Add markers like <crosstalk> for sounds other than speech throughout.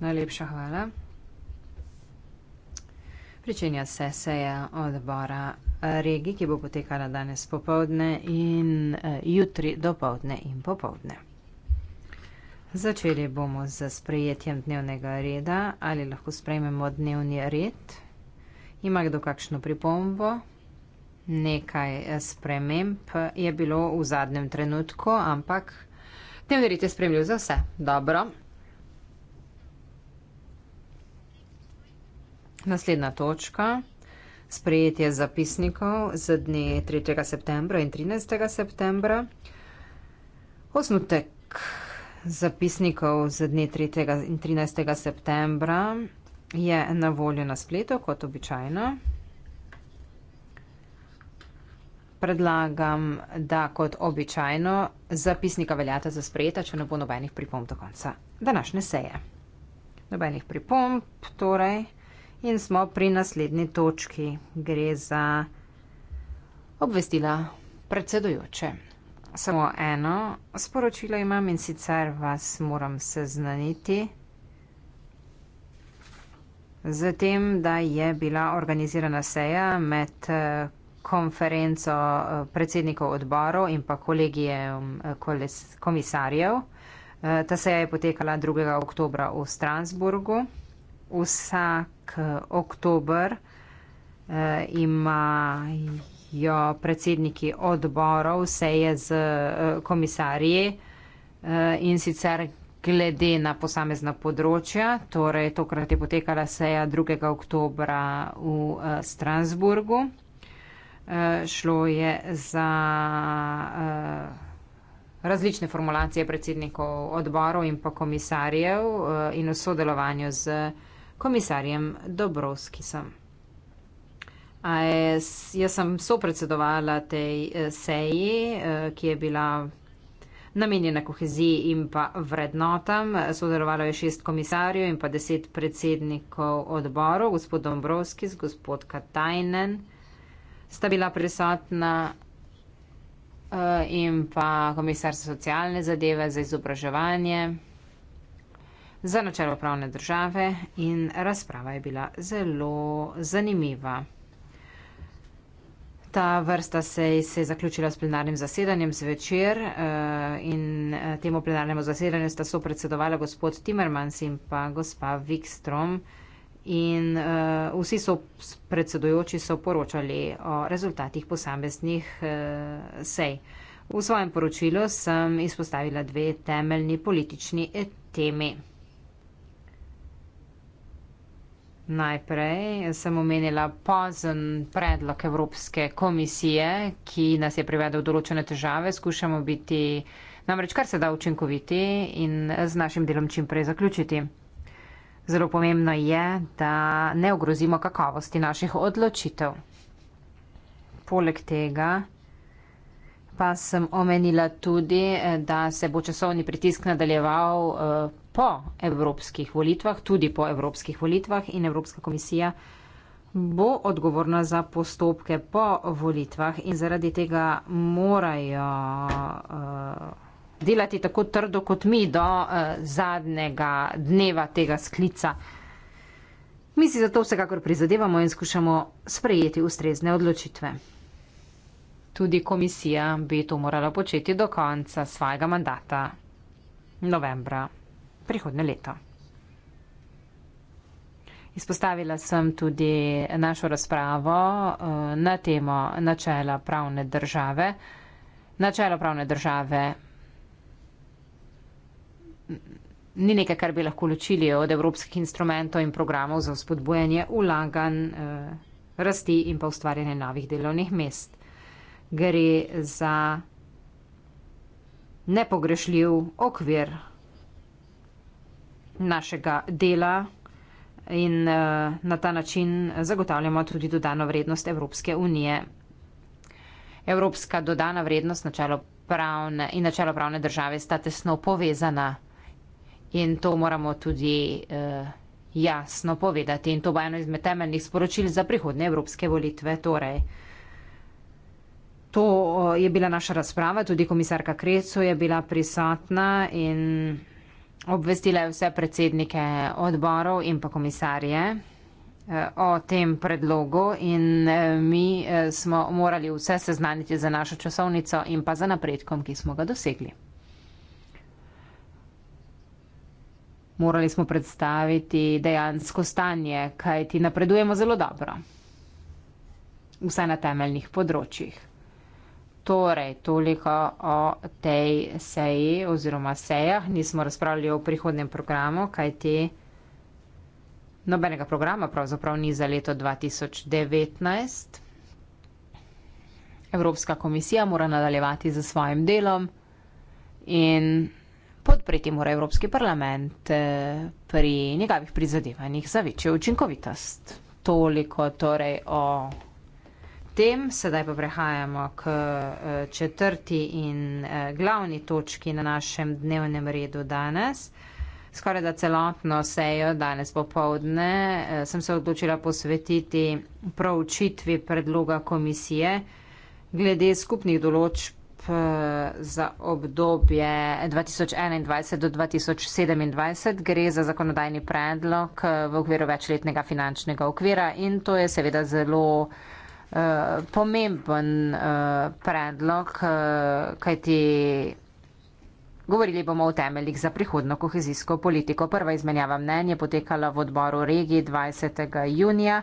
Najlepša hvala. Pričenja se seja odbora eh, regij, ki bo potekala danes popovdne in eh, jutri dopovdne in popovdne. Začeli bomo z sprejetjem dnevnega reda. Ali lahko sprejmemo dnevni red? Ima kdo kakšno pripombo? Nekaj eh, sprememb je bilo v zadnjem trenutku, ampak. Dnevni red je spremljal za vse. Dobro. Naslednja točka. Sprejetje zapisnikov za dne 3. septembra in 13. septembra. Osnutek zapisnikov za dne 3. in 13. septembra je na voljo na spletu, kot običajno predlagam, da kot običajno zapisnika veljata za sprejeta, če ne bo nobenih pripomb do konca današnje seje. Nobenih pripomb torej in smo pri naslednji točki. Gre za obvestila predsedujoče. Samo eno sporočilo imam in sicer vas moram seznaniti. Zatem, da je bila organizirana seja med konferenco eh, predsednikov odborov in pa kolegije eh, komisarjev. Eh, ta seja je potekala 2. oktobra v Strasburgu. Vsak oktober imajo predsedniki odborov seje z komisarji in sicer glede na posamezna področja. Torej, tokrat je potekala seja 2. oktobra v Strasburgu. Eh, šlo je za eh, različne formulacije predsednikov odborov in pa komisarjev eh, in v sodelovanju z komisarjem Dobrovskisom. Jaz sem sopredsedovala tej seji, ki je bila namenjena koheziji in pa vrednotam. Sodelovalo je šest komisarjev in pa deset predsednikov odborov, gospod Dombrovskis, gospod Katajnen sta bila prisotna uh, in pa komisar za socialne zadeve, za izobraževanje, za načelo pravne države in razprava je bila zelo zanimiva. Ta vrsta sej se je zaključila s plenarnim zasedanjem zvečer eh, in eh, temu plenarnemu zasedanju sta so predsedovala gospod Timmermans in pa gospa Wikstrom in uh, vsi so predsedujoči so poročali o rezultatih posameznih uh, sej. V svojem poročilu sem izpostavila dve temeljni politični eh, temi. Najprej sem omenila pozen predlog Evropske komisije, ki nas je privedel določene težave. Skušamo biti namreč kar se da učinkoviti in z našim delom čim prej zaključiti. Zelo pomembno je, da ne ogrozimo kakovosti naših odločitev. Poleg tega pa sem omenila tudi, eh, da se bo časovni pritisk nadaljeval eh, po evropskih volitvah, tudi po evropskih volitvah in Evropska komisija bo odgovorna za postopke po volitvah in zaradi tega morajo. Uh, delati tako trdo kot mi do uh, zadnjega dneva tega sklica. Mi si zato vsekakor prizadevamo in skušamo sprejeti ustrezne odločitve. Tudi komisija bi to morala početi do konca svojega mandata novembra prihodne leto. Izpostavila sem tudi našo razpravo eh, na temo načela pravne države. Načelo pravne države ni nekaj, kar bi lahko ločili od evropskih instrumentov in programov za vzpodbujanje ulaganj, eh, rasti in pa ustvarjanje novih delovnih mest. Gre za nepogrešljiv okvir našega dela in eh, na ta način zagotavljamo tudi dodano vrednost Evropske unije. Evropska dodana vrednost, načelo pravne in načelo pravne države sta tesno povezana. In to moramo tudi uh, jasno povedati. In to bo eno izmed temeljnih sporočil za prihodne evropske volitve. Torej, to uh, je bila naša razprava, tudi komisarka Kreco je bila prisotna in obvestila je vse predsednike odborov in pa komisarje eh, o tem predlogu in mi smo morali vse seznaniti za našo časovnico in pa za napredkom, ki smo ga dosegli. morali smo predstaviti dejansko stanje, kaj ti napredujemo zelo dobro. Vsaj na temeljnih področjih. Torej, toliko o tej seji oziroma sejah. Nismo razpravljali o prihodnem programu, kaj ti nobenega programa pravzaprav ni za leto 2019. Evropska komisija mora nadaljevati za svojim delom in podpreti mora Evropski parlament eh, pri njegovih prizadevanjih za večjo učinkovitost. Toliko torej o tem, sedaj pa prehajamo k eh, četrti in eh, glavni točki na našem dnevnem redu danes. Skoraj da celotno sejo danes popovdne sem se odločila posvetiti proučitvi predloga komisije glede skupnih določb sklop eh, za obdobje 2021 do 2027. Gre za zakonodajni predlog eh, v okviru večletnega finančnega okvira in to je seveda zelo uh, pomemben uh, predlog, uh, kajti. Govorili bomo o temeljih za prihodno kohezijsko politiko. Prva izmenjava mnenje potekala v odboru regiji 20. junija.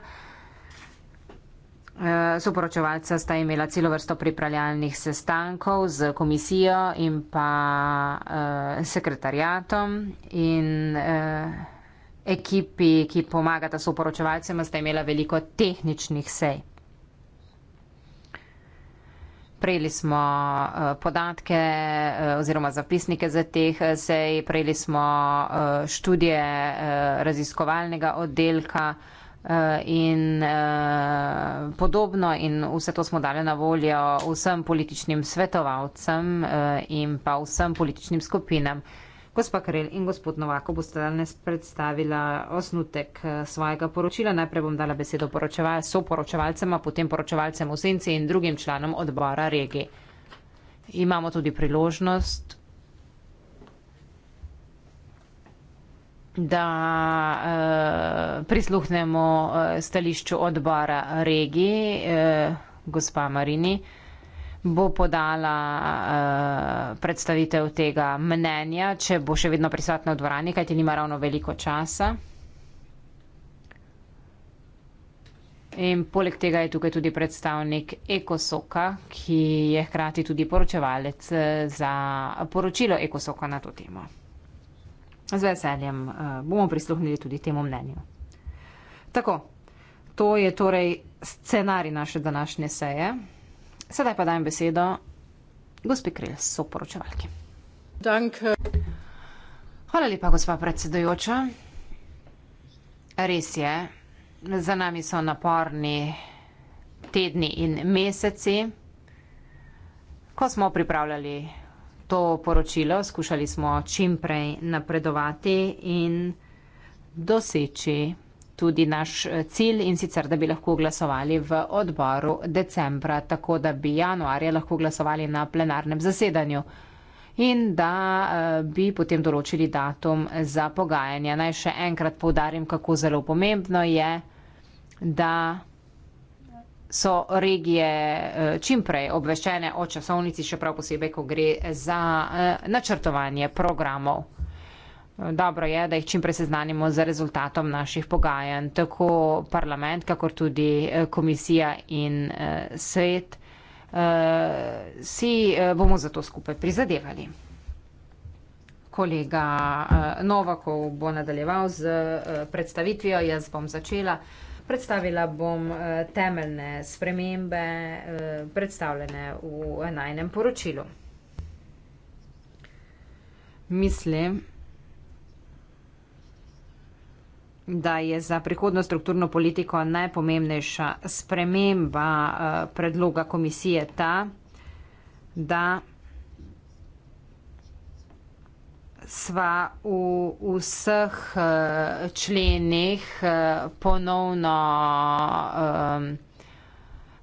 Eh, s uporočevalca sta imela celo vrsto pripravljalnih sestankov z komisijo in pa uh, eh, sekretarjatom in uh, ekipi, ki pomagata s uporočevalcem, sta imela veliko tehničnih sej. Prejeli smo podatke oziroma zapisnike za teh sej, prejeli smo študije raziskovalnega oddelka. Eh, in eh, podobno in vse to smo dali na voljo vsem političnim svetovalcem eh, in pa vsem političnim skupinam. Gospa Karel in gospod Novako boste danes predstavila osnutek svojega poročila. Najprej bom dala besedo soporočevalcema, potem poročevalcem v senci in drugim članom odbora regije. Imamo tudi priložnost da uh, prisluhnemo uh, stališču odbora regiji. Uh, eh, gospa Marini bo podala uh, predstavitev tega mnenja, če bo še vedno prisotna v dvorani, kajti nima ravno veliko časa. In poleg tega je tukaj tudi predstavnik Ekosoka, ki je hkrati tudi poročevalec za poročilo Ekosoka na to temo. Z veseljem eh, bomo prisluhnili tudi temu mnenju. Tako, to je torej scenarij naše današnje seje. Sedaj pa dajem besedo gospe Krelj, soporočevalki. Danke. Hvala lepa, gospa predsedojoča. Res je, za nami so naporni tedni in meseci, ko smo pripravljali to poročilo, skušali smo čim prej napredovati in doseči tudi naš eh, cilj in sicer, da bi lahko glasovali v odboru decembra, tako da bi januarja lahko glasovali na plenarnem zasedanju in da eh, bi potem določili datum za pogajanje. Naj še enkrat povdarim, kako zelo pomembno je, da so regije eh, čimprej obveščene o časovnici, še prav posebej, ko gre za eh, načrtovanje programov. Dobro je, da jih čimprej seznanimo z rezultatom naših pogajanj, tako parlament, kakor tudi eh, komisija in svet. Si bomo za to skupaj prizadevali. Kolega Novakov bo nadaljeval z predstavitvijo, jaz bom začela. Predstavila bom eh, temeljne spremembe eh, predstavljene v najnem poročilu. Mislim, da je za prihodno strukturno politiko najpomembnejša sprememba eh, predloga komisije ta, da sva v vseh eh, členih eh, ponovno ehm,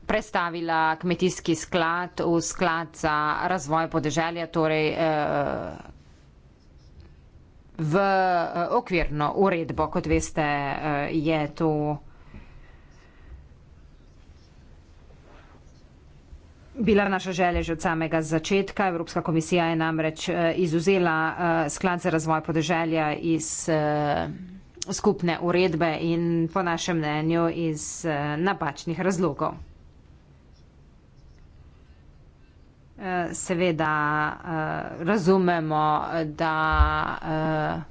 predstavila kmetijski sklad v sklad za razvoj podeželja, torej eh, v okvirno uredbo, kot veste, je to vsega. bila naša želja že od samega začetka. Evropska komisija je namreč eh, izuzela eh, sklad za razvoj podeželja iz eh, skupne uredbe in po našem mnenju iz napačnih razlogov. Seveda razumemo, da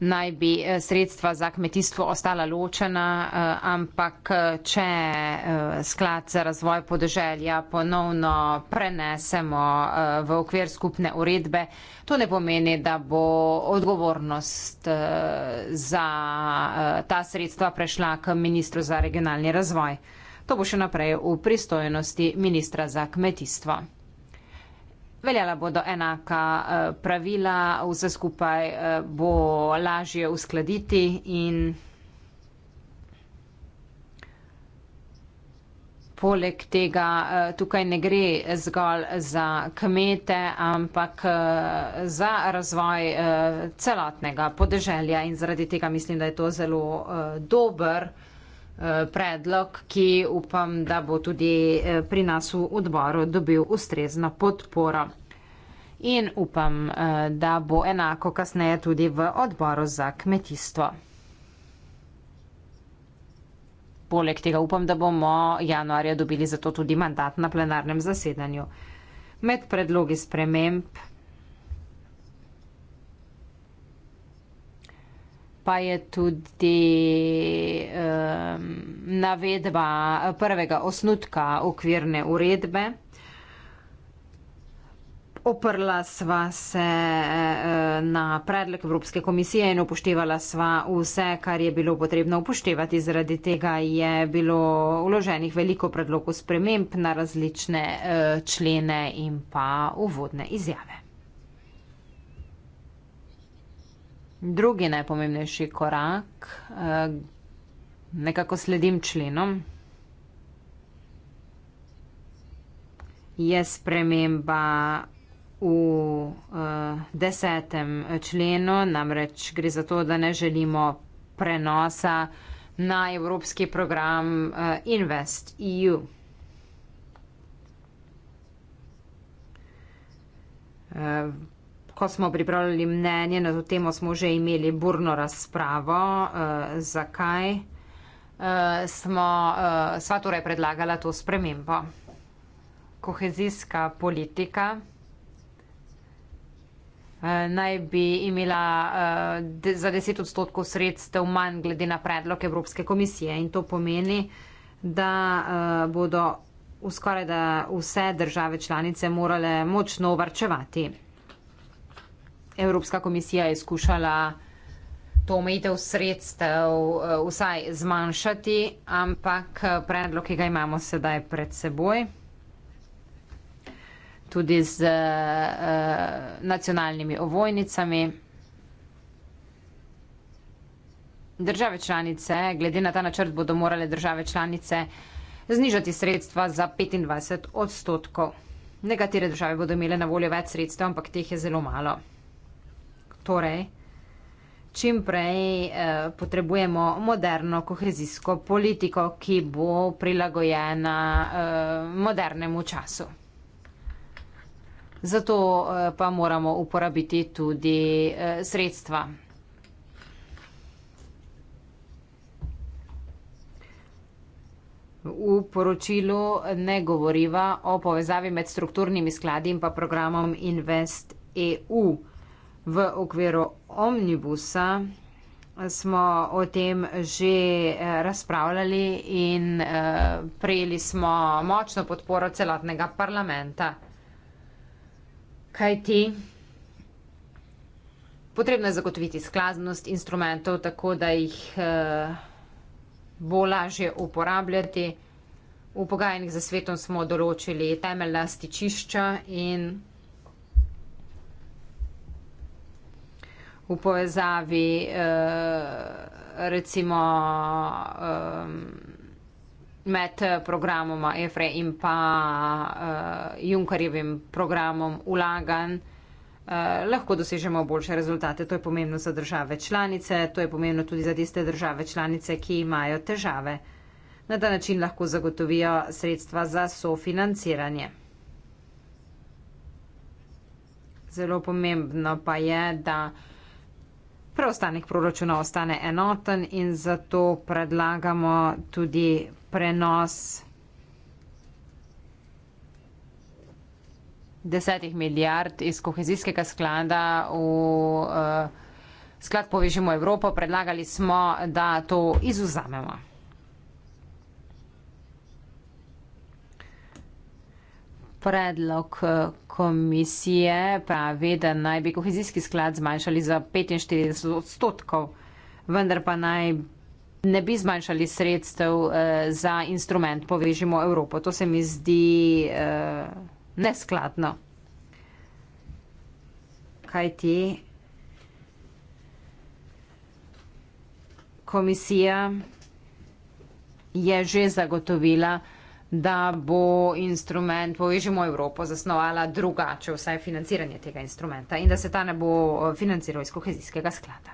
naj bi eh, sredstva za kmetijstvo ostala ločena, eh, ampak eh, če sklad za razvoj podeželja ponovno prenesemo v okvir skupne uredbe, to ne pomeni, da bo odgovornost za ta sredstva prešla k ministru za regionalni razvoj. To bo še naprej v pristojnosti ministra za kmetijstvo veljala bodo enaka eh, pravila, vse skupaj eh, bo lažje uskladiti in poleg tega eh, tukaj ne gre zgolj za kmete, ampak za razvoj celotnega podeželja in zaradi tega mislim, da je to zelo dober. Eh, predlog, ki upam, da bo tudi eh, pri nas v odboru dobil ustrezno podporo. In upam, eh, da bo enako kasneje tudi v odboru za kmetijstvo. Poleg tega upam, da bomo januarja dobili za to tudi mandat na plenarnem zasedanju. Med predlogi sprememb pa je tudi um, navedba prvega osnutka okvirne uredbe. Oprla sva se eh, na predlog Evropske komisije in upoštevala sva vse, kar je bilo potrebno upoštevati. Zaradi tega je bilo uloženih veliko predlogov sprememb na različne eh, člene in pa uvodne izjave. drugi najpomembnejši korak, eh, nekako sledim členom, je sprememba v eh, desetem eh, členu, namreč gre za to, da ne želimo prenosa na evropski program Invest EU. Uh, ko smo pripravljali mnenje na to temo, smo že imeli burno razpravo, uh, zakaj uh, smo, uh, sva torej predlagala to spremembo. Kohezijska politika uh, naj bi imela uh, de, za 10 odstotkov sredstev manj glede na predlog Evropske komisije in to pomeni, da uh, bodo v skoraj da vse države članice morale močno varčevati. Evropska komisija je skušala to omejitev sredstev eh, vsaj zmanjšati, ampak eh, predlog, ki ga imamo sedaj pred seboj, tudi z uh, nacionalnimi ovojnicami. Države članice, glede na ta načrt, bodo morale države članice znižati sredstva za 25 odstotkov. Nekatere države bodo imele na voljo več sredstev, ampak teh je zelo malo. Torej, čim prej eh, potrebujemo moderno kohezijsko politiko, ki bo prilagojena eh, modernemu času. Zato eh, pa moramo uporabiti tudi eh, sredstva. V poročilu ne govoriva o povezavi med strukturnimi skladi in pa programom Invest EU v okviru omnibusa smo o tem že eh, razpravljali in eh, prejeli smo močno podporo celotnega parlamenta. Kaj ti? Potrebno je zagotoviti skladnost instrumentov, tako da jih eh, bo lažje uporabljati. V pogajanjih za svetom smo določili temeljna stičišča in v povezavi uh, recimo uh, med programoma EFRE in pa uh, Junkarjevim programom ulagan, Uh, lahko dosežemo boljše rezultate. To je pomembno za države članice, to je pomembno tudi za tiste države članice, ki imajo težave. Na ta način lahko zagotovijo sredstva za sofinanciranje. Zelo pomembno pa je, da uh, preostanek proračuna ostane enoten in zato predlagamo tudi prenos desetih milijard iz kohezijskega sklada v uh, sklad Povežimo Evropo. Predlagali smo, da to izuzamemo. Predlog eh, komisije pravi, da naj bi kohezijski sklad zmanjšali za 45 odstotkov, vendar pa naj ne bi zmanjšali sredstev eh, za instrument Povežimo Evropo. To se mi zdi eh, neskladno. Kaj ti? Komisija je že zagotovila da bo instrument Povežimo Evropo zasnovala drugače vsaj financiranje tega instrumenta in da se ta ne bo eh, financiral iz kohezijskega sklada.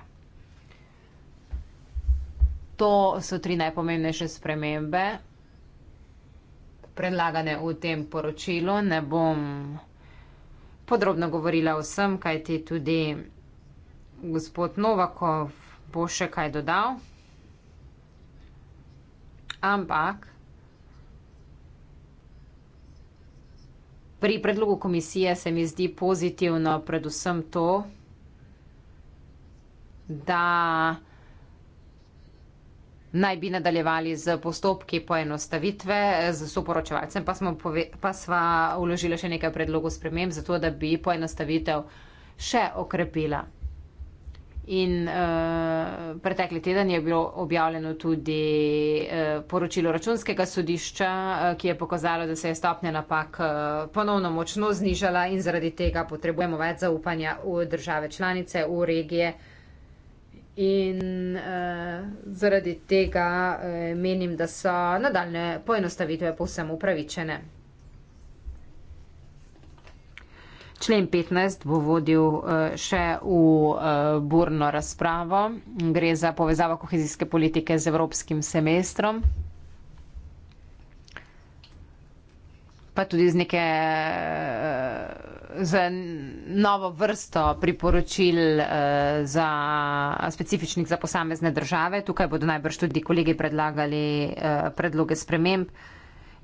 To so tri najpomembnejše spremembe predlagane v tem poročilu. Ne bom podrobno govorila o vsem, kaj ti tudi gospod Novakov bo še kaj dodal. Ampak Pri predlogu komisije se mi zdi pozitivno predvsem to, da naj bi nadaljevali z postopki poenostavitve, z soporočevalcem pa, pove, pa sva uložila še nekaj predlogov spremem, zato da bi poenostavitev še okrepila. In uh, pretekli teden je bilo objavljeno tudi uh, poročilo računskega sodišča, uh, ki je pokazalo, da se je stopnja napak uh, ponovno močno znižala in zaradi tega potrebujemo več zaupanja v države članice, v regije. In uh, zaradi tega uh, menim, da so nadaljne poenostavitve povsem upravičene. Člen 15 bo vodil eh, še v eh, burno razpravo. Gre za povezavo kohezijske politike z evropskim semestrom. pa tudi z neke eh, z novo vrsto priporočil za, specifičnih za posamezne države. Tukaj bodo najbrž tudi kolegi predlagali predloge sprememb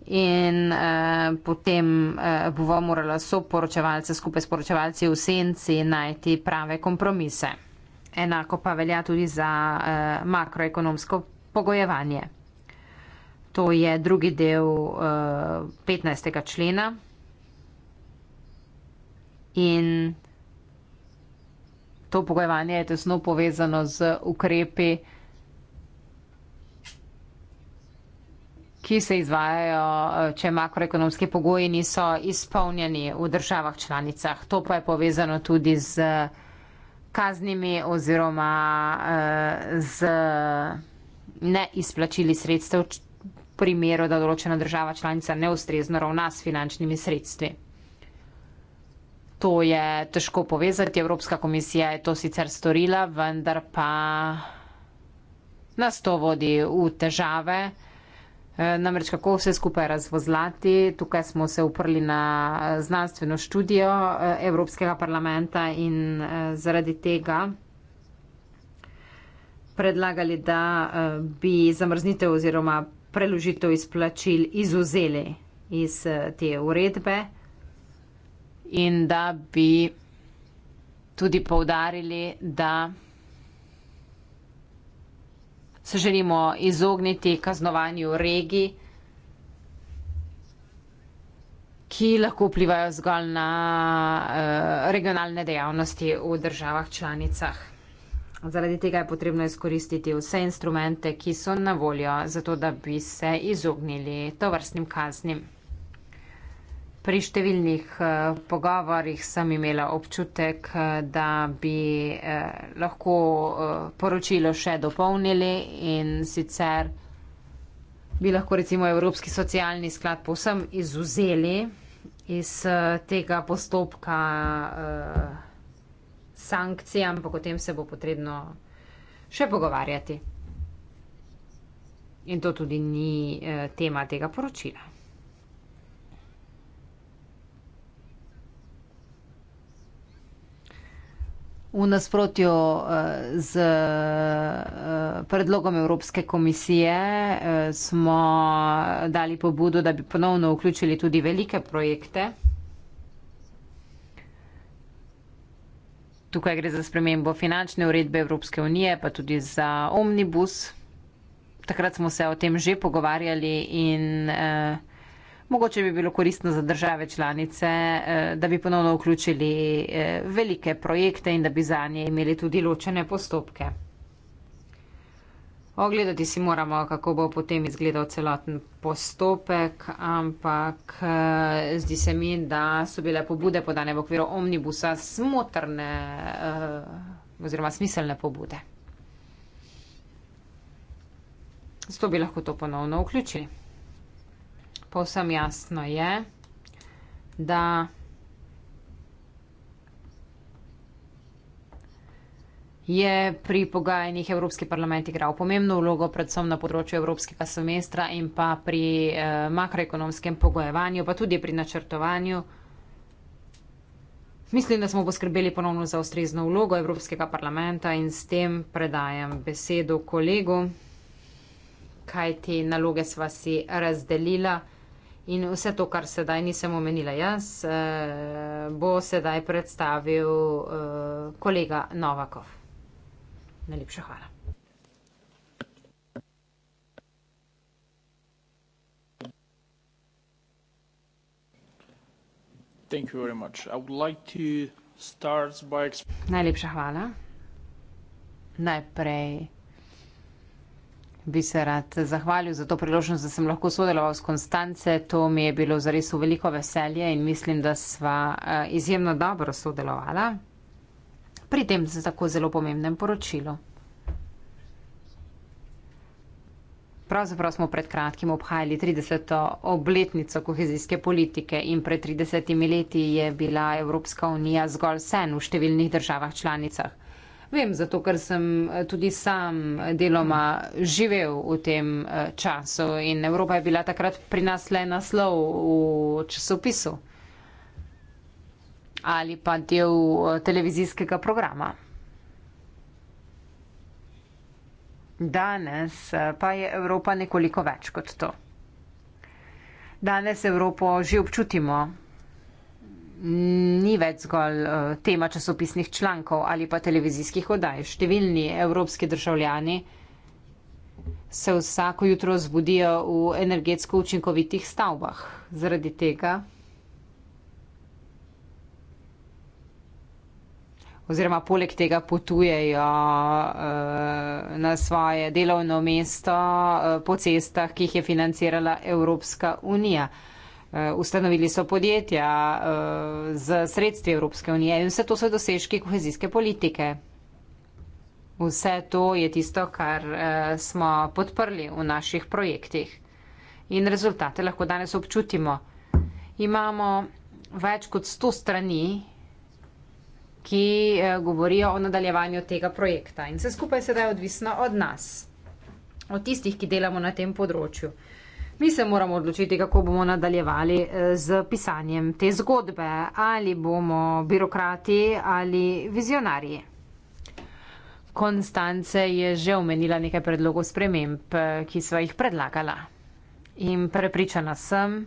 in eh, potem eh, bova morala soporočevalce skupaj s poročevalci v senci najti prave kompromise. Enako pa velja tudi za eh, makroekonomsko pogojevanje. To je drugi del eh, 15. člena. In to pogojevanje je tesno povezano z ukrepi eh, ki se izvajajo, eh, če makroekonomski pogoji niso izpolnjeni v državah članicah. To pa je povezano tudi z kaznimi oziroma eh, z neizplačili sredstev v primeru, da določena država članica neustrezno ravna s finančnimi sredstvi. To je težko povezati. Evropska komisija je to sicer storila, vendar pa nas to vodi v težave. Eh, namreč kako vse skupaj razvozlati. Tukaj smo se uprli na eh, znanstveno študijo eh, Evropskega parlamenta in zaradi tega predlagali, da bi zamrznitev oziroma preložitev izplačil izuzeli iz te uredbe in da bi tudi povdarili, da se želimo izogniti kaznovanju regij, ki lahko vplivajo zgolj na eh, regionalne dejavnosti v državah članicah. Zaradi tega je potrebno izkoristiti vse instrumente, ki so na voljo, zato da bi se izognili to vrstnim kaznim. Pri številnih uh, eh, pogovorjih sem imela občutek, eh, da bi eh, lahko eh, poročilo še dopolnili in sicer bi lahko recimo Evropski socialni sklad povsem izuzeli iz eh, tega postopka eh, sankcij, ampak o tem se bo potrebno še pogovarjati. In to tudi ni eh, tema tega poročila. v nasprotju eh, z eh, predlogom Evropske komisije, eh, smo dali pobudo, da bi ponovno vključili tudi velike projekte. Tukaj gre za spremembo finančne uredbe Evropske unije, pa tudi za omnibus. Takrat smo se o tem že pogovarjali in eh, mogoče bi bilo koristno za države članice, eh, da bi ponovno vključili eh, velike projekte in da bi za nje imeli tudi ločene postopke. Ogledati si moramo, kako bo potem izgledal celoten postopek, ampak eh, zdi se mi, da so bile pobude podane v okviru omnibusa smotrne oziroma smiselne pobude. Zato bi lahko to ponovno vključili povsem jasno je, da je pri pogajanjih Evropski parlament igral pomembno vlogo, predvsem na področju Evropskega semestra in pa pri eh, makroekonomskem pogojevanju, pa tudi pri načrtovanju. Mislim, da smo poskrbeli ponovno za ustrezno vlogo Evropskega parlamenta in s tem predajam besedo kolegu, kaj te naloge sva si razdelila. In vse to, kar sedaj nisem omenila jaz, eh, bo sedaj predstavil eh, kolega Novakov. Najlepša hvala. Najlepša hvala. Najprej bi se rad zahvalil za to priložnost, da sem lahko sodeloval s Konstance. To mi je bilo zares v veliko veselje in mislim, da sva eh, izjemno dobro sodelovala pri tem za tako zelo pomembnem poročilu. Pravzaprav smo pred kratkim obhajali 30. obletnico kohezijske politike in pred 30 leti je bila Evropska unija zgolj sen v številnih državah članicah. Vem, zato ker sem eh, tudi sam deloma živel v tem eh, času in Evropa je bila takrat pri nas le naslov v časopisu ali pa del eh, televizijskega programa. Danes pa je Evropa nekoliko več kot to. Danes Evropo že občutimo ni več zgolj uh, tema časopisnih člankov ali pa televizijskih oddaj. Številni evropski državljani se vsako jutro zbudijo v energetsko učinkovitih stavbah. Zaradi tega. Oziroma, poleg tega potujejo uh, na svoje delovno mesto uh, po cestah, ki jih je financirala Evropska unija. Uh, Eh, ustanovili so podjetja eh, z sredstvi Evropske unije in vse to so dosežki kohezijske politike. Vse to je tisto, kar eh, smo podprli v naših projektih. In rezultate lahko danes občutimo. Imamo več kot 100 strani, ki govorijo o nadaljevanju tega projekta. In vse skupaj sedaj je odvisno od nas, od tistih, ki delamo na tem področju. Mi se moramo odločiti, kako bomo nadaljevali eh, z pisanjem te zgodbe. Ali bomo birokrati ali vizionarji. Konstance je že omenila nekaj predlogov sprememb, eh, ki so jih predlagala. In prepričana sem,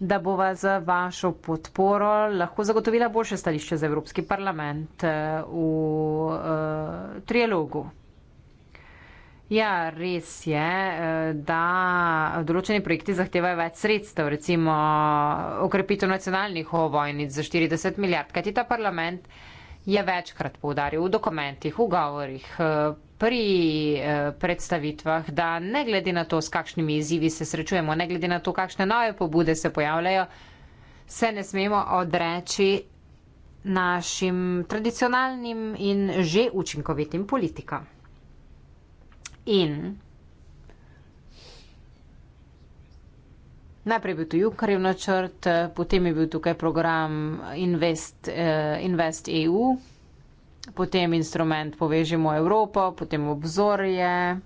da bova za vašo podporo lahko zagotovila boljše stališče za Evropski parlament eh, v uh, trialogu. Ja, res je, eh, da določeni projekti zahtevajo več sredstev, recimo okrepitev nacionalnih ovojnic za 40 milijard, kajti ta parlament je večkrat povdaril v dokumentih, v govorih, eh, pri eh, predstavitvah, da ne glede na to, s kakšnimi izzivi se srečujemo, ne glede na to, kakšne nove pobude se pojavljajo, se ne smemo odreči našim tradicionalnim in že učinkovitim politikam in najprej je bil tu Junkarjev načrt, potem je bil tukaj program Invest, uh, Invest EU, potem instrument Povežimo Evropo, potem obzorje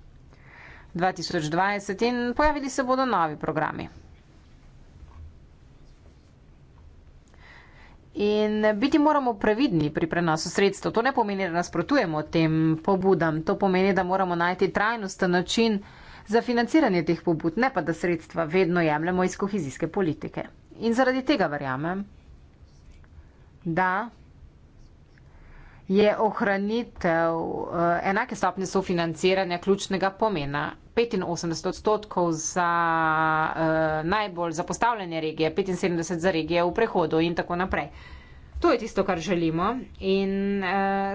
2020 in pojavili se bodo novi programi. In biti moramo previdni pri prenosu sredstev. To ne pomeni, da nasprotujemo tem pobudam. To pomeni, da moramo najti trajnosten način za financiranje teh pobud, ne pa da sredstva vedno jemljemo iz kohezijske politike. In zaradi tega verjamem, da je ohranitev eh, enake stopnje sofinanciranja ključnega pomena 85 odstotkov za uh, najbolj zapostavljene regije, 75 za regije v prehodu in tako naprej. To je tisto, kar želimo in uh,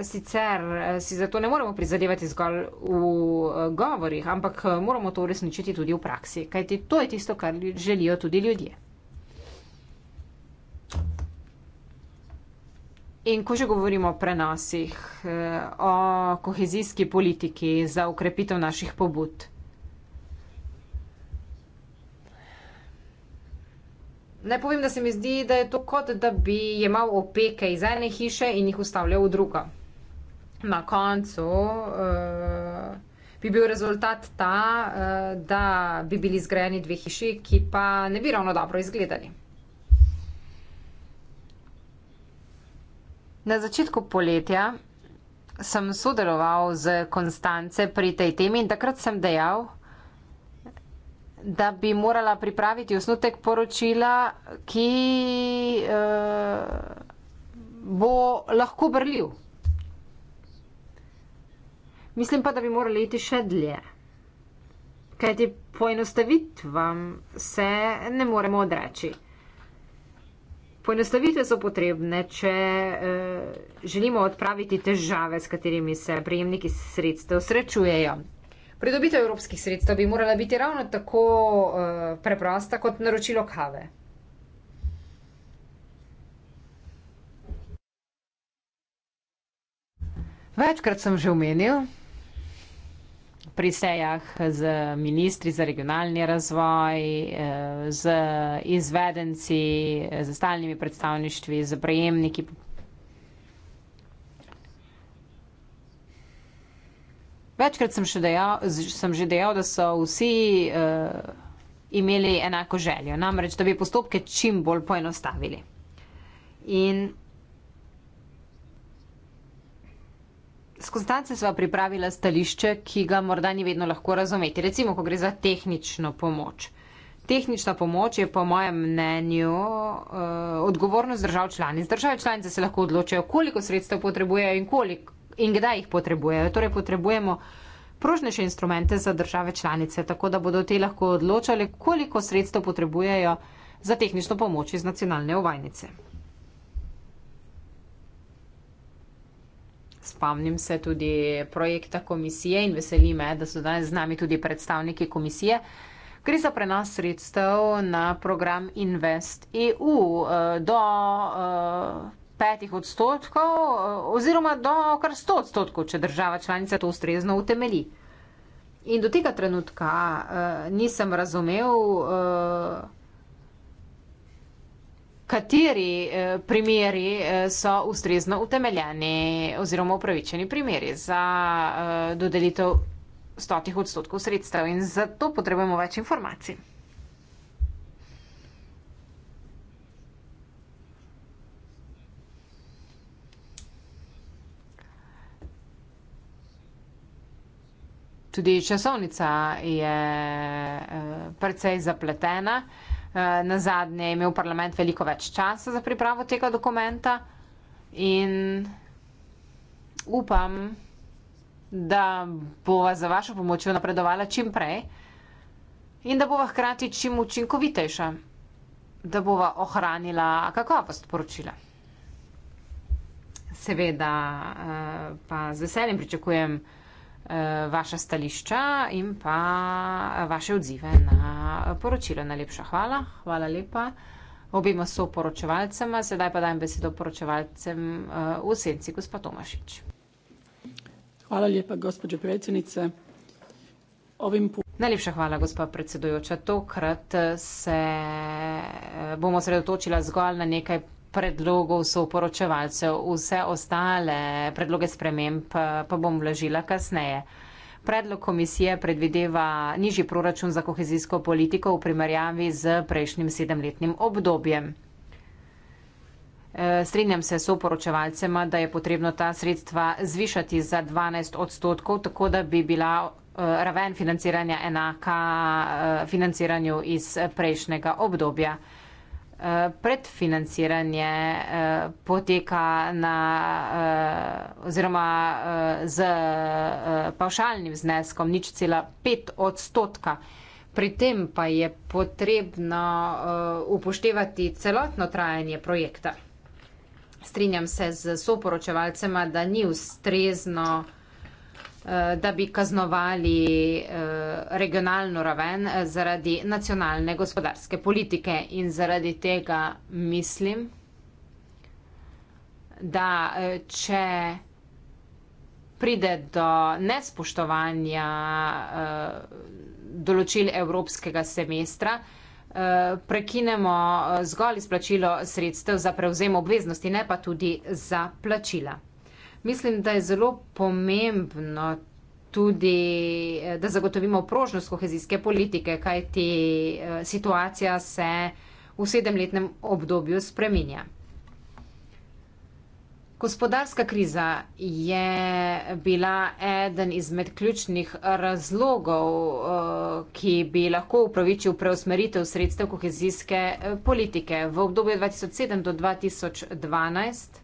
sicer uh, si zato ne moramo prizadevati zgolj v uh, govorih, ampak moramo to uresničiti tudi v praksi, kajti to je tisto, kar želijo tudi ljudje. In ko že govorimo o prenosih, o kohezijski politiki za ukrepitev naših pobud. Naj povem, da se mi zdi, da je to kot da bi imel opeke iz ene hiše in jih ustavljal v drugo. Na koncu uh, bi bil rezultat ta, uh, da bi bili zgrajeni dve hiši, ki pa ne bi ravno dobro izgledali. Na začetku poletja sem sodeloval z Konstance pri tej temi in takrat sem dejal, da bi morala pripraviti osnutek poročila, ki uh, bo lahko brljiv. Mislim pa, da bi morali iti še dlje, kajti poenostavitvam se ne moremo odreči. Poenostavitve so potrebne, če uh, želimo odpraviti težave, s katerimi se prijemniki sredstev srečujejo. Pridobitev evropskih sredstev bi morala biti ravno tako uh, preprosta kot naročilo kave. Večkrat sem že omenil pri sejah z ministri za regionalni razvoj, eh, z izvedenci, z eh, stalnimi predstavništvi, z prejemniki Večkrat sem, dejal, sem že dejal, da so vsi uh, imeli enako željo, namreč, da bi postopke čim bolj poenostavili. In s Konstance sva pripravila stališče, ki ga morda ni vedno lahko razumeti, recimo, ko gre za tehnično pomoč. Tehnična pomoč je po mojem mnenju uh, odgovornost držav članic. Države članice se lahko odločajo, koliko sredstev potrebujejo in koliko in kdaj jih potrebujejo. Torej potrebujemo prožnejše instrumente za države članice, tako da bodo te lahko odločali, koliko sredstev potrebujejo za tehnično pomoč iz nacionalne uvajnice. Spomnim se tudi projekta komisije in veseli me, da so danes z nami tudi predstavniki komisije. Gre za prenos sredstev na program Invest EU eh, do eh, petih odstotkov oziroma do kar sto odstotkov, če država članica to ustrezno utemeli. In do tega trenutka uh, nisem razumel, uh, kateri uh, primeri uh, so ustrezno utemeljeni oziroma upravičeni primeri za uh, dodelitev stotih odstotkov sredstev. In zato potrebujemo več informacij. Tudi časovnica je eh, precej zapletena. Eh, na zadnje je imel parlament veliko več časa za pripravo tega dokumenta in upam, da bova za vašo pomočjo napredovala čim prej in da bova hkrati čim učinkovitejša, da bova ohranila kakovost poročila. Seveda eh, pa z veseljem pričakujem vsega, vaše stališča in pa vaše odzive na poročilo. Najlepša hvala, hvala lepa obima soporočevalcema. Sedaj pa dajem besedo poročevalcem eh, v senci, gospod Tomašič. Hvala lepa, gospođo predsednice. Ovim pu... Najlepša hvala, gospa predsedujoča. Tokrat se eh, bomo sredotočila zgolj na nekaj predlogov soporočevalcev. Vse ostale predloge sprememb eh, pa bom vložila kasneje. Predlog komisije predvideva nižji proračun za kohezijsko politiko v primerjavi z prejšnjim sedemletnim obdobjem. Eh, strinjam se soporočevalcema, da je potrebno ta sredstva zvišati za 12 odstotkov, tako da bi bila eh, raven financiranja enaka financiranju iz prejšnjega obdobja predfinanciranje eh, poteka na, eh, oziroma eh, z pavšalnim zneskom nič cela pet odstotka. Pri tem pa je potrebno upoštevati celotno trajanje projekta. Strinjam se z soporočevalcema, da ni ustrezno. Eh, da bi kaznovali eh, regionalno raven eh, zaradi nacionalne gospodarske politike in zaradi tega mislim, da če pride do nespoštovanja določil evropskega semestra, prekinemo zgolj izplačilo sredstev za prevzem obveznosti, ne pa tudi za plačila mislim, da je zelo pomembno tudi, eh, da zagotovimo prožnost kohezijske politike, kaj ti eh, situacija se v sedemletnem obdobju spreminja. Gospodarska kriza je bila eden izmed ključnih razlogov, eh, ki bi lahko upravičil preusmeritev sredstev kohezijske politike. V obdobju 2007 do 2012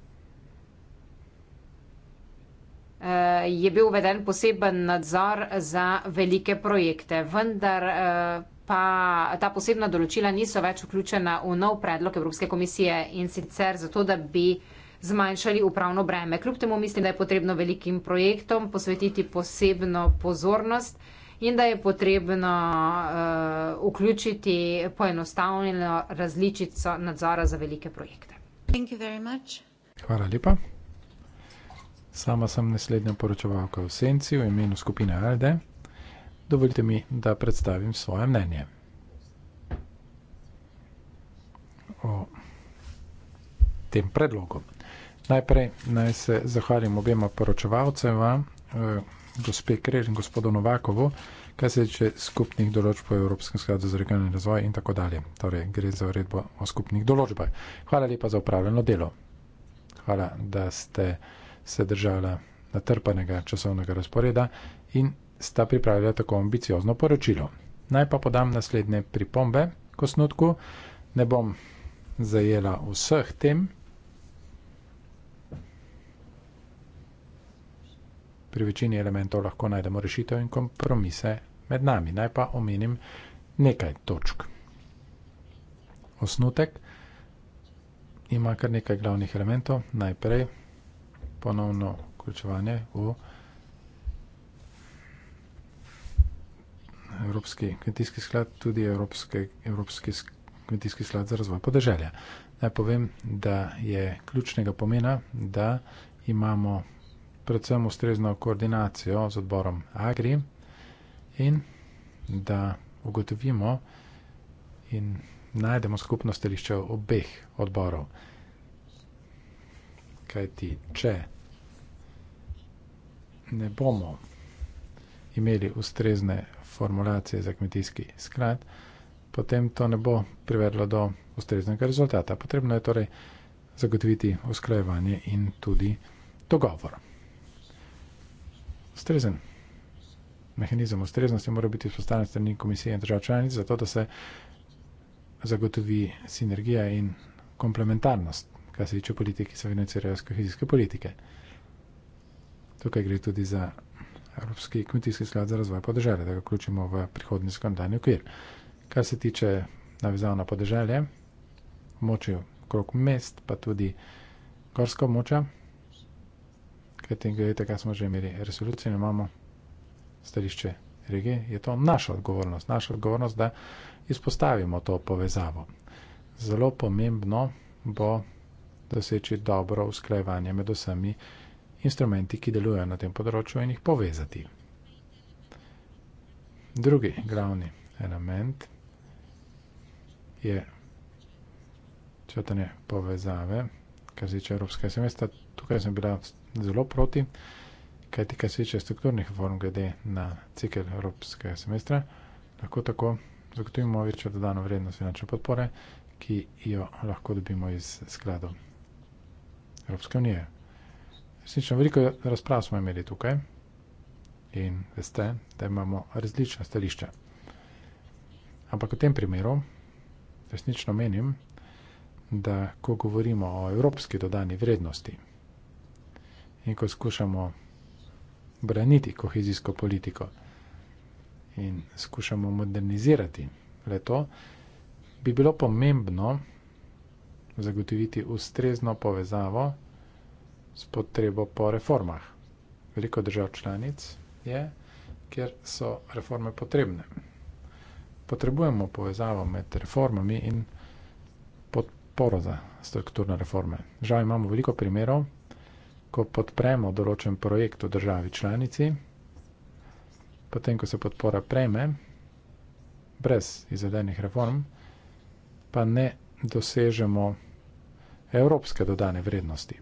Eh, je bil uveden poseben nadzor za velike projekte, vendar eh, pa ta posebna določila niso več vključena v nov predlog Evropske komisije in sicer zato, da bi zmanjšali upravno breme. Kljub temu mislim, da je potrebno velikim projektom posvetiti posebno pozornost in da je potrebno uh, vključiti poenostavljeno različico nadzora za velike projekte. Hvala lepa. Sama sem naslednja poročevalka v Senci v imenu skupine Alde. Dovolite mi, da predstavim svoje mnenje. O tem predlogu. Najprej naj se zahvalim obema poročevalcema, eh, gospe Krež in gospodu Novakovu, kaj se tiče skupnih določb po Evropskem skladu za regionalni razvoj in tako dalje. Torej, gre za uredbo o skupnih določbah. Hvala lepa za upravljeno delo. Hvala, da ste se držala natrpanega časovnega razporeda in sta pripravila tako ambiciozno poročilo. Naj pa podam naslednje pripombe k osnutku, ne bom zajela vseh tem. Pri večini elementov lahko najdemo rešitev in kompromise med nami. Naj pa omenim nekaj točk. Osnutek ima kar nekaj glavnih elementov. Najprej ponovno vključevanje v Evropski kmetijski sklad, tudi Evropske, Evropski kmetijski sklad za razvoj podeželja. Naj povem, da je ključnega pomena, da imamo predvsem ustrezno koordinacijo z odborom Agri in da ugotovimo in najdemo skupno stališče obeh odborov kaj ti, če ne bomo imeli ustrezne formulacije za kmetijski sklad, potem to ne bo privedlo do ustreznega rezultata. Potrebno je torej zagotoviti usklajevanje in tudi dogovor. Ustrezen mehanizem ustreznosti mora biti vzpostavljen strani komisije in držav članic, zato da se zagotovi sinergija in komplementarnost kar se tiče politik, ki se financirajo iz kohezijske politike. Tukaj gre tudi za Evropski kmetijski sklad za razvoj podeželja, da ga vključimo v prihodni skandalni okvir. Kar se tiče navezav na podeželje, moče okrog mest, pa tudi gorska moča, ker tem gledajte, kaj smo že imeli resolucije, imamo stališče regije, je to naša odgovornost, naša odgovornost, da izpostavimo to povezavo. Zelo pomembno bo doseči dobro usklajevanje med vsemi instrumenti, ki delujejo na tem področju in jih povezati. Drugi glavni element je črtanje povezave, kar se tiče evropskega semestra. Tukaj sem bila zelo proti, kajti kar se tiče strukturnih reform glede na cikel evropskega semestra, lahko tako zagotovimo večjo dodano vrednost finančne podpore, ki jo lahko dobimo iz skladov. Evropske unije. Resnično, veliko razprav smo imeli tukaj in veste, da imamo različne stališče. Ampak v tem primeru resnično menim, da ko govorimo o evropski dodani vrednosti in ko skušamo braniti kohezijsko politiko in skušamo modernizirati leto, bi bilo pomembno, zagotoviti ustrezno povezavo s potrebo po reformah. Veliko držav članic je, kjer so reforme potrebne. Potrebujemo povezavo med reformami in podporo za strukturne reforme. Žal imamo veliko primerov, ko podpremo določen projekt v državi članici, potem ko se podpora preme, brez izvedenih reform, pa ne dosežemo reforme, evropske dodane vrednosti.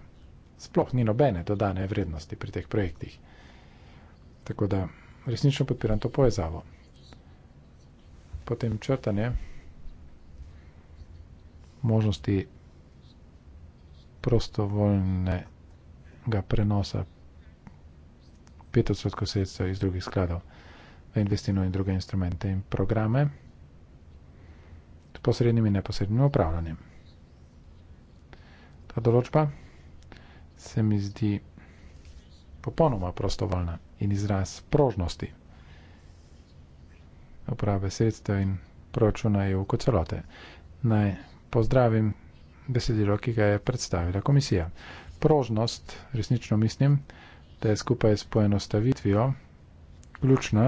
Sploh ni nobene dodane vrednosti pri teh projektih. Tako da resnično podpiram to povezavo. Potem črtanje možnosti prostovoljnega prenosa 5% sredstva iz drugih skladov v investino in druge instrumente in programe s posrednim in neposrednim upravljanjem. Ta določba se mi zdi popolnoma prostovoljna in izraz prožnosti uprave sredstev in proračuna EU kot celote. Naj pozdravim besedilo, ki ga je predstavila komisija. Prožnost, resnično mislim, da je skupaj s poenostavitvijo ključna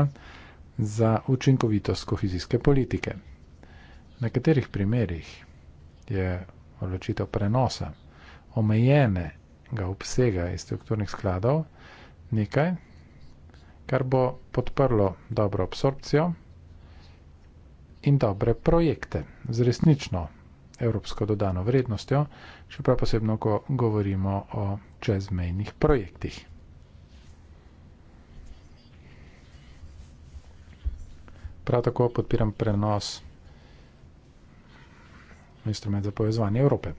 za učinkovitost kohezijske politike. Na katerih primerjih je odločitev prenosa omejenega obsega iz strukturnih skladov nekaj, kar bo podprlo dobro absorpcijo in dobre projekte z resnično evropsko dodano vrednostjo, še prav posebno, ko govorimo o čezmejnih projektih. Prav tako podpiram prenos instrument za povezovanje Evrope.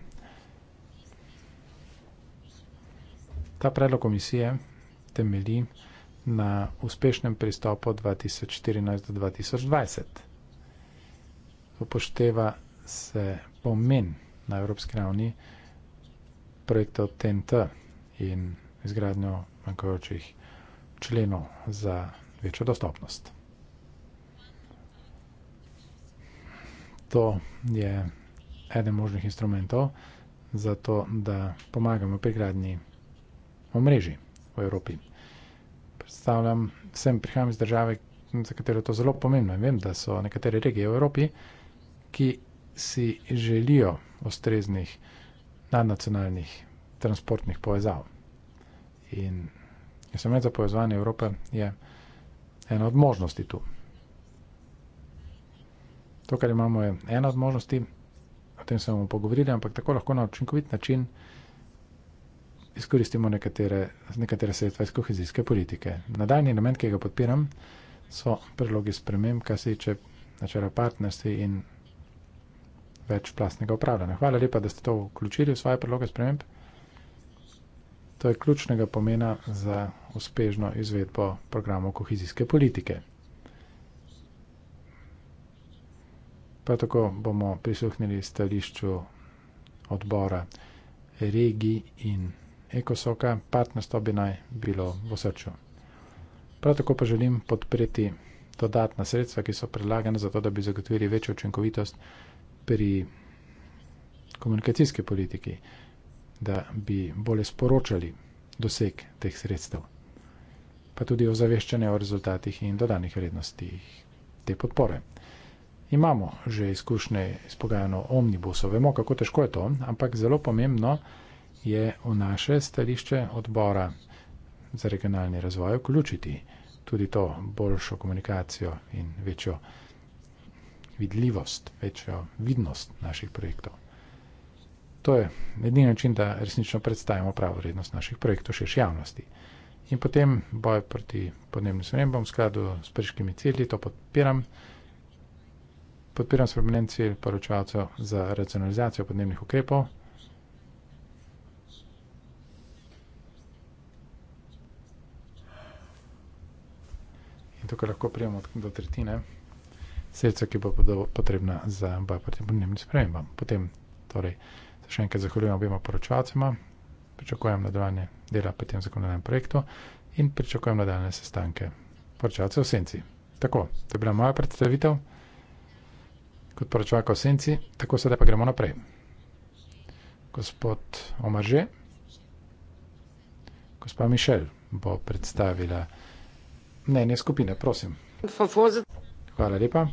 Ta predlog komisije temelji na uspešnem pristopu 2014-2020. Upošteva se pomen na evropski ravni projektov TNT in izgradnjo manjkajočih členov za večjo dostopnost. To je eden možnih instrumentov za to, da pomagamo pri gradnji omrežij v Evropi. Predstavljam, sem prihajam iz države, za katero je to zelo pomembno. Vem, da so nekatere regije v Evropi, ki si želijo ustreznih nadnacionalnih transportnih povezav. In jaz sem med za povezovanje Evrope je ena od možnosti tu. To, kar imamo, je ena od možnosti, o tem se bomo pogovorili, ampak tako lahko na učinkovit način izkoristimo nekatere, nekatere sredstva iz kohezijske politike. Nadaljni element, ki ga podpiram, so predlogi sprememb, kar se tiče načela partnerstva in večplastnega upravljanja. Hvala lepa, da ste to vključili v svoje predloge sprememb. To je ključnega pomena za uspešno izvedbo programov kohezijske politike. Prav tako bomo prisluhnili stališču odbora regij in Eko Soka, partnerstvo bi naj bilo v srču. Prav tako pa želim podpreti dodatna sredstva, ki so predlagane za to, da bi zagotovili večjo učinkovitost pri komunikacijski politiki, da bi bolje sporočali doseg teh sredstev, pa tudi o zaveščanju o rezultatih in dodanih vrednostih te podpore. Imamo že izkušnje s pogajanjem omnibusov, vemo, kako težko je to, ampak zelo pomembno je, je v naše stališče odbora za regionalni razvoj vključiti tudi to boljšo komunikacijo in večjo vidljivost, večjo vidnost naših projektov. To je edini način, da resnično predstavimo pravo vrednost naših projektov še javnosti. In potem boj proti podnebnim spremembam v skladu s priškimi cilji, to podpiram. Podpiram spremenjen cilj poročevalcev za racionalizacijo podnebnih ukrepov. tukaj lahko prijemo do tretjine sredstva, ki bo potrebna za boj proti podnebnim spremembam. Potem torej, se še enkrat zahvaljujem obima poročevalcema, pričakujem nadaljne dela pri tem zakonodajnem projektu in pričakujem nadaljne sestanke poročevalcev v senci. Tako, to je bila moja predstavitev kot poročevalka v senci, tako sedaj pa gremo naprej. Gospod Omar Že, gospa Mišel bo predstavila mnenje skupine, prosim. Hvala lepa,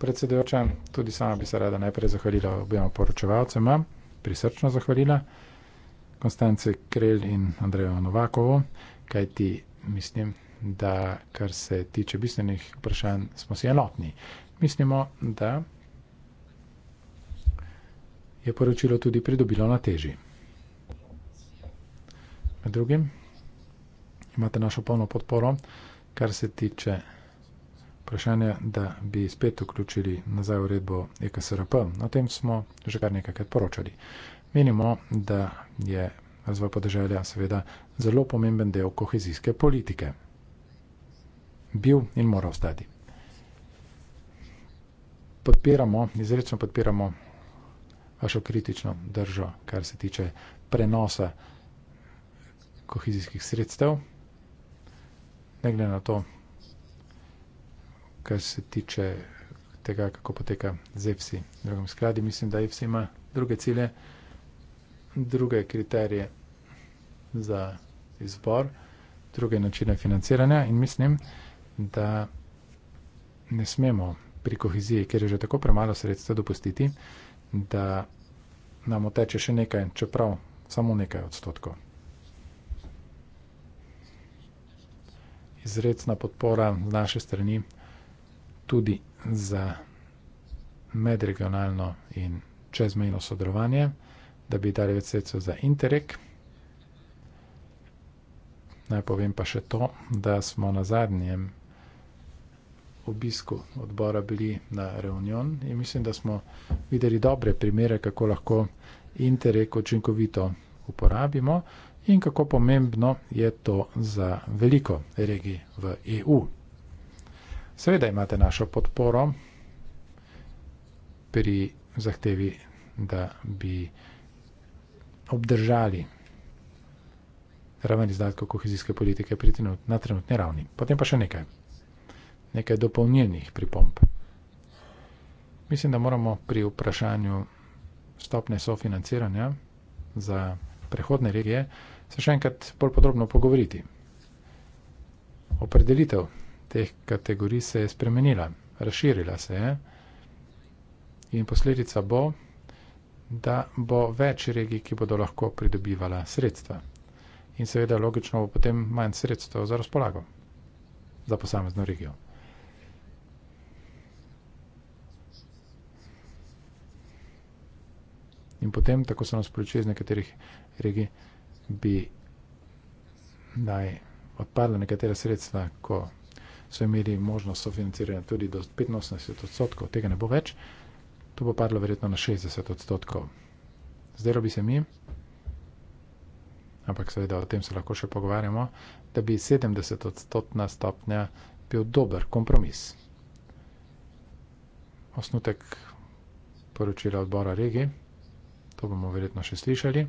predsedujoča. Tudi sama bi se rada najprej zahvalila objema poročevalcema, prisrčno zahvalila Konstance Krelj in Andrejo Novakovo, kajti mislim, da kar se tiče bistvenih vprašanj, smo si enotni. Mislimo, da je poročilo tudi pridobilo na teži. Med drugim, imate našo polno podporo, kar se tiče vprašanja, da bi spet vključili nazaj uredbo EKSRP. O tem smo že kar nekajkrat poročali. Menimo, da je razvoj podeželja seveda zelo pomemben del kohezijske politike. Bil in mora ostati. Podpiramo, izrečno podpiramo vašo kritično držo, kar se tiče prenosa kohezijskih sredstev, ne glede na to, kar se tiče tega, kako poteka z EFSI. Drugim skladi mislim, da EFSI ima druge cilje, druge kriterije za izbor, druge načine financiranja in mislim, da ne smemo pri koheziji, kjer je že tako premalo sredstva dopustiti, da nam oteče še nekaj, čeprav samo nekaj odstotkov. izredna podpora z naše strani tudi za medregionalno in čezmejno sodelovanje, da bi dali več sredstev za Interreg. Naj povem pa še to, da smo na zadnjem obisku odbora bili na Reunion in mislim, da smo videli dobre primere, kako lahko Interreg učinkovito uporabimo in kako pomembno je to za veliko regij v EU. Seveda imate našo podporo pri zahtevi, da bi obdržali raven izdatkov kohezijske politike na trenutni ravni. Potem pa še nekaj, nekaj dopolnilnih pripomp. Mislim, da moramo pri vprašanju stopne sofinanciranja za prehodne regije, se še enkrat bolj podrobno pogovoriti. Opredelitev teh kategorij se je spremenila, razširila se je in posledica bo, da bo več regij, ki bodo lahko pridobivala sredstva. In seveda logično bo potem manj sredstva za razpolago za posamezno regijo. In potem, tako so nas poročili iz nekaterih regij, bi naj odpadle nekatere sredstva, ko so imeli možnost sofinanciranja tudi do 85 odstotkov, tega ne bo več, to bo padlo verjetno na 60 odstotkov. Zdelo bi se mi, ampak seveda o tem se lahko še pogovarjamo, da bi 70 odstotna stopnja bil dober kompromis. Osnutek poročila odbora regi, to bomo verjetno še slišali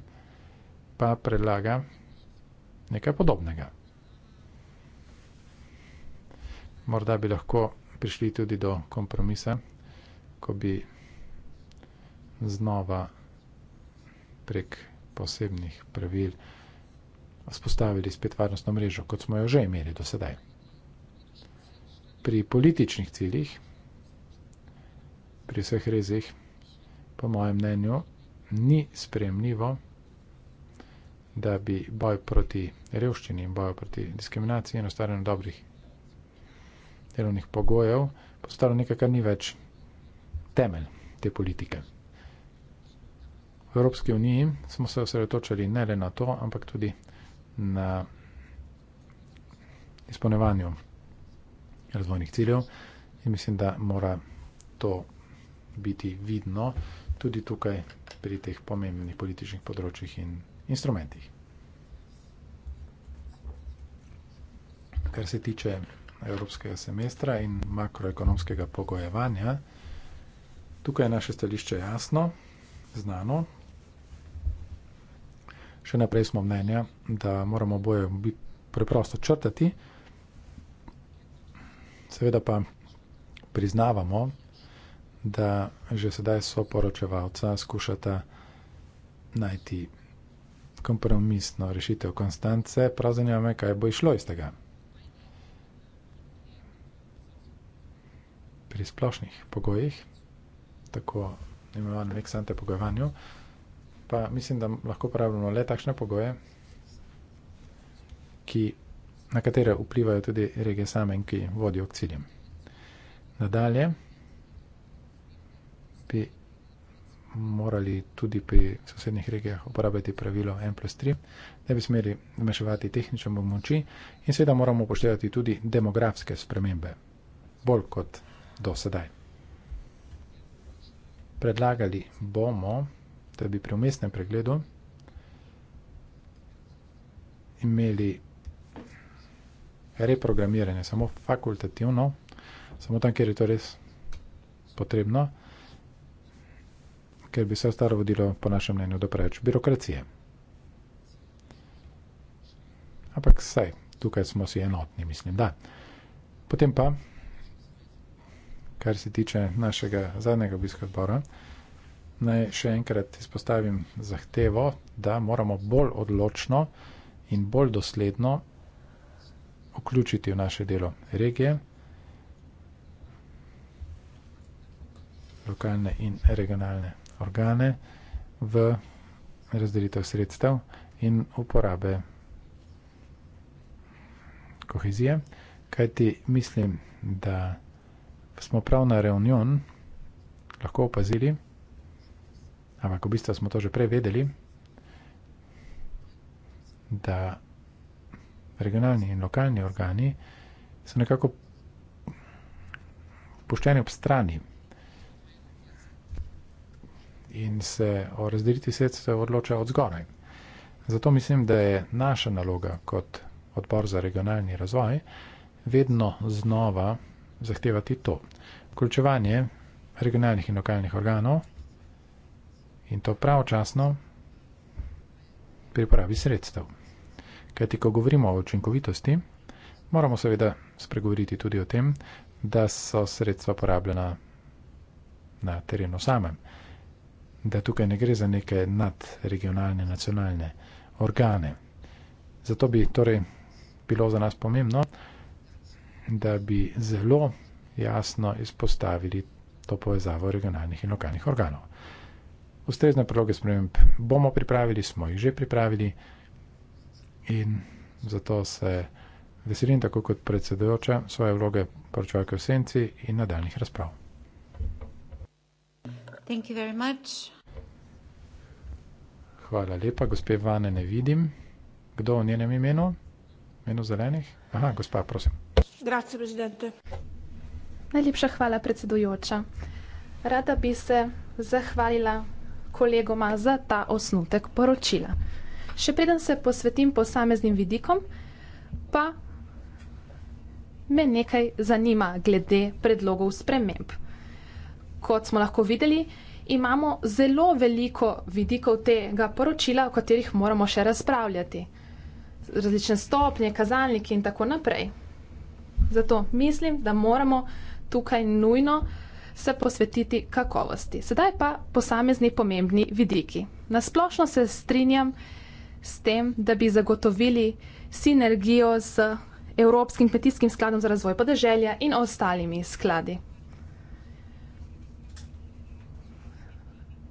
pa predlaga nekaj podobnega. Morda bi lahko prišli tudi do kompromisa, ko bi znova prek posebnih pravil spostavili spet varnostno mrežo, kot smo jo že imeli do sedaj. Pri političnih ciljih, pri vseh rezih, po mojem mnenju, ni spremljivo, da bi boj proti revščini in boj proti diskriminaciji in ustvarjanju dobrih delovnih pogojev postalo nekaj, kar ni več temelj te politike. V Evropski uniji smo se osredotočali ne le na to, ampak tudi na izpolnevanju razvojnih ciljev in mislim, da mora to biti vidno tudi tukaj pri teh pomembnih političnih področjih in instrumentih. Kar se tiče evropskega semestra in makroekonomskega pogojevanja, tukaj je naše stališče jasno, znano. Še naprej smo mnenja, da moramo boje preprosto črtati, seveda pa priznavamo, da že sedaj so poročevalca skušata najti kompromisno rešitev konstance, prav zanima me, kaj bo išlo iz tega. Pri splošnih pogojih, tako imenovanem eksante pogojevanju, pa mislim, da lahko pravimo le takšne pogoje, ki, na katere vplivajo tudi regije same in ki vodijo k ciljem. Nadalje bi morali tudi pri sosednjih regijah uporabljati pravilo N plus 3, da bi smeli zmeševati tehnične pomoči in seveda moramo upoštevati tudi demografske spremembe, bolj kot do sedaj. Predlagali bomo, da bi pri umestnem pregledu imeli reprogramiranje samo fakultativno, samo tam, kjer je to res potrebno ker bi se ostalo vodilo, po našem mnenju, do preveč birokracije. Ampak saj, tukaj smo si enotni, mislim, da. Potem pa, kar se tiče našega zadnjega obiska odbora, naj še enkrat izpostavim zahtevo, da moramo bolj odločno in bolj dosledno vključiti v naše delo regije, lokalne in regionalne organe v razdelitev sredstev in uporabe kohezije, kajti mislim, da smo prav na reunion lahko opazili, ampak v bistvu smo to že prej vedeli, da regionalni in lokalni organi so nekako puščeni ob strani, in se o razdelitvi sredstva odloča od zgoraj. Zato mislim, da je naša naloga kot odbor za regionalni razvoj vedno znova zahtevati to. Vključevanje regionalnih in lokalnih organov in to pravočasno pripravi sredstev. Kajti, ko govorimo o učinkovitosti, moramo seveda spregovoriti tudi o tem, da so sredstva porabljena na terenu samem da tukaj ne gre za neke nadregionalne, nacionalne organe. Zato bi torej bilo za nas pomembno, da bi zelo jasno izpostavili to povezavo regionalnih in lokalnih organov. Ustrezne predloge sprememb bomo pripravili, smo jih že pripravili in zato se veselim, tako kot predsedujoča, svoje vloge poročevalke v senci in nadaljnih razprav. Thank you very much. Hvala lepa, gospe Vane ne vidim. Kdo v njenem imenu? Imenu zelenih? Aha, gospa, prosim. Grazie, prezidente. Najlepša hvala, predsedujoča. Rada bi se zahvalila kolegoma za ta osnutek poročila. Še preden se posvetim posameznim vidikom, pa me nekaj zanima glede predlogov sprememb. Kot smo lahko videli, imamo zelo veliko vidikov tega poročila, o katerih moramo še razpravljati. Različne stopnje, kazalniki in tako naprej. Zato mislim, da moramo tukaj nujno se posvetiti kakovosti. Sedaj pa posamezni pomembni vidiki. Nasplošno se strinjam s tem, da bi zagotovili sinergijo z Evropskim kmetijskim skladom za razvoj podeželja in ostalimi skladi.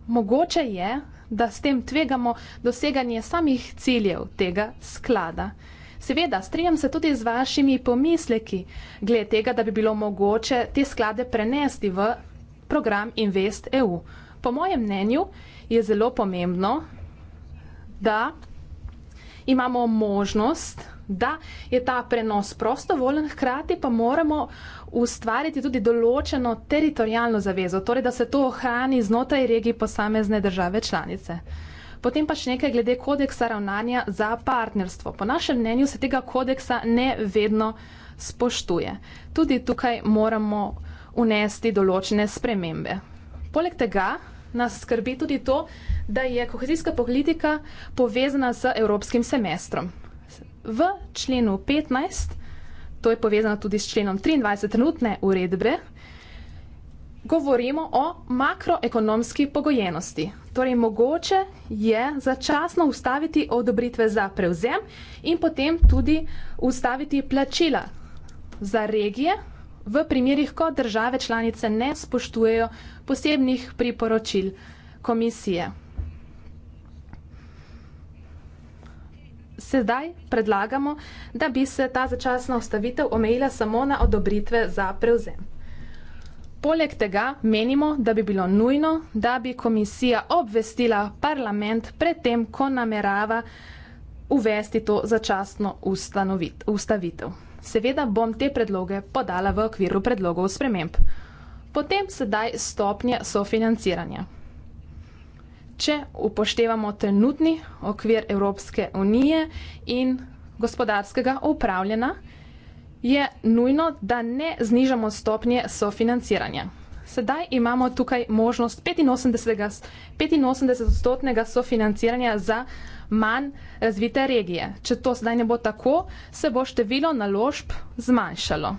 Mogoče je, da s tem tvegamo doseganje samih ciljev tega sklada. Seveda, strinjam se tudi z vašimi pomisleki, glede tega, da bi bilo mogoče te sklade prenesti v program Invest EU. Po mojem mnenju je zelo pomembno, da imamo možnost, da je ta prenos prostovoljen, hkrati pa moramo ustvariti tudi določeno teritorijalno zavezo, torej da se to ohrani znotraj regij posamezne države članice. Potem pač nekaj glede kodeksa ravnanja za partnerstvo. Po našem mnenju se tega kodeksa ne vedno spoštuje. Tudi tukaj moramo unesti določene spremembe. Poleg tega nas skrbi tudi to, da je kohezijska politika povezana z evropskim semestrom. V členu 15 To je povezano tudi s členom 23 trenutne uredbe. Govorimo o makroekonomski pogojenosti. Torej, mogoče je začasno ustaviti odobritve za prevzem in potem tudi ustaviti plačila za regije v primerih, ko države članice ne spoštujejo posebnih priporočil komisije. Sedaj predlagamo, da bi se ta začasna ostavitev omejila samo na odobritve za prevzem. Poleg tega menimo, da bi bilo nujno, da bi komisija obvestila parlament predtem, ko namerava uvesti to začasno ustavitev. Seveda bom te predloge podala v okviru predlogov sprememb. Potem sedaj stopnje sofinanciranja če upoštevamo trenutni okvir Evropske unije in gospodarskega upravljanja, je nujno, da ne znižamo stopnje sofinanciranja. Sedaj imamo tukaj možnost 85 odstotnega sofinanciranja za manj razvite regije. Če to sedaj ne bo tako, se bo število naložb zmanjšalo.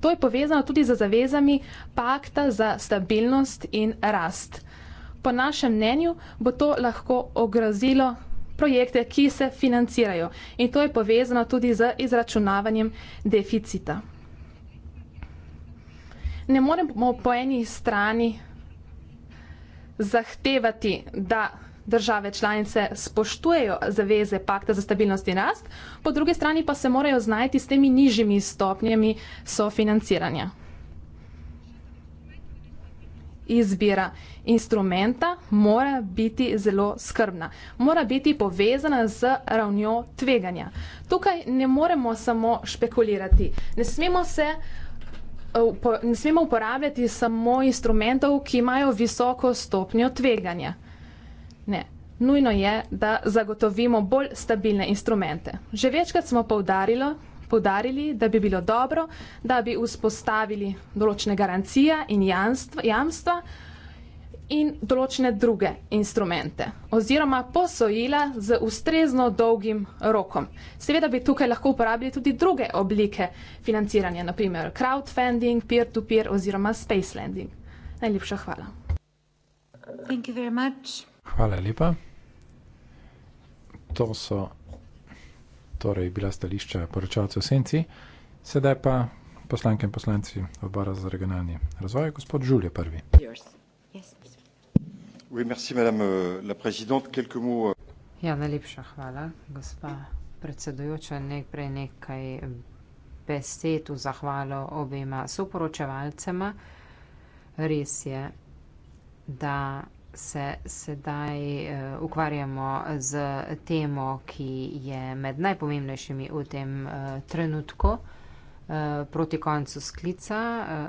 To je povezano tudi z zavezami pakta za stabilnost in rast po našem mnenju bo to lahko ogrozilo projekte, ki se financirajo. In to je povezano tudi z izračunavanjem deficita. Ne moremo po eni strani zahtevati, da države članice spoštujejo zaveze pakta za stabilnost in rast, po drugi strani pa se morajo znajti s temi nižjimi stopnjami sofinanciranja izbira instrumenta mora biti zelo skrbna. Mora biti povezana z ravnjo tveganja. Tukaj ne moremo samo špekulirati. Ne smemo se eh, ne smemo uporabljati samo instrumentov, ki imajo visoko stopnjo tveganja. Ne. Nujno je, da zagotovimo bolj stabilne instrumente. Že večkrat smo poudarilo, podarili, da bi bilo dobro, da bi vzpostavili določene garancije in jamstva, jamstva in določene druge instrumente oziroma posojila z ustrezno dolgim rokom. Seveda bi tukaj lahko uporabili tudi druge oblike financiranja, naprimer crowdfunding, peer-to-peer -peer oziroma space landing. Najlepša hvala. Thank you very much. Hvala lepa. To so torej bila stališča poročalcev v senci, sedaj pa poslanke in poslanci odbora za regionalni razvoj, gospod Žulje prvi. Euh, euh. Ja, najlepša hvala, gospa predsedujoča. Najprej nekaj besed v zahvalo obema soporočevalcema. Res je, da se sedaj eh, ukvarjamo z temo, ki je med najpomembnejšimi v tem eh, trenutku eh, proti koncu sklica.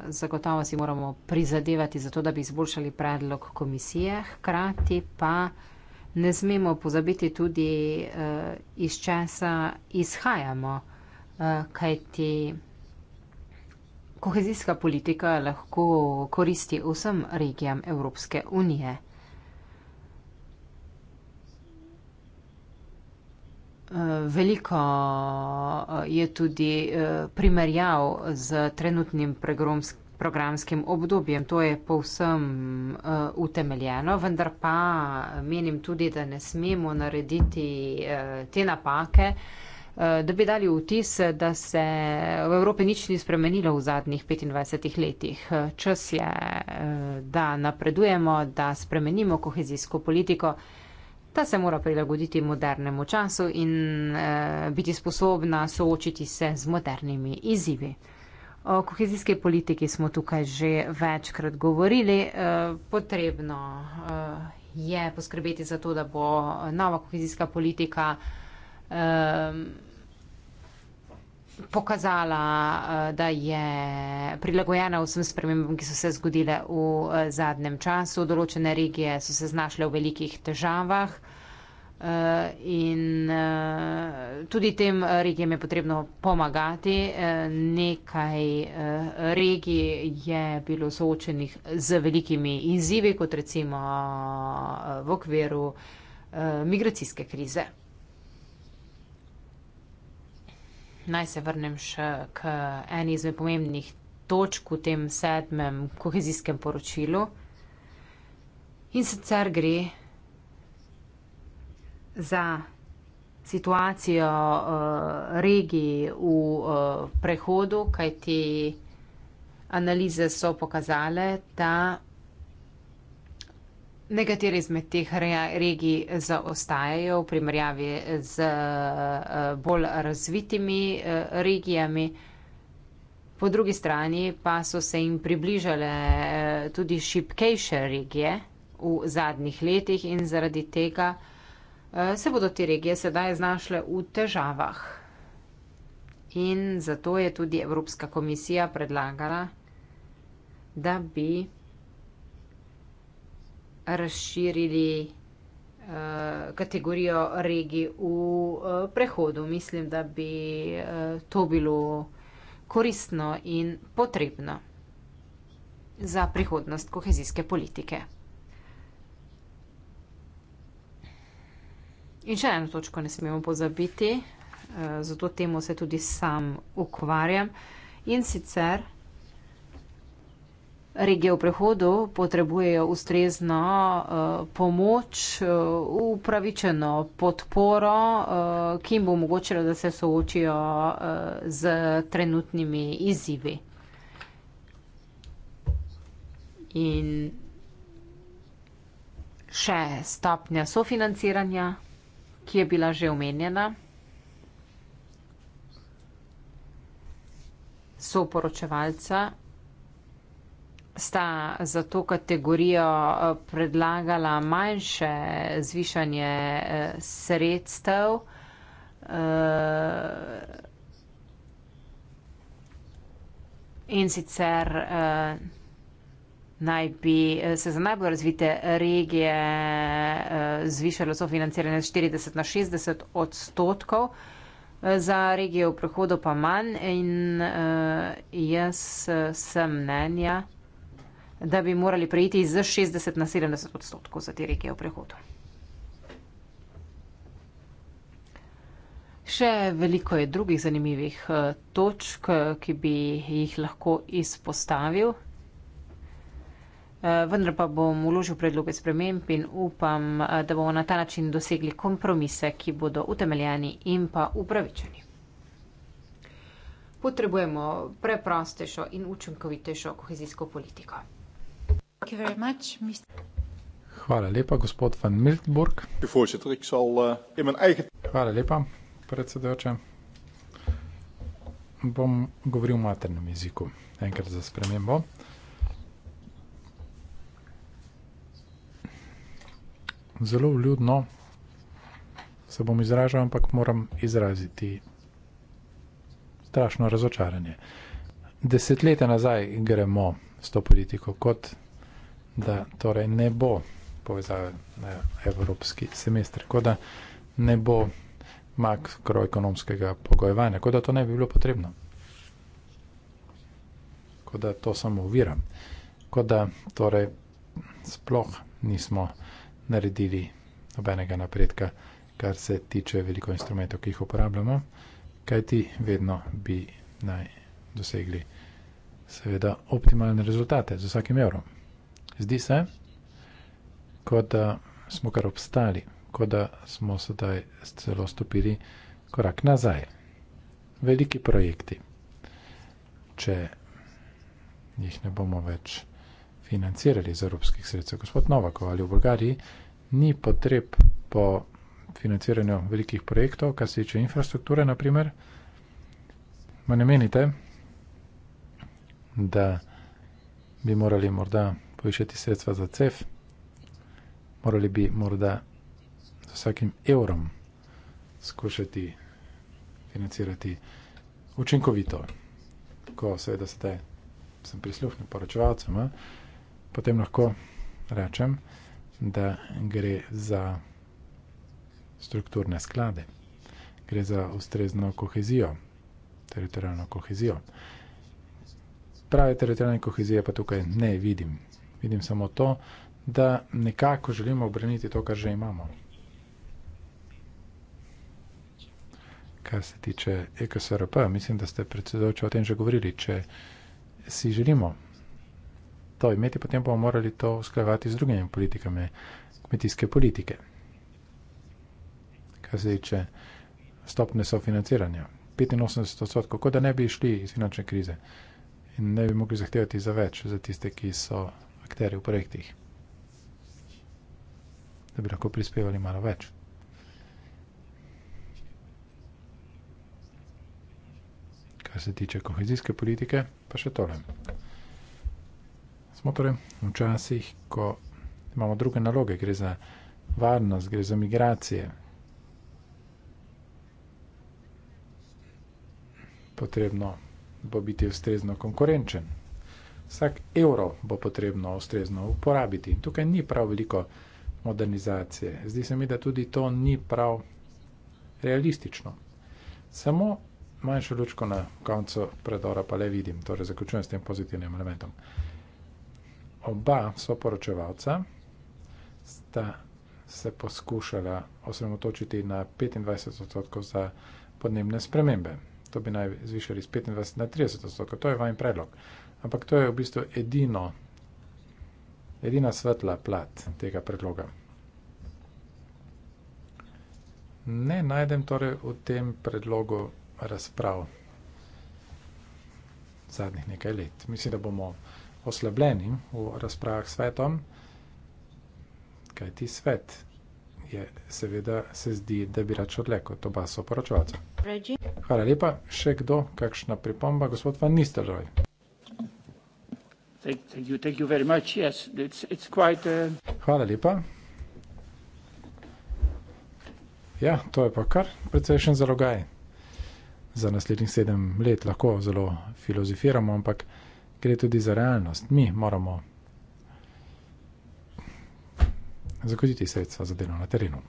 Zagotovo si moramo prizadevati za to, da bi izboljšali predlog komisije, hkrati pa ne smemo pozabiti tudi, iz česa izhajamo, kajti kohezijska politika lahko koristi vsem regijam Evropske unije. Veliko eh, je tudi eh, primerjav z trenutnim programskim obdobjem. To je povsem eh, utemeljeno, vendar pa menim tudi, da ne smemo narediti te napake, da bi dali vtis, da se v Evropi nič ni spremenilo v zadnjih 25 letih. Čas je, da napredujemo, da spremenimo kohezijsko politiko. Ta se mora prilagoditi modernemu času in eh, biti sposobna soočiti se z modernimi izzivi. O kohezijske politiki smo tukaj že večkrat govorili. Eh, potrebno eh, je poskrbeti za to, da bo nova kohezijska politika. Eh, pokazala, eh, da je prilagojena vsem spremembam, ki so se zgodile v eh, zadnjem času. Določene regije so se znašle v velikih težavah eh, in tudi tem regijem je potrebno pomagati. Nekaj regij je bilo soočenih z velikimi izzivi, kot recimo v okviru migracijske krize. naj se vrnem še k eni izmed pomembnih točk v tem sedmem kohezijskem poročilu. In sicer gre za situacijo uh, regij v uh, prehodu, kajti analize so pokazale, da Nekatere izmed teh regij zaostajajo v primerjavi z eh, bolj razvitimi eh, regijami. Po drugi strani pa so se jim približale eh, tudi šipkejše regije v zadnjih letih in zaradi tega se bodo te regije sedaj znašle v težavah. In zato je tudi Evropska komisija predlagala, da bi razširili eh, kategorijo regij v eh, prehodu. Mislim, da bi eh, to bilo koristno in potrebno za prihodnost kohezijske politike. In še eno točko ne smemo pozabiti, zato temu se tudi sam ukvarjam in sicer Regije v prehodu potrebujejo ustrezno uh, pomoč, uh, upravičeno podporo, uh, ki jim bo omogočila, da se soočijo uh, z trenutnimi izzivi. In še stopnja sofinanciranja, ki je bila že omenjena. Soporočevalca sta za to kategorijo eh, predlagala manjše zvišanje eh, sredstev. Eh, in sicer naj bi se za najbolj razvite regije zvišalo sofinanciranje z 40 na 60 odstotkov. Za regije v prihodu pa manj in uh, jaz sem mnenja, da bi morali prejiti iz 60 na 70 odstotkov za te reke v prehodu. Še veliko je drugih zanimivih eh, točk, eh, ki bi jih lahko izpostavil. Eh, vendar pa bom uložil predloge sprememb in upam, da bomo na ta način dosegli kompromise, ki bodo utemeljeni in pa upravičeni. Potrebujemo preprostejšo in učinkovitejšo kohezijsko politiko. Hvala lepa, gospod van Miltenburg. Eh, Hvala lepa, predsedujoče. Bom govoril v maternem jeziku, enkrat za spremembo. Zelo vljudno se bom izražal, ampak moram izraziti strašno razočaranje. Desetletja nazaj gremo s to politiko kot da torej ne bo povezave na evropski semester, tako da ne bo makroekonomskega pogojevanja, tako da to ne bi bilo potrebno. Tako da to samo uvira. Tako da torej sploh nismo naredili nobenega napredka, kar se tiče veliko instrumentov, ki jih uporabljamo, kajti vedno bi naj dosegli seveda optimalne rezultate z vsakim evrom. Zdi se, kot da smo kar obstali, kot da smo sedaj celo stopili korak nazaj. Veliki projekti, če jih ne bomo več financirali iz evropskih sredstev. Gospod Novakov ali v Bolgariji ni potreb po financiranju velikih projektov, kar se tiče infrastrukture, naprimer. Ma ne menite, da bi morali morda povišati sredstva za CEF, morali bi morda z vsakim evrom skušati financirati učinkovito, ko seveda ste sem prisluhnil poročevalcem, potem lahko rečem, da gre za strukturne sklade, gre za ustrezno kohezijo, teritorijalno kohezijo. Prave teritorijalne kohezije pa tukaj ne vidim vidim samo to, da nekako želimo obrniti to, kar že imamo. Kar se tiče EKSRP, mislim, da ste predsedujoče o tem že govorili. Če si želimo to imeti, potem bomo morali to usklajevati z drugimi politikami, kmetijske politike. Kar se tiče stopne sofinanciranja, 85 odstotkov, kot da ne bi išli iz finančne krize in ne bi mogli zahtevati za več, za tiste, ki so nekaterih projektih, da bi lahko prispevali malo več. Kar se tiče kohezijske politike, pa še tole. Smo torej včasih, ko imamo druge naloge, gre za varnost, gre za migracije. Potrebno bo biti ustrezno konkurenčen. Vsak evro bo potrebno ustrezno uporabiti. Tukaj ni prav veliko modernizacije. Zdi se mi, da tudi to ni prav realistično. Samo manjšo lučko na koncu predora pa le vidim, torej zaključujem s tem pozitivnim elementom. Oba soporočevalca sta se poskušala osredotočiti na 25 odstotkov za podnebne spremembe. To bi naj zvišali z 25 na 30 odstotkov. To je vajen predlog. Ampak to je v bistvu edino, edina svetla plat tega predloga. Ne najdem torej v tem predlogu razprav zadnjih nekaj let. Mislim, da bomo oslabljeni v razpravah s svetom, kaj ti svet je, seveda se zdi, da bi rač odlekel to baso poročevalcev. Hvala lepa. Še kdo, kakšna pripomba, gospod Van Nistelrooy? Hvala lepa. Ja, to je pa kar precejšen zalogaj. Za naslednjih sedem let lahko zelo filozofiramo, ampak gre tudi za realnost. Mi moramo zagotoviti sredstva za delo na terenu.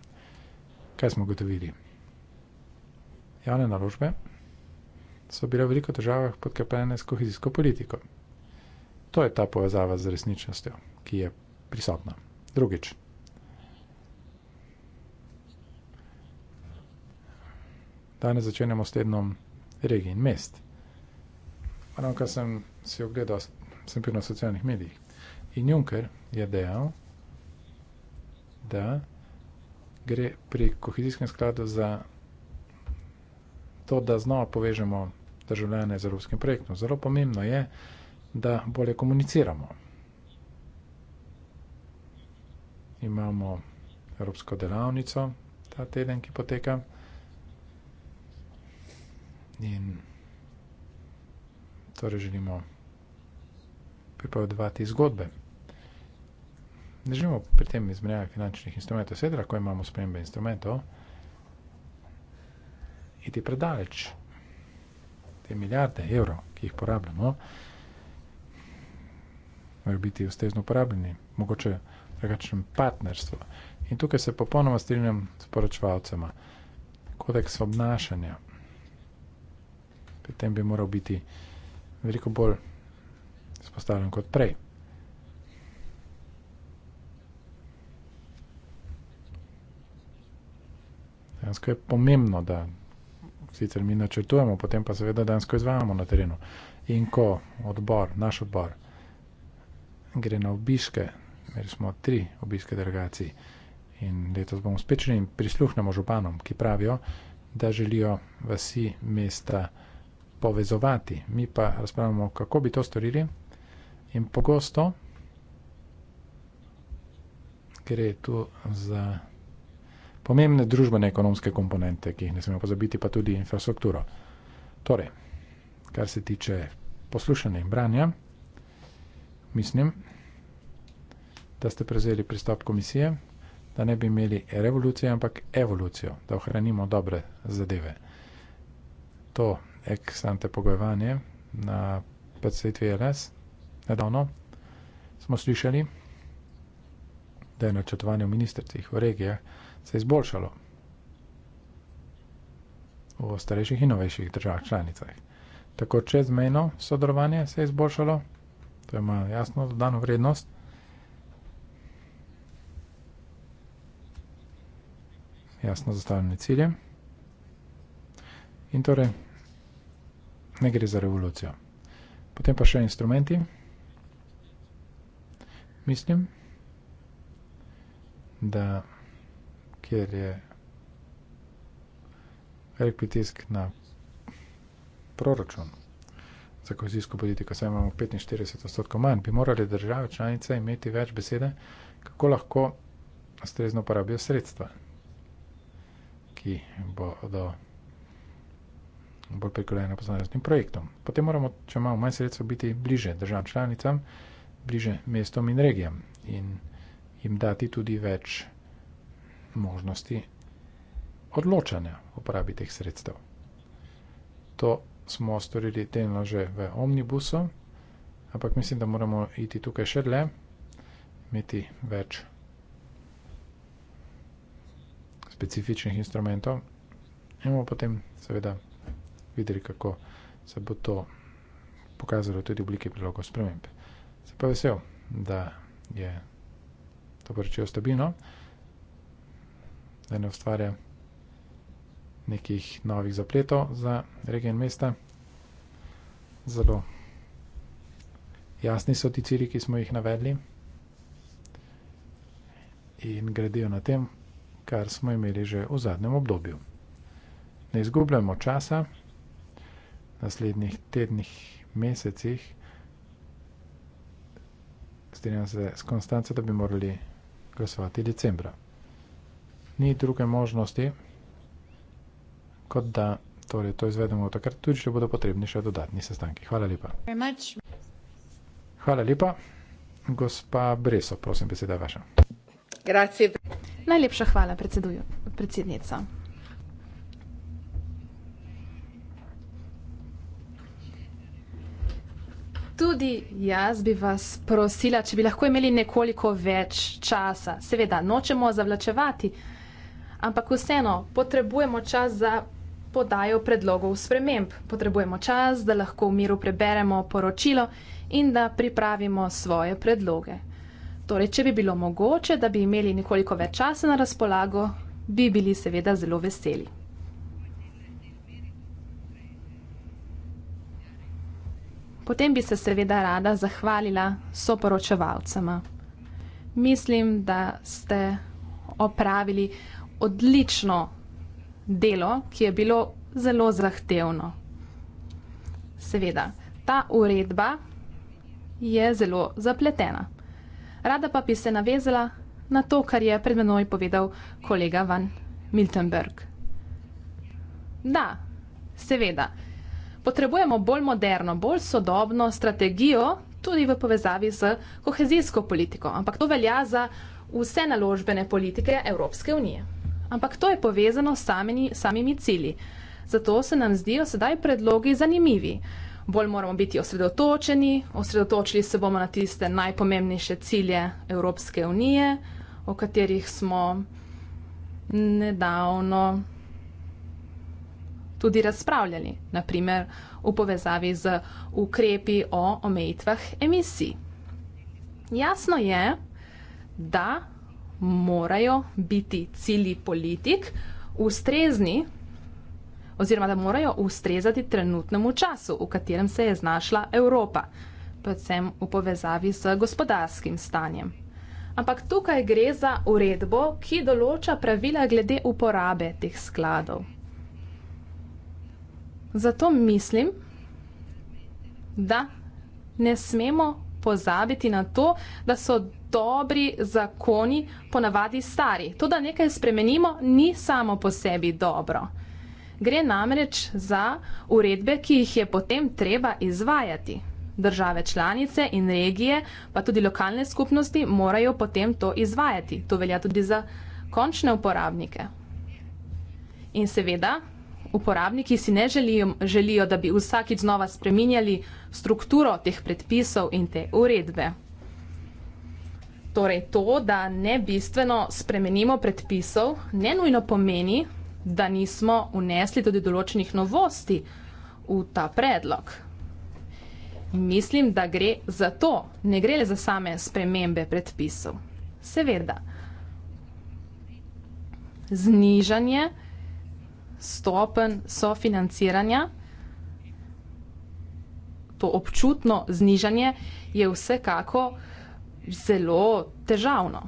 Kaj smo gotovili? Javne naložbe so bile v veliko težavah podkrepljene s kohezijsko politiko. To je ta povezava z resničnostjo, ki je prisotna. Drugič. Danes začenjamo s tednom regij in mest. Ono, kar sem si ogledal, sem bil na socialnih medijih. In Juncker je dejal, da gre pri kohezijskem skladu za to, da znova povežemo državljane z evropskim projektom. Zelo pomembno je, da bolje komuniciramo. Imamo evropsko delavnico ta teden, ki poteka. In torej želimo pripovedovati zgodbe. Ne želimo pri tem izmenjavati finančnih instrumentov, sedaj lahko imamo spremembe instrumentov, iti predaleč te milijarde evrov, ki jih porabljamo morajo biti ustrezno uporabljeni, mogoče drugačnem partnerstvu. In tukaj se popolnoma strinjam s poročevalcema. Kodeks obnašanja, potem bi moral biti veliko bolj spostavljen kot prej. Dansko je pomembno, da sicer mi načrtujemo, potem pa seveda dansko izvajamo na terenu. In ko odbor, naš odbor, gre na obiske, imeli smo tri obiske delegacij in letos bomo spet šli in prisluhnemo županom, ki pravijo, da želijo vasi mesta povezovati. Mi pa razpravljamo, kako bi to storili in pogosto gre tu za pomembne družbene ekonomske komponente, ki jih ne smemo pozabiti, pa tudi infrastrukturo. Torej, kar se tiče poslušanja in branja, mislim, da ste prevzeli pristop komisije, da ne bi imeli revolucije, ampak evolucijo, da ohranimo dobre zadeve. To eksante pogojevanje na predsedstvu LS nedavno smo slišali, da je načrtovanje v ministrstvih, v regijah se izboljšalo v starejših in novejših državah članicah. Tako čezmejno sodelovanje se je izboljšalo. To ima jasno dodano vrednost. Jasno zastavljene cilje. In torej, ne gre za revolucijo. Potem pa še instrumenti. Mislim, da kjer je velik pritisk na proračun, za kohezijsko politiko, saj imamo 45 odstotkov manj, bi morali države članice imeti več besede, kako lahko ustrezno uporabijo sredstva, ki bodo bolj prikolajena posameznim projektom. Potem moramo, če imamo manj sredstva, biti bliže državam članicam, bliže mestom in regijam in jim dati tudi več možnosti odločanja uporabi teh sredstev. To smo storili te nalože v omnibusu, ampak mislim, da moramo iti tukaj še dle, imeti več specifičnih instrumentov. In bomo potem seveda videli, kako se bo to pokazalo tudi v obliki prilogov sprememb. Se pa vesel, da je to poročilo stabilno, da ne ustvarja nekih novih zapletov za regije in mesta. Zelo jasni so ti cilji, ki smo jih navedli in gradijo na tem, kar smo imeli že v zadnjem obdobju. Ne izgubljamo časa, v naslednjih tednih, mesecih, strinjam se s Konstanco, da bi morali glasovati decembra. Ni druge možnosti, kot da torej, to izvedemo takrat, tudi če bodo potrebni še dodatni sestanki. Hvala lepa. Hvala lepa. Gospa Breso, prosim, beseda vaša. Grazie. Najlepša hvala, predsednica. Tudi jaz bi vas prosila, če bi lahko imeli nekoliko več časa. Seveda, nočemo zavlačevati, ampak vseeno potrebujemo čas za podajo predlogov sprememb. Potrebujemo čas, da lahko v miru preberemo poročilo in da pripravimo svoje predloge. Torej, če bi bilo mogoče, da bi imeli nekoliko več časa na razpolago, bi bili seveda zelo veseli. Potem bi se seveda rada zahvalila soporočevalcema. Mislim, da ste opravili odlično delo, ki je bilo zelo zahtevno. Seveda, ta uredba je zelo zapletena. Rada pa bi se navezala na to, kar je pred menoj povedal kolega Van Miltenberg. Da, seveda, potrebujemo bolj moderno, bolj sodobno strategijo tudi v povezavi z kohezijsko politiko, ampak to velja za vse naložbene politike Evropske unije ampak to je povezano s samimi, samimi cilji. Zato se nam zdijo sedaj predlogi zanimivi. Bolj moramo biti osredotočeni, osredotočili se bomo na tiste najpomembnejše cilje Evropske unije, o katerih smo nedavno tudi razpravljali, naprimer v povezavi z ukrepi o omejitvah emisij. Jasno je, da morajo biti cilji politik ustrezni oziroma da morajo ustrezati trenutnemu času, v katerem se je znašla Evropa, predvsem v povezavi z gospodarskim stanjem. Ampak tukaj gre za uredbo, ki določa pravila glede uporabe teh skladov. Zato mislim, da ne smemo pozabiti na to, da so dobri zakoni ponavadi stari. To, da nekaj spremenimo, ni samo po sebi dobro. Gre namreč za uredbe, ki jih je potem treba izvajati. Države članice in regije, pa tudi lokalne skupnosti, morajo potem to izvajati. To velja tudi za končne uporabnike. In seveda, uporabniki si ne želijo, želijo da bi vsakič znova spreminjali strukturo teh predpisov in te uredbe. Torej, to, da ne bistveno spremenimo predpisov, ne nujno pomeni, da nismo unesli tudi določenih novosti v ta predlog. Mislim, da gre za to, ne gre le za same spremembe predpisov. Seveda, znižanje stopen sofinanciranja, to občutno znižanje je vsekako zelo težavno,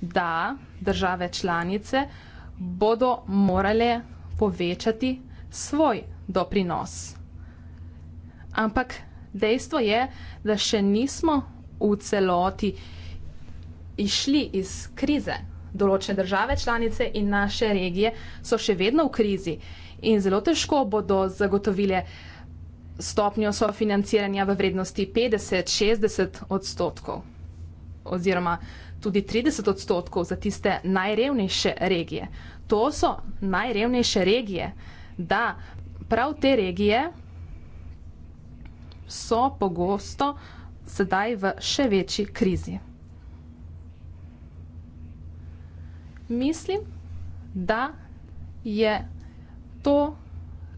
da države članice bodo morale povečati svoj doprinos. Ampak dejstvo je, da še nismo v celoti išli iz krize. Določene države članice in naše regije so še vedno v krizi in zelo težko bodo zagotovile uh, stopnjo sofinanciranja v vrednosti 50-60 odstotkov oziroma tudi 30 odstotkov za tiste najrevnejše regije. To so najrevnejše regije, da prav te regije so pogosto sedaj v še večji krizi. Mislim, da je to nekaj,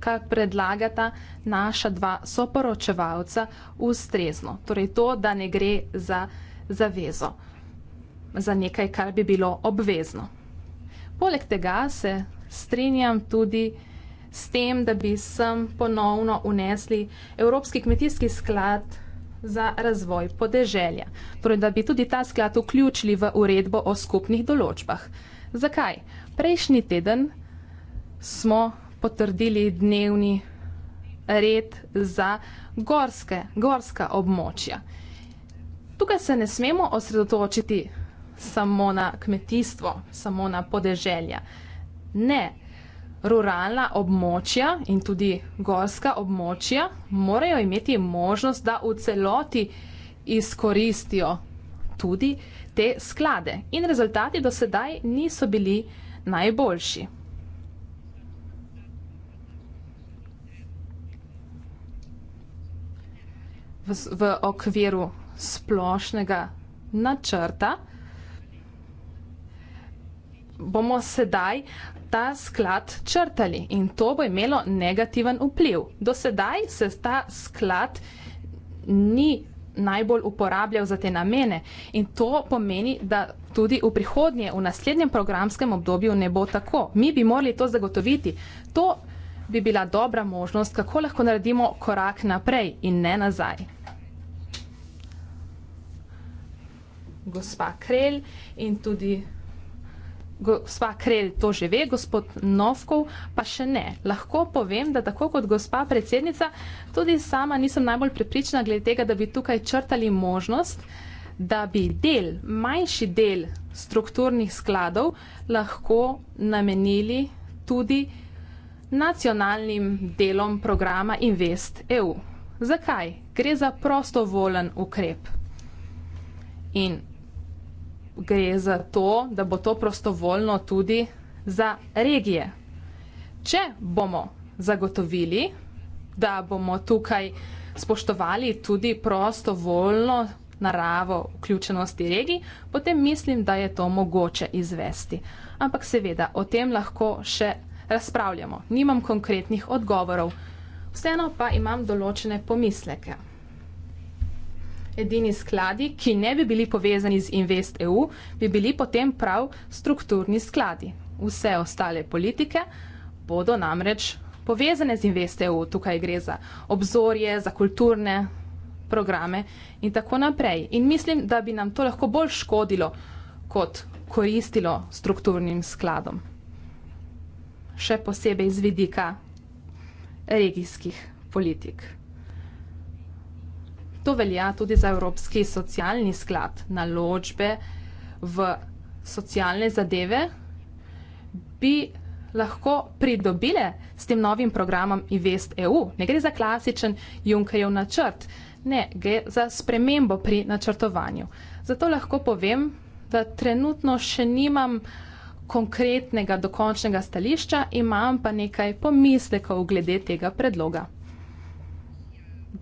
kar predlagata naša dva soporočevalca ustrezno. Torej to, da ne gre za zavezo, za nekaj, kar bi bilo obvezno. Poleg tega se strinjam tudi s tem, da bi sem ponovno unesli Evropski kmetijski sklad za razvoj podeželja. Torej, da bi tudi ta sklad vključili v uredbo o skupnih določbah. Zakaj? Prejšnji teden smo potrdili dnevni red za gorske, gorska območja. Tukaj se ne smemo osredotočiti samo na kmetijstvo, samo na podeželja. Ne, ruralna območja in tudi gorska območja morajo imeti možnost, da v celoti izkoristijo tudi te sklade. In rezultati do sedaj niso bili najboljši. v, v okviru splošnega načrta, bomo sedaj ta sklad črtali in to bo imelo negativen vpliv. Do sedaj se ta sklad ni najbolj uporabljal za te namene in to pomeni, da tudi v prihodnje, v naslednjem programskem obdobju ne bo tako. Mi bi morali to zagotoviti. To bi bila dobra možnost, kako lahko naredimo korak naprej in ne nazaj. gospa Krelj in tudi gospa Krelj to že ve, gospod Novkov pa še ne. Lahko povem, da tako kot gospa predsednica, tudi sama nisem najbolj prepričana glede tega, da bi tukaj črtali možnost, da bi del, manjši del strukturnih skladov lahko namenili tudi nacionalnim delom programa Invest EU. Zakaj? Gre za prostovolen ukrep. In gre za to, da bo to prostovoljno tudi za regije. Če bomo zagotovili, da bomo tukaj spoštovali tudi prostovoljno naravo vključenosti regij, potem mislim, da je to mogoče izvesti. Ampak seveda, o tem lahko še razpravljamo. Nimam konkretnih odgovorov, vseeno pa imam določene pomisleke edini skladi, ki ne bi bili povezani z Invest EU, bi bili potem prav strukturni skladi. Vse ostale politike bodo namreč povezane z Invest EU, tukaj gre za obzorje, za kulturne programe in tako naprej. In mislim, da bi nam to lahko bolj škodilo, kot koristilo strukturnim skladom. Še posebej z vidika regijskih politik. To velja tudi za Evropski socialni sklad. Naložbe v socialne zadeve bi lahko pridobile s tem novim programom Invest EU. Ne gre za klasičen Junckerjev načrt, ne gre za spremembo pri načrtovanju. Zato lahko povem, da trenutno še nimam konkretnega dokončnega stališča, imam pa nekaj pomislekov glede tega predloga.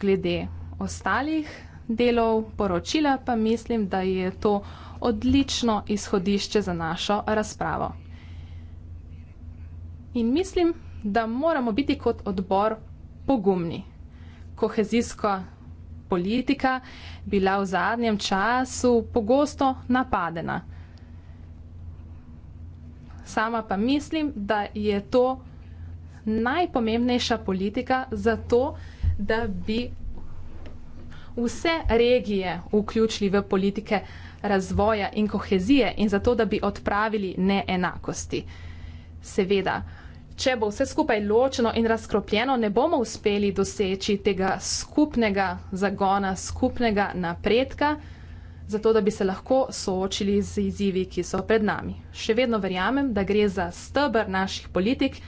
Glede ostalih delov poročila, pa mislim, da je to odlično izhodišče za našo razpravo. In mislim, da moramo biti kot odbor pogumni. Kohezijsko politika bila v zadnjem času pogosto napadena. Sama pa mislim, da je to najpomembnejša politika za to, da bi vse regije vključili v politike razvoja in kohezije in zato, da bi odpravili neenakosti. Seveda, če bo vse skupaj ločeno in razkropljeno, ne bomo uspeli doseči tega skupnega zagona, skupnega napredka, zato da bi se lahko soočili z izzivi, ki so pred nami. Še vedno verjamem, da gre za stebr naših politik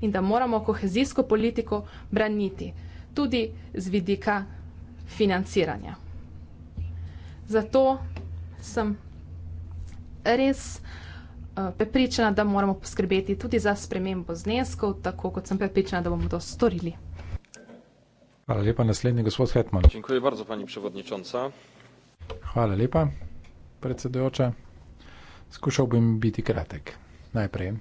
in da moramo kohezijsko politiko braniti tudi z vidika financiranje. Zato sem res eh, prepričana, da moramo poskrbeti tudi za spremembo zneskov, tako kot sem prepričana, da bomo to storili. Hvala lepa, naslednji gospod Hetman. Dziękuję bardzo, pani przewodnicząca. Hvala lepa, predsedujoča. Skušal bi biti kratek. Najprej.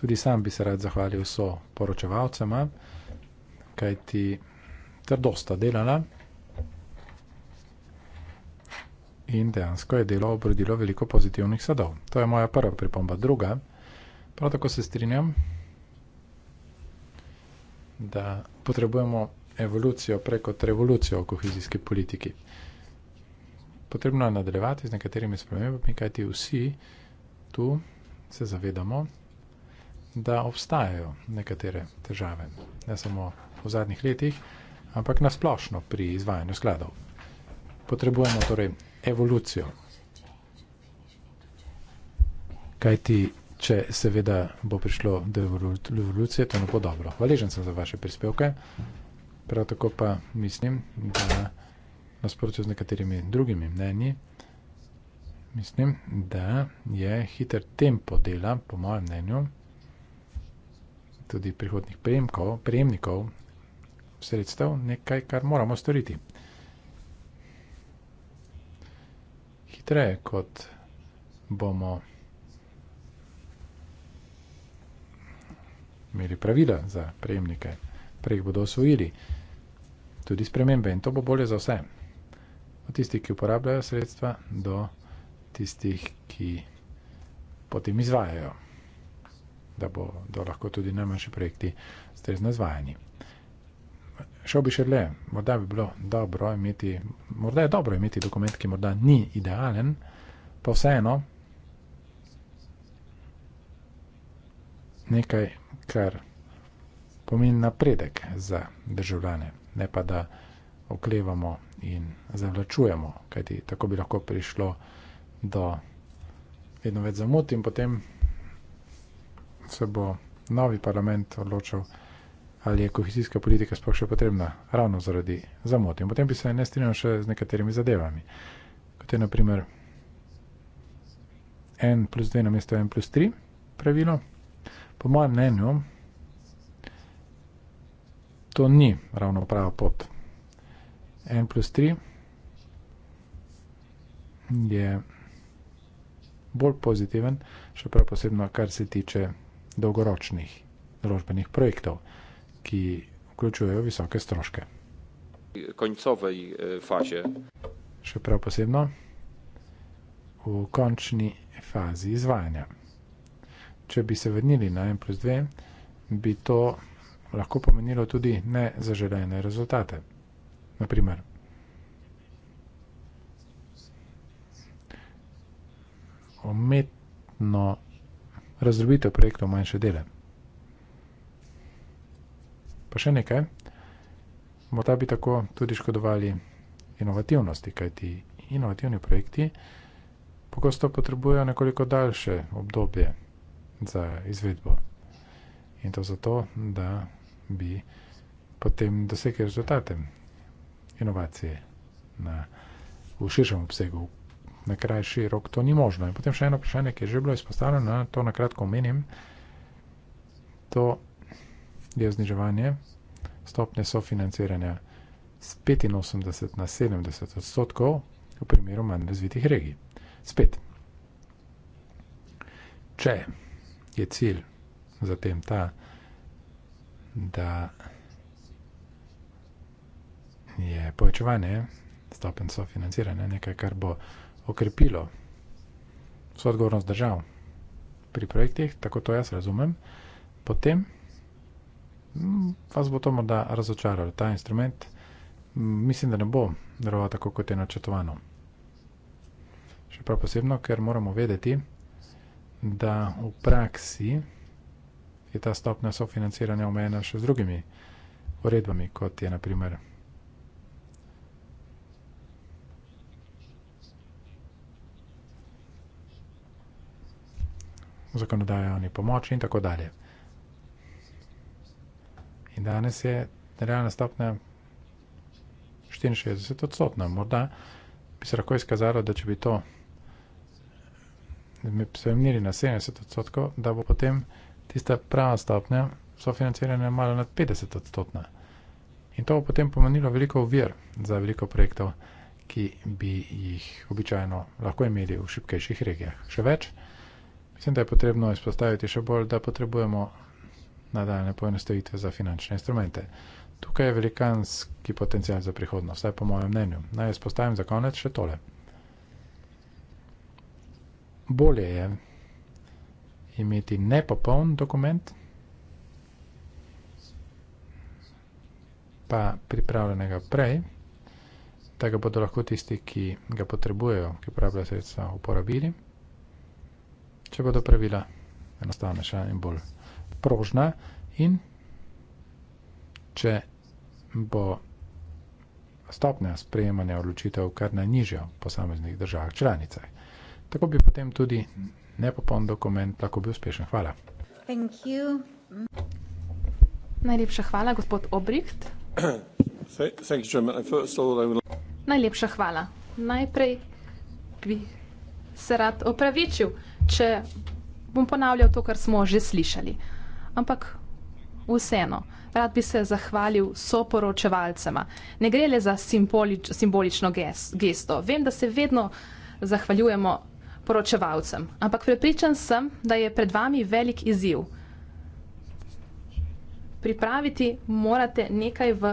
Tudi sam bi se rad zahvalil so poročevalcema, kajti ter dosta delala. In dejansko je delo obrodilo veliko pozitivnih sadov. To je moja prva pripomba. Druga, prav tako se strinjam, da potrebujemo evolucijo preko revolucijo v kohezijski politiki. Potrebno je nadaljevati z nekaterimi spremembami, kajti vsi tu se zavedamo, da obstajajo nekatere težave. Ne samo v zadnjih letih, ampak nasplošno pri izvajanju skladov. Potrebujemo torej evolucijo. Kaj ti, če seveda bo prišlo do evolucije, to ne bo dobro. Hvaležen sem za vaše prispevke, prav tako pa mislim, da nasprotju z nekaterimi drugimi mnenji, mislim, da je hiter tempo dela, po mojem mnenju, tudi prihodnih prejemkov, prejemnikov sredstev nekaj, kar moramo storiti. Hitreje, kot bomo imeli pravila za prejemnike, prej bodo osvojili tudi spremembe in to bo bolje za vse. Od tistih, ki uporabljajo sredstva, do tistih, ki potem izvajajo, da bodo lahko tudi najmanjši projekti strezno izvajanje šel bi še le, morda bi bilo dobro imeti, morda je dobro imeti dokument, ki morda ni idealen, pa vseeno nekaj, kar pomeni napredek za državljane, ne pa da oklevamo in zavlačujemo, kajti tako bi lahko prišlo do vedno več zamud in potem se bo novi parlament odločil, ali je kohezijska politika sploh še potrebna, ravno zaradi zamot. In potem bi se ne strinjal še z nekaterimi zadevami, kot je naprimer en plus dve namesto en plus tri pravilo. Po mojem mnenju to ni ravno prava pot. En plus tri je bolj pozitiven, še prav posebno, kar se tiče dolgoročnih naložbenih projektov ki vključujejo visoke stroške. Koncovej eh, fazi. Še prav posebno v končni fazi izvajanja. Če bi se vrnili na en plus dve, bi to lahko pomenilo tudi nezaželene rezultate. Naprimer, umetno razdrobitev projektov v manjše dele. Pa še nekaj, morda bi tako tudi škodovali inovativnosti, kajti inovativni projekti pogosto potrebujejo nekoliko daljše obdobje za izvedbo. In to zato, da bi potem dosegli rezultate inovacije na, v širšem obsegu. Na krajši rok to ni možno. In potem še eno vprašanje, ki je že bilo izpostavljeno, to na kratko omenim. To je zniževanje stopnje sofinanciranja z 85 na 70 odstotkov v primeru manj razvitih regij. Spet, če je cilj zatem ta, da je povečevanje stopen sofinanciranja nekaj, kar bo okrepilo so odgovornost držav pri projektih, tako to jaz razumem, potem Mm, vas bo to morda razočaralo, ta instrument. Mm, mislim, da ne bo deloval tako, kot je načrtovano. Še prav posebno, ker moramo vedeti, da v praksi je ta stopnja sofinanciranja omejena še z drugimi uredbami, kot je naprimer zakonodajalni pomoči in tako dalje. In danes je realna stopnja 64 odstotna. Morda bi se lahko izkazalo, da če bi to spremenili na 70 odstotkov, da bo potem tista prava stopnja sofinanciranja malo nad 50 odstotna. In to bo potem pomenilo veliko uvir za veliko projektov, ki bi jih običajno lahko imeli v šipkejših regijah. Še več, mislim, da je potrebno izpostaviti še bolj, da potrebujemo nadaljne poenostavitve za finančne instrumente. Tukaj je velikanski potencial za prihodnost, vsaj po mojem mnenju. Naj jaz postavim za konec še tole. Bolje je imeti nepopoln dokument, pa pripravljenega prej, da ga bodo lahko tisti, ki ga potrebujejo, ki uporablja sredstva, uporabili, če bodo pravila enostavnejša in bolj prožna in če bo stopnja sprejemanja odločitev kar najnižja v posameznih državah članicah. Tako bi potem tudi nepopoln dokument lahko bil uspešen. Hvala. Thank you. Najlepša hvala, gospod Obricht. <coughs> Najlepša hvala. Najprej bi se rad opravičil, če bom ponavljal to, kar smo že slišali ampak vseeno, rad bi se zahvalil soporočevalcema. Ne gre le za simbolič, simbolično gesto. Vem, da se vedno zahvaljujemo poročevalcem, ampak prepričan sem, da je pred vami velik izziv. Pripraviti morate nekaj v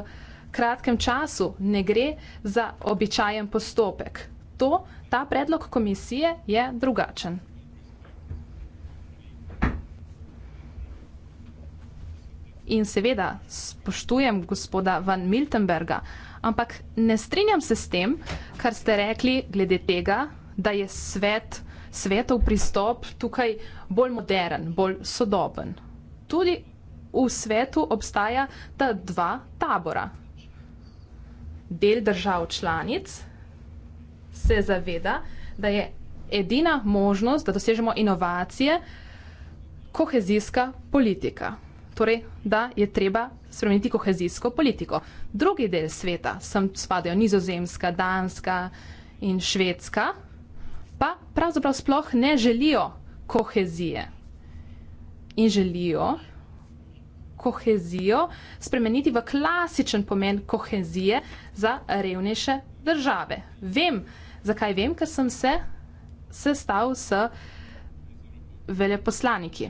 kratkem času, ne gre za običajen postopek. To, ta predlog komisije je drugačen. in seveda spoštujem gospoda Van Miltenberga, ampak ne strinjam se s tem, kar ste rekli glede tega, da je svet, svetov pristop tukaj bolj modern, bolj sodoben. Tudi v svetu obstaja ta dva tabora. Del držav članic se zaveda, da je edina možnost, da dosežemo inovacije, kohezijska politika torej, da je treba spremeniti kohezijsko politiko. Drugi del sveta, sem spadajo nizozemska, danska in švedska, pa pravzaprav sploh ne želijo kohezije. In želijo kohezijo spremeniti v klasičen pomen kohezije za revnejše države. Vem, zakaj vem, ker sem se sestal s veleposlaniki.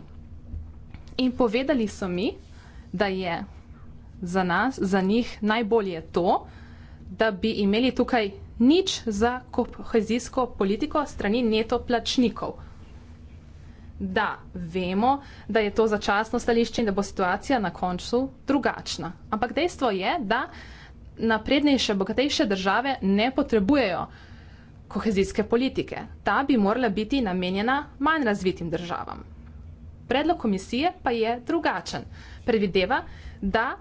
In povedali so mi, da je za nas, za njih najbolje to, da bi imeli tukaj nič za kohezijsko politiko strani neto plačnikov. Da vemo, da je to začasno stališče in da bo situacija na koncu drugačna. Ampak dejstvo je, da naprednejše, bogatejše države ne potrebujejo kohezijske politike. Ta bi morala biti namenjena manj razvitim državam. Predlog komisije pa je drugačen. Predvideva, da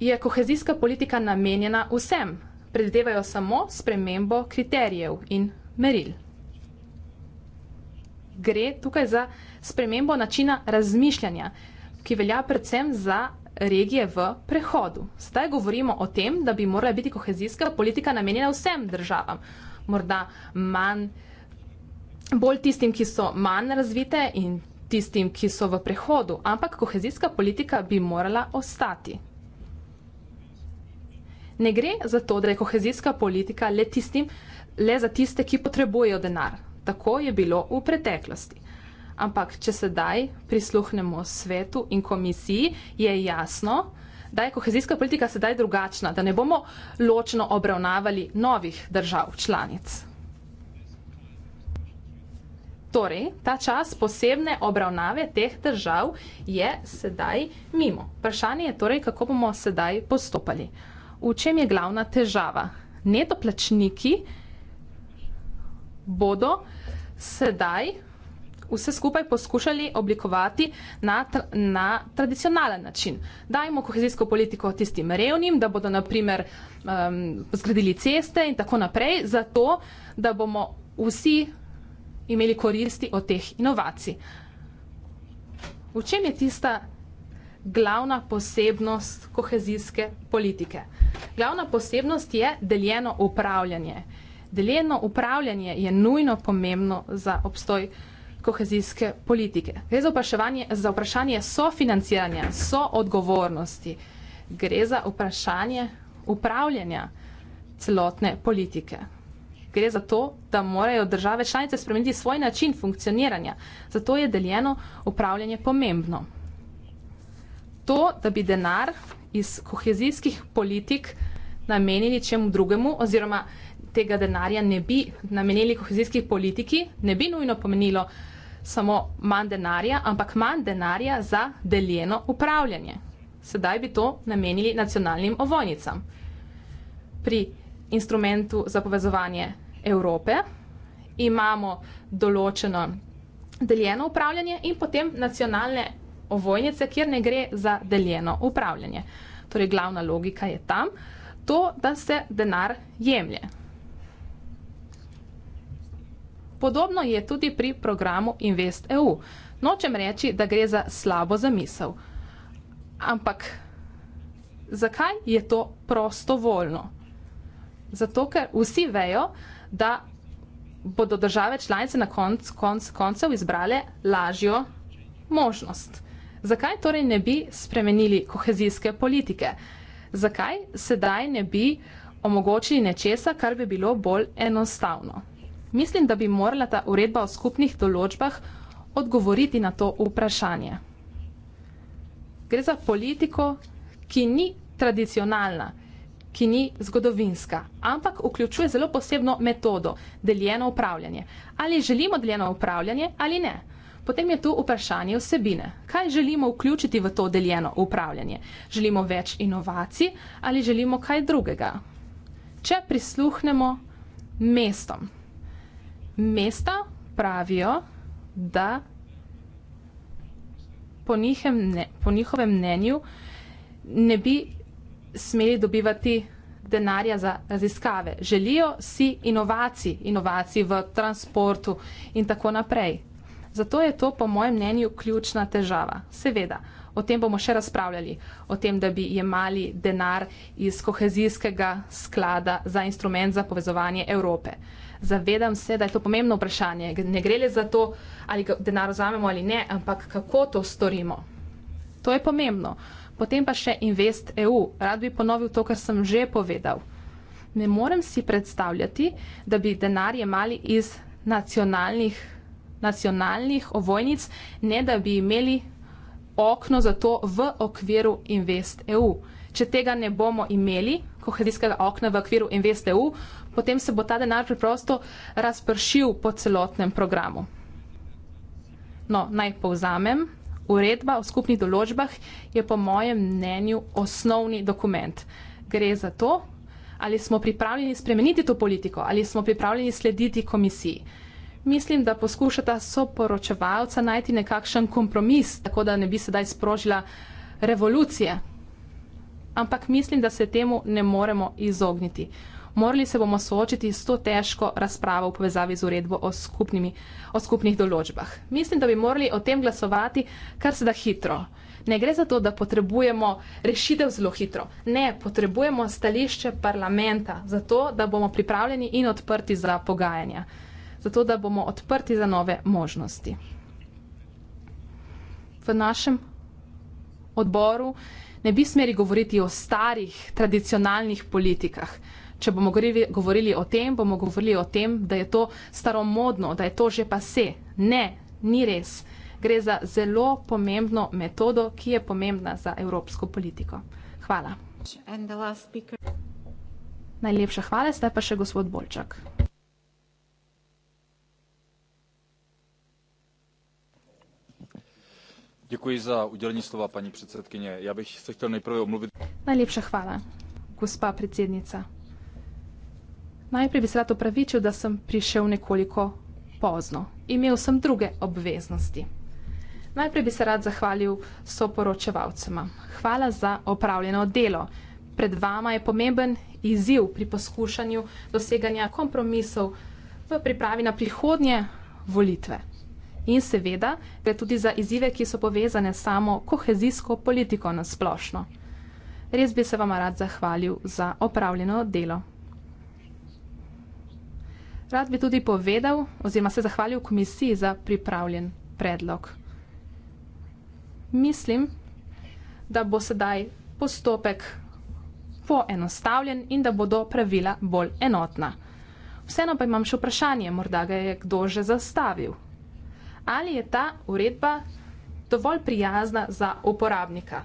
je kohezijska politika namenjena vsem. Predvidevajo samo spremembo kriterijev in meril. Gre tukaj za spremembo načina razmišljanja, ki velja predvsem za regije v prehodu. Zdaj govorimo o tem, da bi morala biti kohezijska politika namenjena vsem državam. Morda manj, bolj tistim, ki so manj razvite in tistim, ki so v prehodu, ampak kohezijska politika bi morala ostati. Ne gre za to, da je kohezijska politika le, tistim, le za tiste, ki potrebujejo denar. Tako je bilo v preteklosti. Ampak, če sedaj prisluhnemo svetu in komisiji, je jasno, da je kohezijska politika sedaj drugačna, da ne bomo ločno obravnavali novih držav članic. Torej, ta čas posebne obravnave teh držav je sedaj mimo. Vprašanje je torej, kako bomo sedaj postopali. V čem je glavna težava? Netoplačniki bodo sedaj vse skupaj poskušali oblikovati na, tra na tradicionalen način. Dajmo kohezijsko politiko tistim revnim, da bodo naprimer um, zgradili ceste in tako naprej, zato da bomo vsi imeli koristi od teh inovacij. V čem je tista glavna posebnost kohezijske politike? Glavna posebnost je deljeno upravljanje. Deljeno upravljanje je nujno pomembno za obstoj kohezijske politike. Gre za vprašanje, za vprašanje sofinanciranja, so odgovornosti. Gre za vprašanje upravljanja celotne politike gre za to, da morajo države članice spremeniti svoj način funkcioniranja. Zato je deljeno upravljanje pomembno. To, da bi denar iz kohezijskih politik namenili čemu drugemu oziroma tega denarja ne bi namenili kohezijskih politiki, ne bi nujno pomenilo samo manj denarja, ampak manj denarja za deljeno upravljanje. Sedaj bi to namenili nacionalnim ovojnicam. Pri instrumentu za povezovanje Evrope, imamo določeno deljeno upravljanje in potem nacionalne ovojnice, kjer ne gre za deljeno upravljanje. Torej, glavna logika je tam to, da se denar jemlje. Podobno je tudi pri programu InvestEU. Nočem reči, da gre za slabo zamisel. Ampak zakaj je to prostovoljno? zato ker vsi vejo, da bodo države članice na konc, konc, koncev izbrale lažjo možnost. Zakaj torej ne bi spremenili kohezijske politike? Zakaj sedaj ne bi omogočili nečesa, kar bi bilo bolj enostavno? Mislim, da bi morala ta uredba o skupnih določbah odgovoriti na to vprašanje. Gre za politiko, ki ni tradicionalna, ki ni zgodovinska, ampak vključuje zelo posebno metodo, deljeno upravljanje. Ali želimo deljeno upravljanje ali ne? Potem je tu vprašanje vsebine. Kaj želimo vključiti v to deljeno upravljanje? Želimo več inovacij ali želimo kaj drugega? Če prisluhnemo mestom. Mesta pravijo, da po njihovem mnenju ne bi smeli dobivati denarja za raziskave. Želijo si inovacij, inovacij v transportu in tako naprej. Zato je to, po mojem mnenju, ključna težava. Seveda, o tem bomo še razpravljali, o tem, da bi jemali denar iz kohezijskega sklada za instrument za povezovanje Evrope. Zavedam se, da je to pomembno vprašanje. Ne gre le za to, ali denar vzamemo ali ne, ampak kako to storimo. To je pomembno. Potem pa še Invest EU. Rad bi ponovil to, kar sem že povedal. Ne morem si predstavljati, da bi denar jemali iz nacionalnih, nacionalnih ovojnic, ne da bi imeli okno za to v okviru Invest EU. Če tega ne bomo imeli, kohezijskega okna v okviru Invest EU, potem se bo ta denar preprosto razpršil po celotnem programu. No, naj povzamem uredba o skupnih določbah je po mojem mnenju osnovni dokument. Gre za to, ali smo pripravljeni spremeniti to politiko, ali smo pripravljeni slediti komisiji. Mislim, da poskušata soporočevalca najti nekakšen kompromis, tako da ne bi sedaj sprožila revolucije. Ampak mislim, da se temu ne moremo izogniti morali se bomo soočiti s to težko razpravo v povezavi z uredbo o, skupnimi, o skupnih določbah. Mislim, da bi morali o tem glasovati kar se da hitro. Ne gre za to, da potrebujemo rešitev zelo hitro. Ne, potrebujemo stališče parlamenta, zato da bomo pripravljeni in odprti za pogajanja. Zato da bomo odprti za nove možnosti. V našem odboru ne bi smeli govoriti o starih, tradicionalnih politikah če bomo govorili o tem, bomo govorili o tem, da je to staromodno, da je to že pa se. Ne, ni res. Gre za zelo pomembno metodo, ki je pomembna za evropsko politiko. Hvala. Najlepša hvala, zdaj pa še gospod Bolčak. Děkuji za udělení slova, paní předsedkyně. Já bych se chtěl nejprve omluvit. Najlepša hvala, gospa předsednica. Najprej bi se rad opravičil, da sem prišel nekoliko pozno. Imel sem druge obveznosti. Najprej bi se rad zahvalil soporočevalcema. Hvala za opravljeno delo. Pred vama je pomemben izziv pri poskušanju doseganja kompromisov v pripravi na prihodnje volitve. In seveda gre tudi za izzive, ki so povezane samo kohezijsko politiko nasplošno. Res bi se vama rad zahvalil za opravljeno delo. Rad bi tudi povedal oziroma se zahvalil komisiji za pripravljen predlog. Mislim, da bo sedaj postopek poenostavljen in da bodo pravila bolj enotna. Vseeno pa imam še vprašanje, morda ga je kdo že zastavil. Ali je ta uredba dovolj prijazna za uporabnika?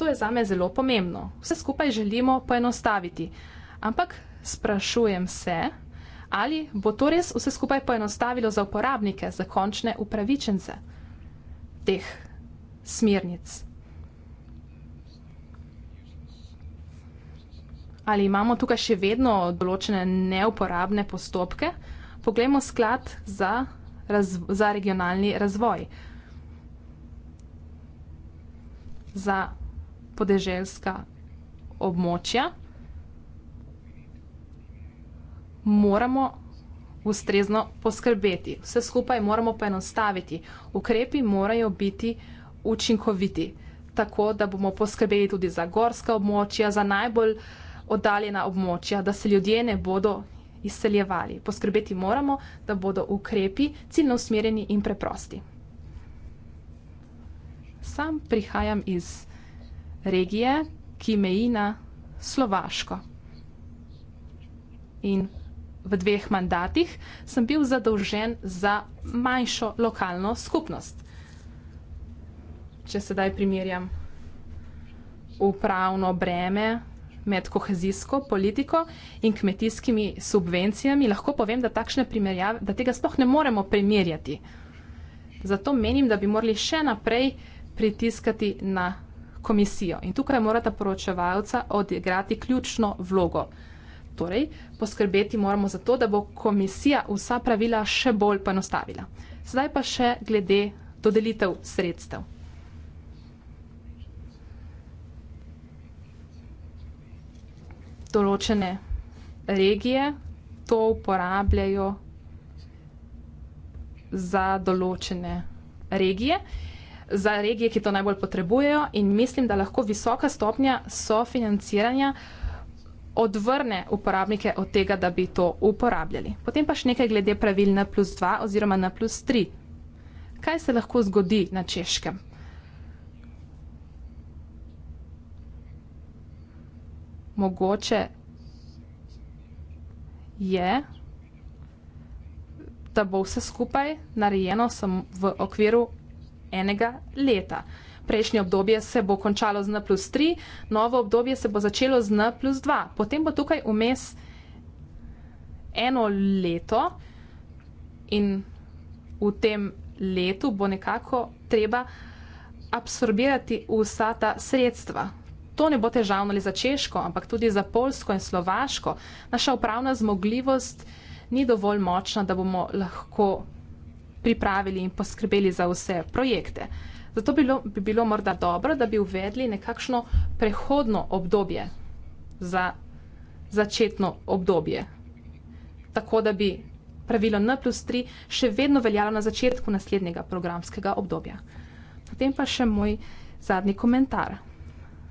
To je zame zelo pomembno. Vse skupaj želimo poenostaviti. Ampak sprašujem se, ali bo to res vse skupaj poenostavilo za uporabnike, za končne upravičence teh smernic? Ali imamo tukaj še vedno določene neuporabne postopke? Poglejmo sklad za, za regionalni razvoj. Za podeželska območja moramo ustrezno poskrbeti. Vse skupaj moramo poenostaviti. Ukrepi morajo biti učinkoviti, tako da bomo poskrbeli tudi za gorska območja, za najbolj oddaljena območja, da se ljudje ne bodo izseljevali. Poskrbeti moramo, da bodo ukrepi ciljno usmerjeni in preprosti. Sam prihajam iz regije, ki meji na Slovaško. In v dveh mandatih sem bil zadolžen za manjšo lokalno skupnost. Če sedaj primerjam upravno breme med kohezijsko politiko in kmetijskimi subvencijami, lahko povem, da, takšne da tega sploh ne moremo primerjati. Zato menim, da bi morali še naprej pritiskati na komisijo. In tukaj morata poročevalca odigrati ključno vlogo. Torej, poskrbeti moramo za to, da bo komisija vsa pravila še bolj poenostavila. Zdaj pa še glede dodelitev sredstev. Določene regije to uporabljajo za določene regije, za regije, ki to najbolj potrebujejo in mislim, da lahko visoka stopnja sofinanciranja uh, odvrne uporabnike od tega, da bi to uporabljali. Potem pa še nekaj glede pravil N plus 2 oziroma N plus 3. Kaj se lahko zgodi na češkem? Mogoče je, da bo vse skupaj narejeno samo v okviru enega leta prejšnje obdobje se bo končalo z N plus 3, novo obdobje se bo začelo z N plus 2. Potem bo tukaj vmes eno leto in v tem letu bo nekako treba absorbirati vsa ta sredstva. To ne bo težavno le za Češko, ampak tudi za Polsko in Slovaško. Naša upravna zmogljivost ni dovolj močna, da bomo lahko pripravili in poskrbeli za vse projekte. Zato bilo, bi bilo morda dobro, da bi uvedli nekakšno prehodno obdobje za začetno obdobje. Tako, da bi pravilo N plus 3 še vedno veljalo na začetku naslednjega programskega obdobja. Potem pa še moj zadnji komentar.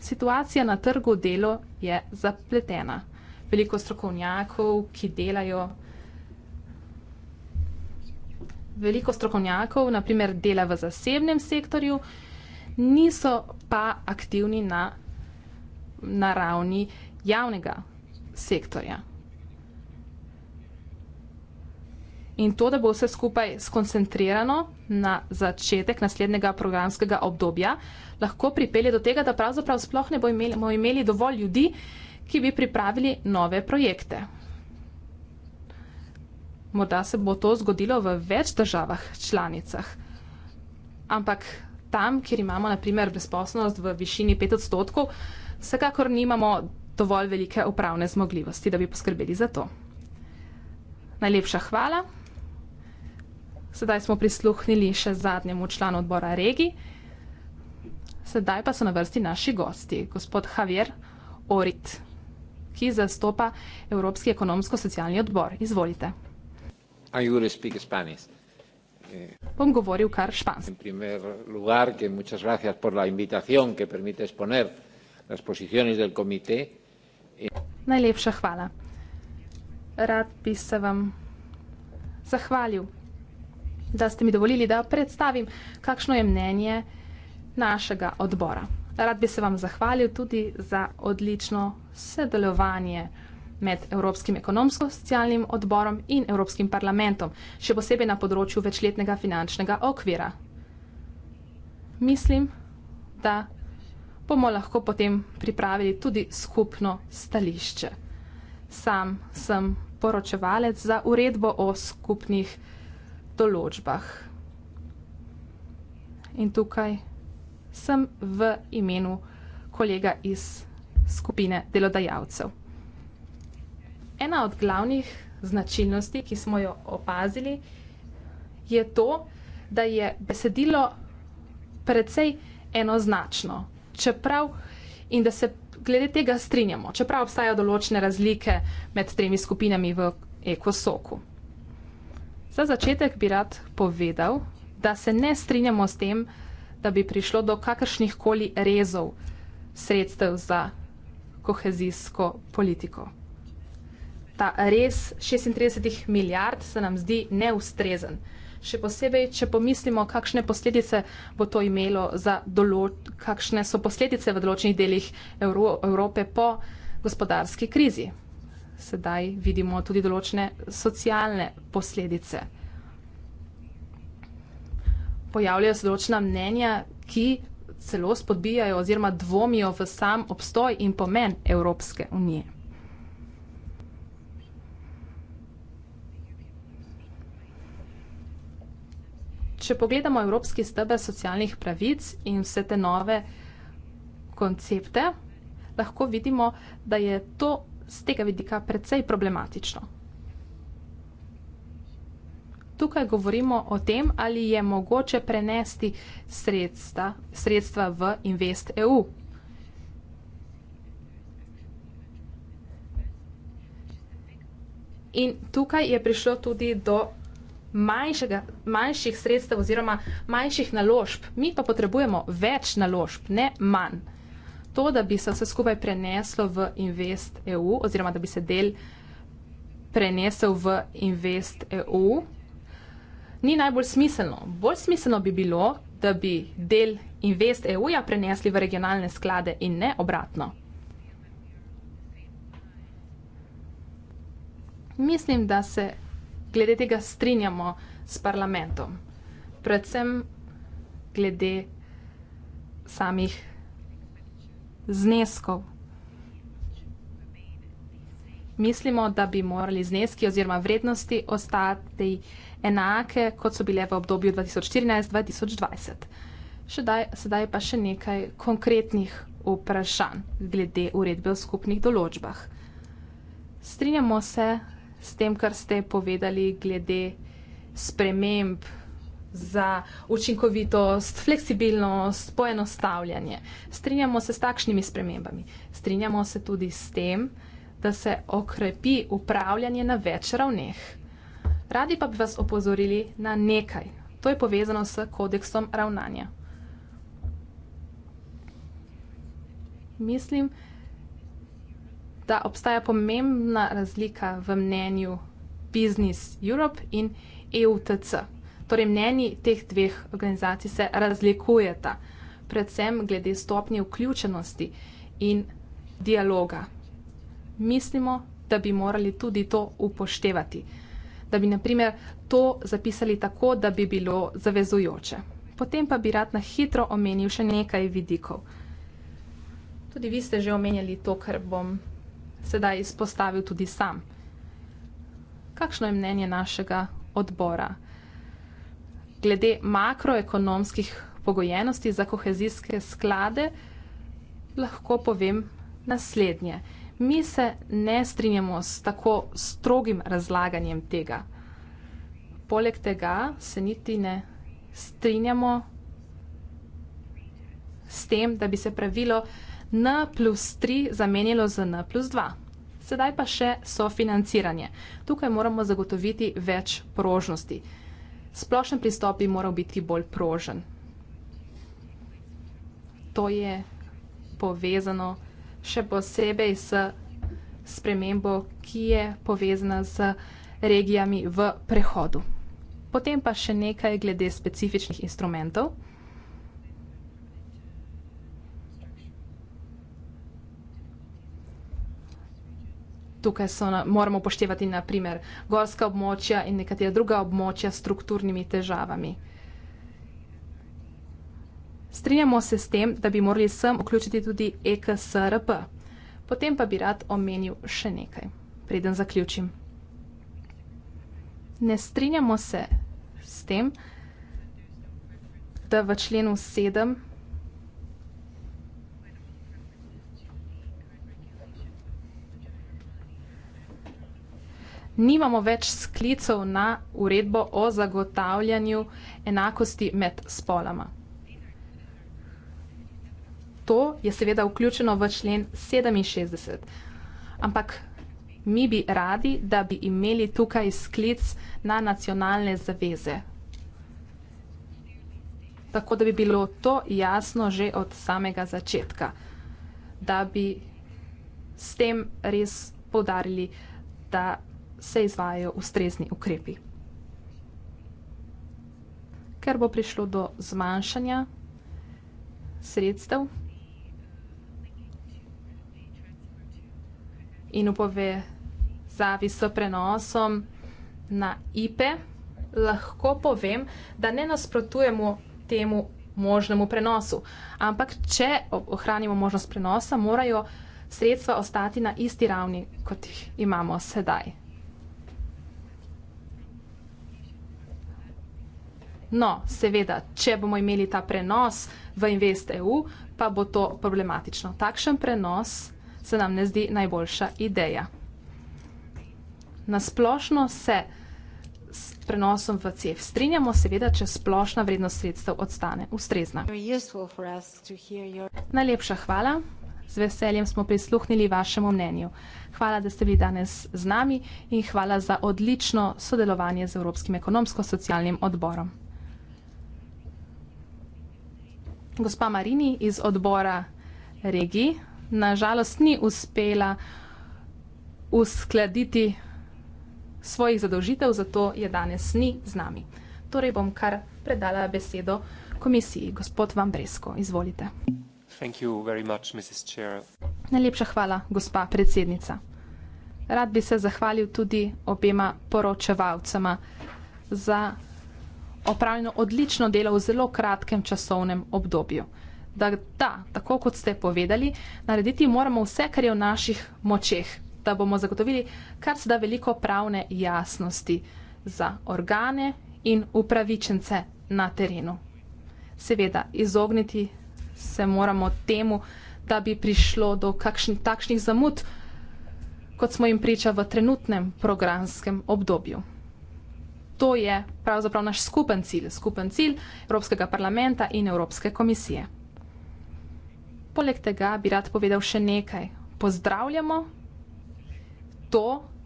Situacija na trgu delo je zapletena. Veliko strokovnjakov, ki delajo veliko strokovnjakov, naprimer, dela v zasebnem sektorju, niso pa aktivni na, na ravni javnega sektorja. In to, da bo vse skupaj skoncentrirano na začetek naslednjega programskega obdobja, lahko pripelje do tega, da pravzaprav sploh ne bomo imeli, imeli dovolj ljudi, ki bi pripravili nove projekte. Morda se bo to zgodilo v več državah članicah. Ampak tam, kjer imamo naprimer brezposobnost v višini 5 odstotkov, vsekakor nimamo dovolj velike upravne zmogljivosti, da bi poskrbeli za to. Najlepša hvala. Sedaj smo prisluhnili še zadnjemu članu odbora Regi. Sedaj pa so na vrsti naši gosti, gospod Javier Orit, ki zastopa Evropski ekonomsko-socialni odbor. Izvolite. Eh, Bom govoril kar špansko. Najlepša hvala. Rad bi se vam zahvalil, da ste mi dovolili, da predstavim, kakšno je mnenje našega odbora. Rad bi se vam zahvalil tudi za odlično sodelovanje med Evropskim ekonomsko-socialnim odborom in Evropskim parlamentom, še posebej na področju večletnega finančnega okvira. Mislim, da bomo lahko potem pripravili tudi skupno stališče. Sam sem poročevalec za uredbo o skupnih določbah. In tukaj sem v imenu kolega iz skupine delodajalcev ena od glavnih značilnosti, ki smo jo opazili, je to, da je besedilo precej enoznačno. Čeprav, in da se glede tega strinjamo, čeprav obstajajo določene razlike med tremi skupinami v ekosoku. Za začetek bi rad povedal, da se ne strinjamo s tem, da bi prišlo do kakršnihkoli rezov sredstev za kohezijsko politiko sta res 36 milijard, se nam zdi neustrezen. Še posebej, če pomislimo, kakšne posledice bo to imelo, kakšne so posledice v določenih delih Evro Evrope po gospodarski krizi. Sedaj vidimo tudi določene socialne posledice. Pojavljajo se določena mnenja, ki celo spodbijajo oziroma dvomijo v sam obstoj in pomen Evropske unije. če pogledamo evropski stebe socialnih pravic in vse te nove koncepte, lahko vidimo, da je to z tega vidika precej problematično. Tukaj govorimo o tem, ali je mogoče prenesti sredstva, sredstva v Invest EU. In tukaj je prišlo tudi do manjšega, manjših sredstev oziroma manjših naložb. Mi pa potrebujemo več naložb, ne manj. To, da bi se vse skupaj preneslo v Invest EU oziroma da bi se del prenesel v Invest EU, ni najbolj smiselno. Bolj smiselno bi bilo, da bi del Invest EU-ja prenesli v regionalne sklade in ne obratno. Mislim, da se glede tega strinjamo s parlamentom. Predvsem glede samih zneskov. Mislimo, da bi morali zneski oziroma vrednosti ostati enake, kot so bile v obdobju dva tisoč štirinajst-dva tisoč dvajset. Šedaj, sedaj pa še nekaj konkretnih vprašanj glede uredbe o skupnih določbah. Strinjamo se s tem, kar ste povedali glede sprememb za učinkovitost, fleksibilnost, poenostavljanje. Strinjamo se s takšnimi spremembami. Strinjamo se tudi s tem, da se okrepi upravljanje na več ravneh. Radi pa bi vas opozorili na nekaj. To je povezano s kodeksom ravnanja. Mislim, da da obstaja pomembna razlika v mnenju Business Europe in EUTC. Torej, mnenji teh dveh organizacij se razlikujeta, predvsem glede stopnje vključenosti in dialoga. Mislimo, da bi morali tudi to upoštevati, da bi naprimer to zapisali tako, da bi bilo zavezujoče. Potem pa bi rad na hitro omenil še nekaj vidikov. Tudi vi ste že omenjali to, kar bom sedaj izpostavil tudi sam. Kakšno je mnenje našega odbora? Glede makroekonomskih pogojenosti za kohezijske sklade lahko povem naslednje. Mi se ne strinjamo s tako strogim razlaganjem tega. Poleg tega se niti ne strinjamo s tem, da bi se pravilo n plus 3 zamenjalo z n plus 2. Sedaj pa še sofinanciranje. Tukaj moramo zagotoviti več prožnosti. Splošen pristop bi moral biti bolj prožen. To je povezano še posebej s spremembo, ki je povezana z regijami v prehodu. Potem pa še nekaj glede specifičnih instrumentov. tukaj so, moramo poštevati naprimer gorska območja in nekatera druga območja s strukturnimi težavami. Strinjamo se s tem, da bi morali sem vključiti tudi EKSRP. Potem pa bi rad omenil še nekaj, preden zaključim. Ne strinjamo se s tem, da v členu sedem nimamo več sklicov na uredbo o zagotavljanju enakosti med spoloma. To je seveda vključeno v člen 67. Ampak mi bi radi, da bi imeli tukaj sklic na nacionalne zaveze. Tako da bi bilo to jasno že od samega začetka. Da bi s tem res podarili, da se izvajajo ustrezni ukrepi. Ker bo prišlo do zmanjšanja sredstev in v povezavi s prenosom na IPE, lahko povem, da ne nasprotujemo temu možnemu prenosu. Ampak če ohranimo možnost prenosa, morajo sredstva ostati na isti ravni, kot jih imamo sedaj. No, seveda, če bomo imeli ta prenos v InvestEU, pa bo to problematično. Takšen prenos se nam ne zdi najboljša ideja. Nasplošno se s prenosom v CEF strinjamo, seveda, če splošna vrednost sredstev ostane ustrezna. Najlepša hvala. Z veseljem smo prisluhnili vašemu mnenju. Hvala, da ste bili danes z nami in hvala za odlično sodelovanje z Evropskim ekonomsko-socialnim odborom. gospa Marini iz odbora regi nažalost ni uspela uskladiti svojih zadolžitev, zato je danes ni z nami. Torej bom kar predala besedo komisiji. Gospod Vambresko, izvolite. Thank you very much, Mrs. Chair. Najlepša hvala, gospa predsednica. Rad bi se zahvalil tudi obema poročevalcema za opravljeno odlično delo v zelo kratkem časovnem obdobju. Da, da, tako kot ste povedali, narediti moramo vse, kar je v naših močeh, da bomo zagotovili kar se da veliko pravne jasnosti za organe in upravičence na terenu. Seveda, izogniti se moramo temu, da bi prišlo do kakšnih takšnih zamud, kot smo jim priča v trenutnem programskem obdobju to je pravzaprav naš skupen cilj, skupen cilj Evropskega parlamenta in Evropske komisije. Poleg tega bi rad povedal še nekaj. Pozdravljamo to,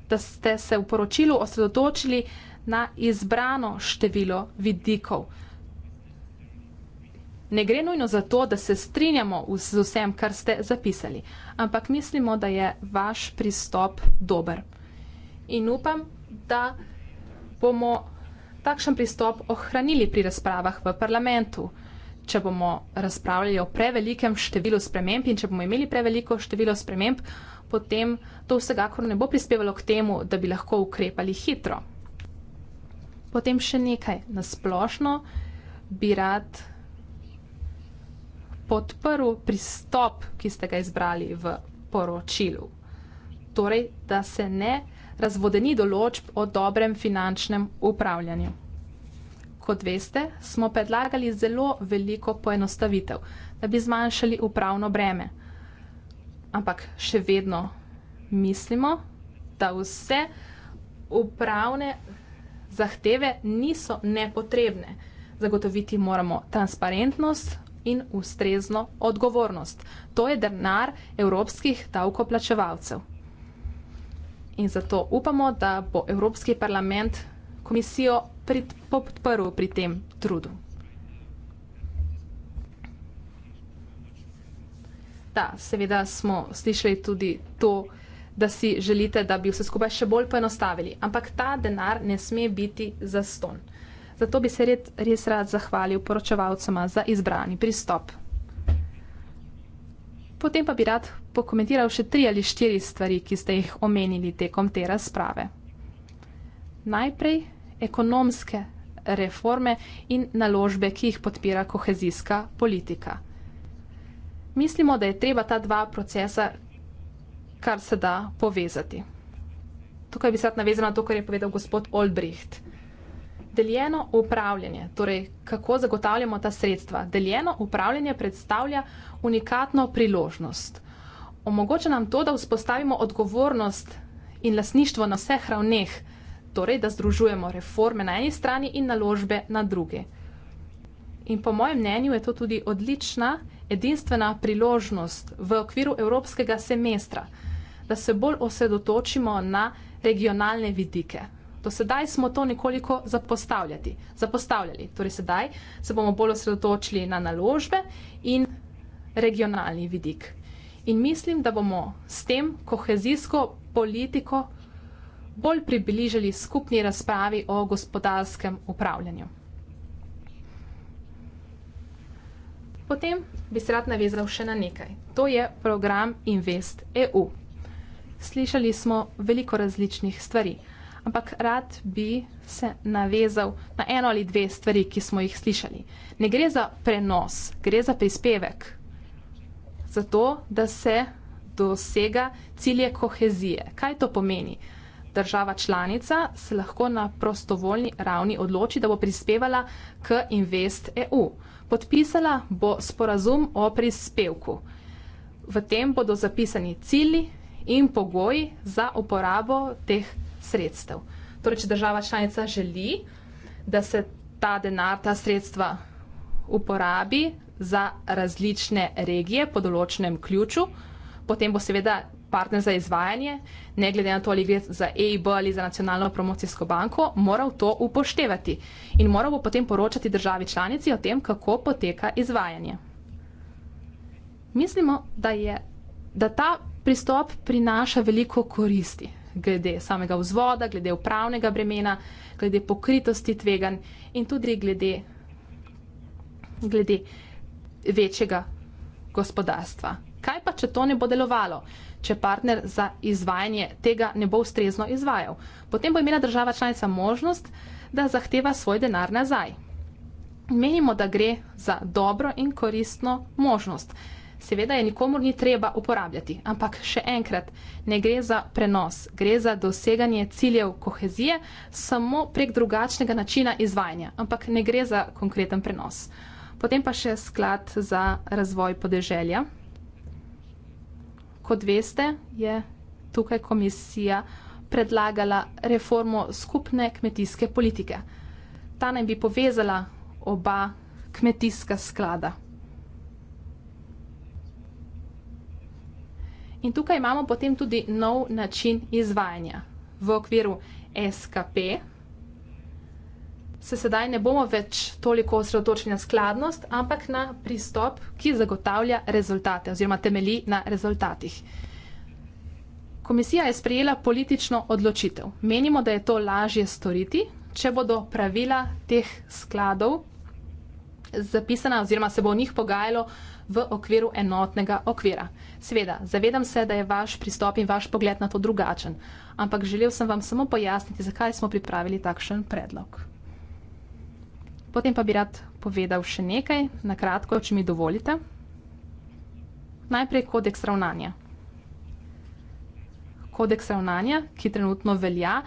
da ste se v poročilu osredotočili na izbrano število vidikov. Ne gre nujno za to, da se strinjamo z vsem, kar ste zapisali, ampak mislimo, da je vaš pristop dober. In upam, da bomo takšen pristop ohranili pri razpravah v parlamentu. Če bomo razpravljali o prevelikem številu sprememb in če bomo imeli preveliko število sprememb, potem to vsekakor ne bo prispevalo k temu, da bi lahko ukrepali hitro. Potem še nekaj. Nasplošno bi rad podprl pristop, ki ste ga izbrali v poročilu. Torej, da se ne razvodeni določb o dobrem finančnem upravljanju. Kot veste, smo predlagali zelo veliko poenostavitev, da bi zmanjšali upravno breme. Ampak še vedno mislimo, da vse upravne zahteve niso nepotrebne. Zagotoviti moramo transparentnost in ustrezno odgovornost. To je denar evropskih davkoplačevalcev in zato upamo, da bo Evropski parlament komisijo podprl pri tem trudu. Da, seveda smo slišali tudi to, da si želite, da bi vse skupaj še bolj poenostavili, ampak ta denar ne sme biti zaston. Zato bi se red, res rad zahvalil poročevalcema za izbrani pristop. Potem pa bi rad pokomentiral še tri ali štiri stvari, ki ste jih omenili tekom te razprave. Najprej ekonomske reforme in naložbe, ki jih podpira kohezijska politika. Mislimo, da je treba ta dva procesa kar se da povezati. Tukaj bi se rad navezala na to, kar je povedal gospod Olbricht deljeno upravljanje, torej kako zagotavljamo ta sredstva. Deljeno upravljanje predstavlja unikatno priložnost. Omogoča nam to, da vzpostavimo odgovornost in lasništvo na vseh ravneh, torej da združujemo reforme na eni strani in naložbe na druge. In po mojem mnenju je to tudi odlična, edinstvena priložnost v okviru evropskega semestra, da se bolj osredotočimo na regionalne vidike. Do sedaj smo to nekoliko zapostavljali. Torej sedaj se bomo bolj osredotočili na naložbe in regionalni vidik. In mislim, da bomo s tem kohezijsko politiko bolj približali skupni razpravi o gospodarskem upravljanju. Potem bi se rad navezal še na nekaj. To je program Invest EU. Slišali smo veliko različnih stvari ampak rad bi se navezal na eno ali dve stvari, ki smo jih slišali. Ne gre za prenos, gre za prispevek, za to, da se dosega cilje kohezije. Kaj to pomeni? Država članica se lahko na prostovoljni ravni odloči, da bo prispevala k Invest EU. Podpisala bo sporazum o prispevku. V tem bodo zapisani cilji in pogoji za uporabo teh sredstev. Torej, če država članica želi, da se ta denar, ta sredstva uporabi za različne regije po določenem ključu, potem bo seveda partner za izvajanje, ne glede na to, ali gre za EIB ali za nacionalno promocijsko banko, moral to upoštevati in moral bo potem poročati državi članici o tem, kako poteka izvajanje. Mislimo, da, je, da ta pristop prinaša veliko koristi glede samega vzvoda, glede upravnega bremena, glede pokritosti tvegan in tudi glede, glede večjega gospodarstva. Kaj pa, če to ne bo delovalo? Če partner za izvajanje tega ne bo ustrezno izvajal, potem bo imela država članica možnost, da zahteva svoj denar nazaj. Menimo, da gre za dobro in koristno možnost seveda je nikomu ni treba uporabljati. Ampak še enkrat, ne gre za prenos, gre za doseganje ciljev kohezije samo prek drugačnega načina izvajanja, ampak ne gre za konkreten prenos. Potem pa še sklad za razvoj podeželja. Kot veste, je tukaj komisija predlagala reformo skupne kmetijske politike. Ta naj bi povezala oba kmetijska sklada. In tukaj imamo potem tudi nov način izvajanja. V okviru SKP se sedaj ne bomo več toliko osredotočili na skladnost, ampak na pristop, ki zagotavlja rezultate oziroma temelji na rezultatih. Komisija je sprejela politično odločitev. Menimo, da je to lažje storiti, če bodo pravila teh skladov zapisana oziroma se bo v njih pogajalo v okviru enotnega okvira. Seveda, zavedam se, da je vaš pristop in vaš pogled na to drugačen, ampak želel sem vam samo pojasniti, zakaj smo pripravili takšen predlog. Potem pa bi rad povedal še nekaj, na kratko, če mi dovolite. Najprej kodeks ravnanja. Kodeks ravnanja, ki trenutno velja,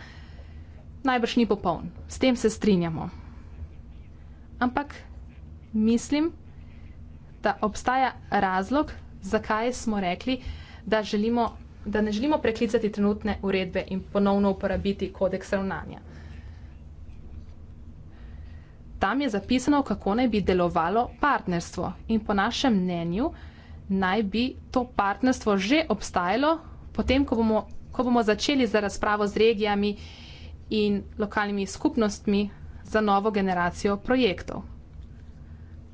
najbrž ni popoln. S tem se strinjamo. Ampak mislim, da obstaja razlog, zakaj smo rekli, da, želimo, da ne želimo preklicati trenutne uredbe in ponovno uporabiti kodeks ravnanja. Tam je zapisano, kako naj bi delovalo partnerstvo in po našem mnenju naj bi to partnerstvo že obstajalo, potem, ko bomo, ko bomo začeli za razpravo z regijami in lokalnimi skupnostmi za novo generacijo projektov.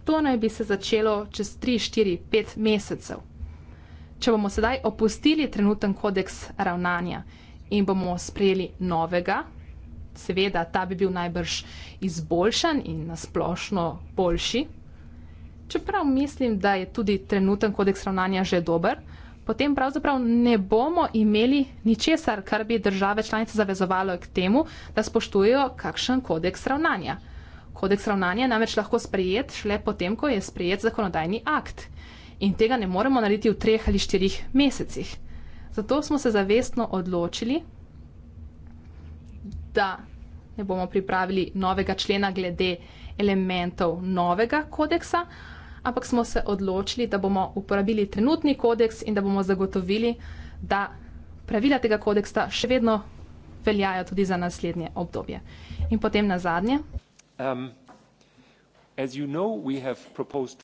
To naj bi se začelo čez 3, 4, 5 mesecev. Če bomo sedaj opustili trenuten kodeks ravnanja in bomo sprejeli novega, seveda ta bi bil najbrž izboljšan in nasplošno boljši, čeprav mislim, da je tudi trenuten kodeks ravnanja že dober, potem pravzaprav ne bomo imeli ničesar, kar bi države članice zavezovalo k temu, da spoštujejo kakšen kodeks ravnanja. Kodeks ravnanja je namreč lahko sprejet šele potem, ko je sprejet zakonodajni akt. In tega ne moremo narediti v treh ali štirih mesecih. Zato smo se zavestno odločili, da ne bomo pripravili novega člena glede elementov novega kodeksa, ampak smo se odločili, da bomo uporabili trenutni kodeks in da bomo zagotovili, da pravila tega kodeksa še vedno veljajo tudi za naslednje obdobje. In potem na zadnje. Um,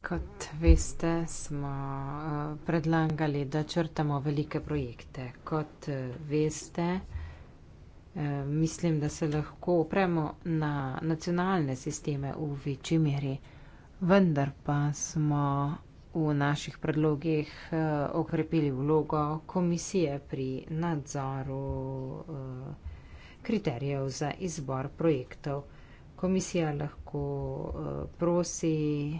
Kot veste, smo uh, predlagali, da črtamo velike projekte. Kot uh, veste, uh, mislim, da se lahko opremo na nacionalne sisteme v večji meri. Vendar pa smo v naših predlogih okrepili vlogo komisije pri nadzoru kriterijev za izbor projektov komisija lahko eh, prosi eh,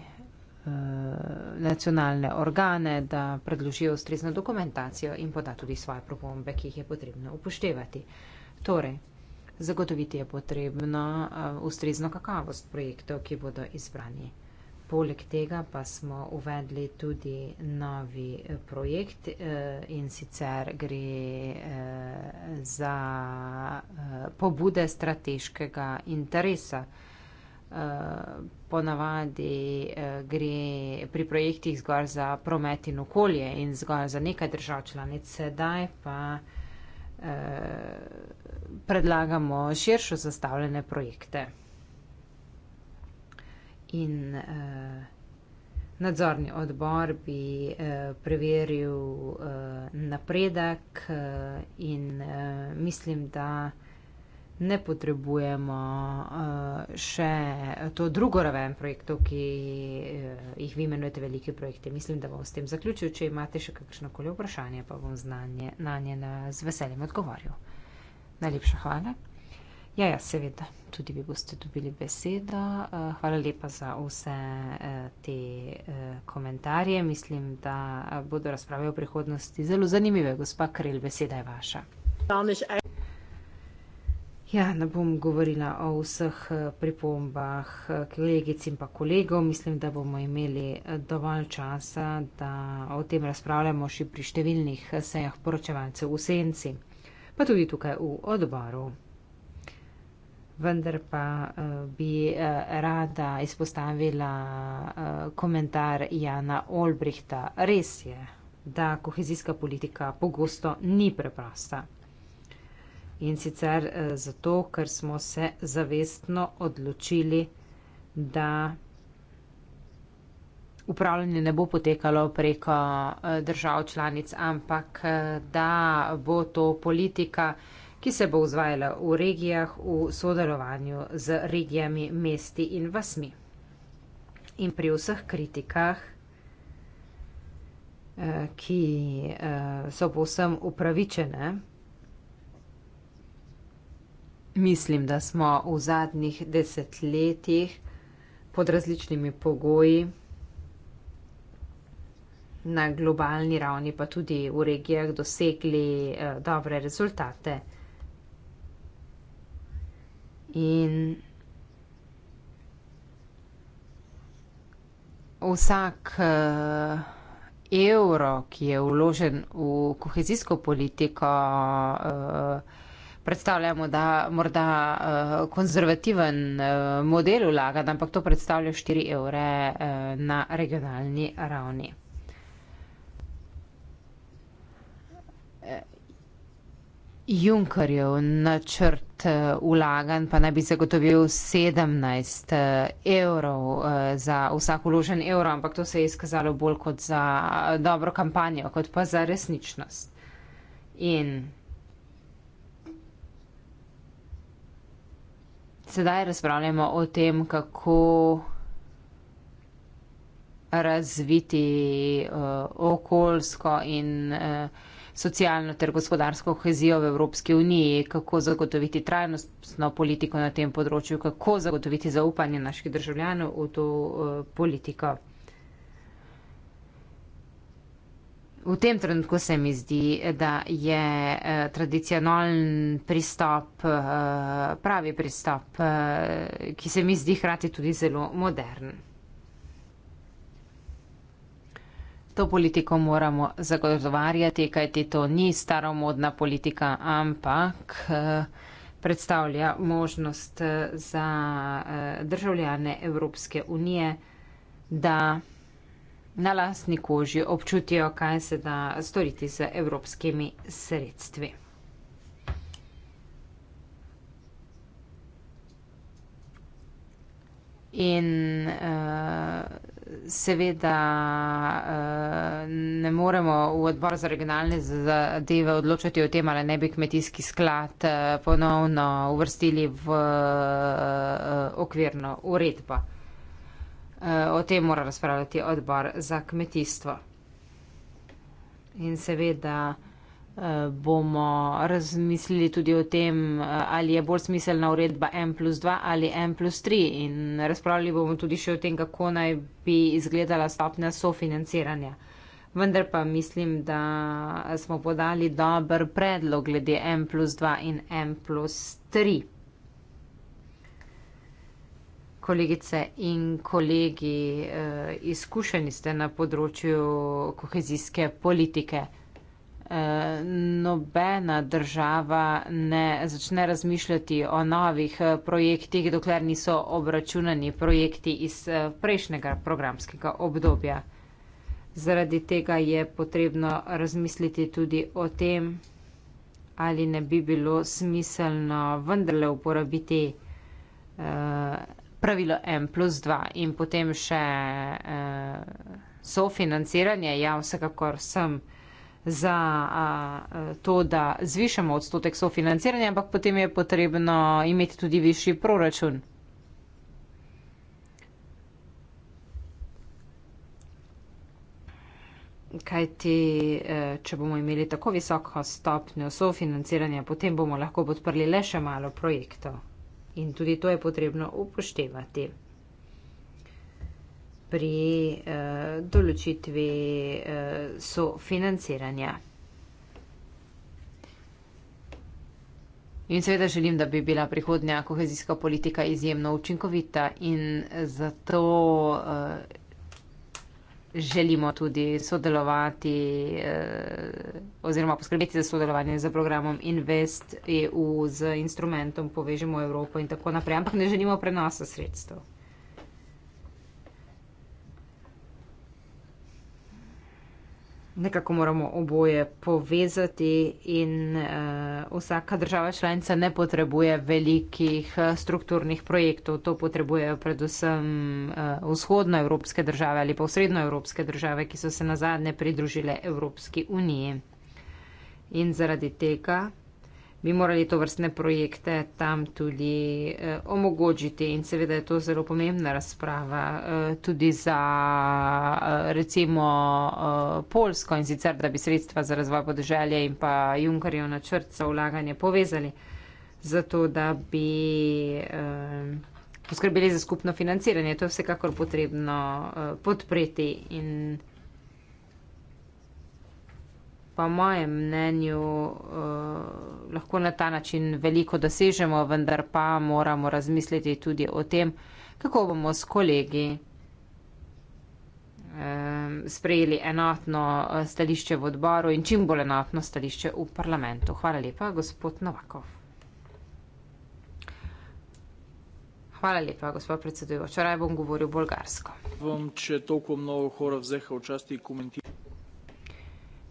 nacionalne organe, da predložijo ustrezno dokumentacijo in poda tudi svoje propombe, ki jih je potrebno upoštevati. Torej, zagotoviti je potrebno eh, ustrezno kakavost projektov, ki bodo izbrani. Poleg tega pa smo uvedli tudi novi eh, projekt eh, in sicer gre eh, za pobude strateškega interesa. Ponavadi gre pri projektih zgolj za promet in okolje in zgolj za nekaj držav članic, sedaj pa predlagamo širšo zastavljene projekte in uh, nadzorni odbor bi uh, preveril uh, napredek uh, in uh, mislim, da ne potrebujemo uh, še to drugo raven projektov, ki uh, jih vi imenujete velike projekte. Mislim, da bom s tem zaključil. Če imate še kakšno koli vprašanje, pa bom znanje, na nje z veseljem odgovoril. Najlepša hvala. Ja, ja, seveda, tudi vi boste dobili besedo. Eh, hvala lepa za vse eh, te eh, komentarje. Mislim, da bodo razprave o prihodnosti zelo zanimive. Gospa Krel, beseda je vaša. Ja, ne bom govorila o vseh pripombah kolegic in pa kolegov. Mislim, da bomo imeli dovolj časa, da o tem razpravljamo še pri številnih sejah poročevalcev v senci, pa tudi tukaj v odboru vendar pa eh, bi eh, rada izpostavila eh, komentar Jana Olbrihta. Res je, da kohezijska politika pogosto ni preprosta. In sicer zato, ker smo se zavestno odločili, da upravljanje ne bo potekalo preko držav članic, ampak da bo to politika, ki se bo izvajala v regijah v sodelovanju z regijami, mesti in vasmi. In pri vseh kritikah, eh, ki eh, so povsem upravičene, mislim, da smo v zadnjih desetletjih pod različnimi pogoji na globalni ravni, pa tudi v regijah, dosegli eh, dobre rezultate. In vsak eh, evro, ki je vložen v kohezijsko politiko, eh, predstavljamo, da morda eh, konzervativen model vlaga, ampak to predstavlja 4 evre na regionalni ravni. Junkerjev načrt ulagan eh, pa naj bi zagotovil 17 eh, evrov eh, za vsak uložen evro, ampak to se je izkazalo bolj kot za dobro kampanjo, kot pa za resničnost. In sedaj razpravljamo o tem, kako razviti uh, okoljsko in uh, socialno ter gospodarsko kohezijo v Evropski uniji, kako zagotoviti trajnostno politiko na tem področju, kako zagotoviti zaupanje naših državljanov v to uh, politiko. V tem trenutku se mi zdi, da je eh, tradicionalen pristop, eh, pravi pristop, eh, ki se mi zdi hkrati tudi zelo modern. To politiko moramo zagovarjati, kajti to ni staromodna politika, ampak eh, predstavlja možnost eh, za eh, državljane Evropske unije, da na lastni koži občutijo, kaj se da storiti z evropskimi sredstvi. In uh, seveda. Uh, ne moremo v odbor za regionalne zadeve odločiti o tem, ali ne bi kmetijski sklad eh, ponovno uvrstili v eh, okvirno uredbo. Eh, o tem mora razpravljati odbor za kmetijstvo. In seveda bomo razmislili tudi o tem, ali je bolj smiselna uredba M plus 2 ali M plus 3 in razpravljali bomo tudi še o tem, kako naj bi izgledala stopnja sofinanciranja vendar pa mislim, da smo podali dober predlog glede M plus 2 in M plus 3. Kolegice in kolegi, eh, izkušeni ste na področju kohezijske politike. Eh, nobena država ne začne razmišljati o novih eh, projektih, dokler niso obračunani projekti iz prejšnjega programskega obdobja. Zaradi tega je potrebno razmisliti tudi o tem, ali ne bi bilo smiselno vendarle uporabiti uh, pravilo M plus 2 in potem še uh, sofinanciranje. Ja, vsekakor sem za uh, to, da zvišamo odstotek sofinanciranja, ampak potem je potrebno imeti tudi višji proračun. kaj ti, eh, če bomo imeli tako visoko stopnjo sofinanciranja, potem bomo lahko podprli le še malo projektov. In tudi to je potrebno upoštevati pri uh, določitvi uh, sofinanciranja. In seveda želim, da bi bila prihodnja kohezijska politika izjemno učinkovita in zato uh, želimo tudi sodelovati eh, oziroma poskrbeti za sodelovanje z programom InvestEU, z instrumentom Povežemo Evropo in tako naprej, ampak ne želimo prenosa sredstev. nekako moramo oboje povezati in uh, vsaka država članica ne potrebuje velikih eh, strukturnih projektov. To potrebujejo predvsem uh, vzhodnoevropske države ali pa srednjoevropske države, ki so se nazadnje pridružile Evropski uniji. In zaradi tega bi morali to vrstne projekte tam tudi eh, omogočiti in seveda je to zelo pomembna razprava eh, tudi za eh, recimo eh, Polsko in sicer, da bi sredstva za razvoj podeželja in pa Junkarjev načrt za vlaganje povezali, zato da bi eh, poskrbeli za skupno financiranje. To je vsekakor potrebno eh, podpreti in podpreti po mojem mnenju eh, lahko na ta način veliko dosežemo, vendar pa moramo razmisliti tudi o tem, kako bomo s kolegi eh, sprejeli enotno eh, stališče v odboru in čim bolj enotno stališče v parlamentu. Hvala lepa, gospod Novakov. Hvala lepa, gospod predsedujoč. Včeraj bom govoril bolgarsko. Vam, če toliko mnogo hora vzehal časti komentirati.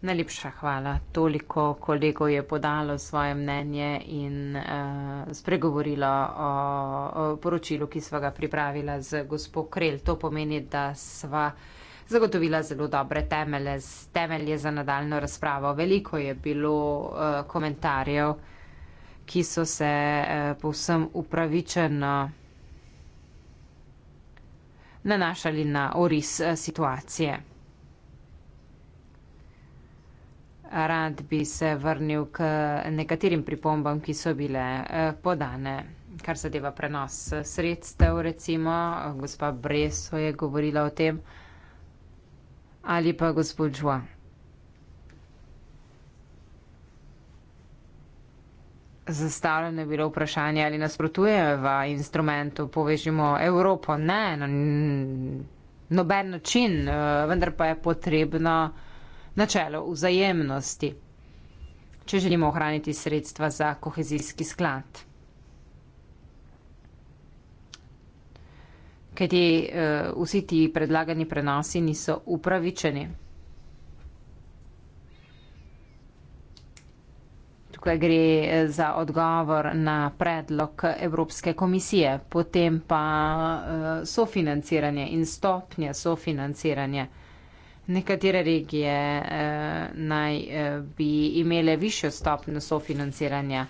Najlepša hvala. Toliko kolegov je podalo svoje mnenje in uh, spregovorilo o, o poročilu, ki sva ga pripravila z gospo Krel. To pomeni, da sva zagotovila zelo dobre temelje, temelje za nadaljno razpravo. Veliko je bilo uh, komentarjev, ki so se uh, povsem upravičeno nanašali na oris uh, situacije. rad bi se vrnil k nekaterim pripombam, ki so bile eh, podane, kar zadeva prenos eh, sredstev, recimo. Eh, gospa Breso je govorila o tem. Ali pa gospod Žua. Zastavljeno je bilo vprašanje, ali nasprotujeva instrumentu povežimo Evropo. Ne, na no, noben način, vendar pa je potrebno načelo vzajemnosti, če želimo ohraniti sredstva za kohezijski sklad. Kajti eh, vsi ti predlagani prenosi niso upravičeni. Tukaj gre eh, za odgovor na predlog Evropske komisije, potem pa eh, sofinanciranje in stopnje sofinanciranje. Nekatere regije eh, naj eh, bi imele višjo stopno sofinanciranja.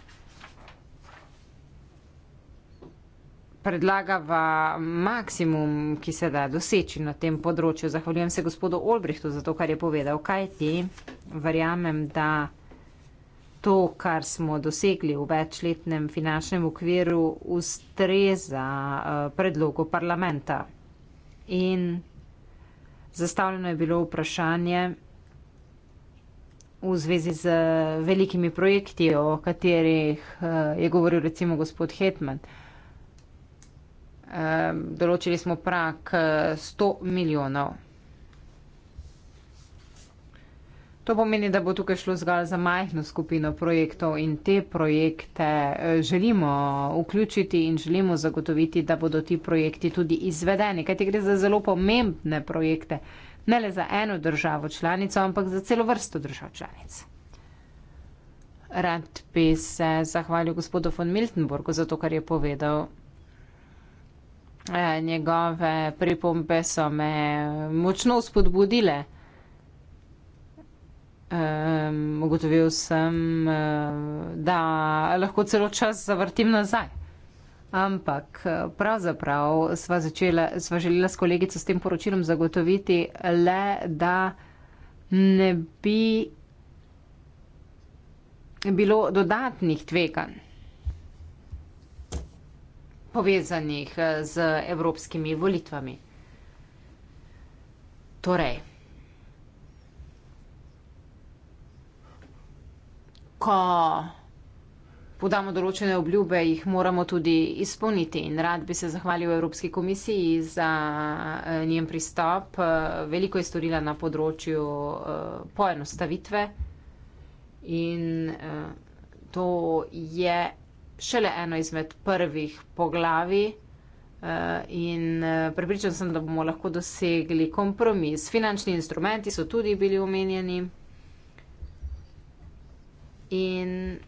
Predlagava maksimum, ki se da doseči na tem področju. Zahvaljujem se gospodu Olbrihtu za to, kar je povedal. Kaj ti? Verjamem, da to, kar smo dosegli v večletnem finančnem okviru, ustreza eh, predlogu parlamenta. In Zastavljeno je bilo vprašanje v zvezi z velikimi projekti, o katerih eh, je govoril recimo gospod Hetman. Določili smo prak 100 eh, milijonov. To pomeni, da bo tukaj šlo zgolj za majhno skupino projektov in te projekte eh, želimo vključiti in želimo zagotoviti, da bodo ti projekti tudi izvedeni, kajti gre za zelo pomembne projekte, ne le za eno državo članico, ampak za celo vrsto držav članic. Rad bi se zahvalil gospodu von Miltenborgu za to, kar je povedal. Eh, njegove pripombe so me močno spodbudile um, ugotovil sem, uh, da lahko celo čas zavrtim nazaj. Ampak eh, pravzaprav sva, začela, sva želela s kolegico s tem poročilom zagotoviti le, da ne bi bilo dodatnih tveganj povezanih eh, z evropskimi volitvami. Torej. ko podamo določene obljube, jih moramo tudi izpolniti. In rad bi se zahvalil Evropski komisiji za eh, njen pristop. Eh, veliko je storila na področju eh, poenostavitve in to je šele eno izmed prvih poglavi. In pripričan sem, da bomo lahko dosegli kompromis. Finančni instrumenti so tudi bili omenjeni. In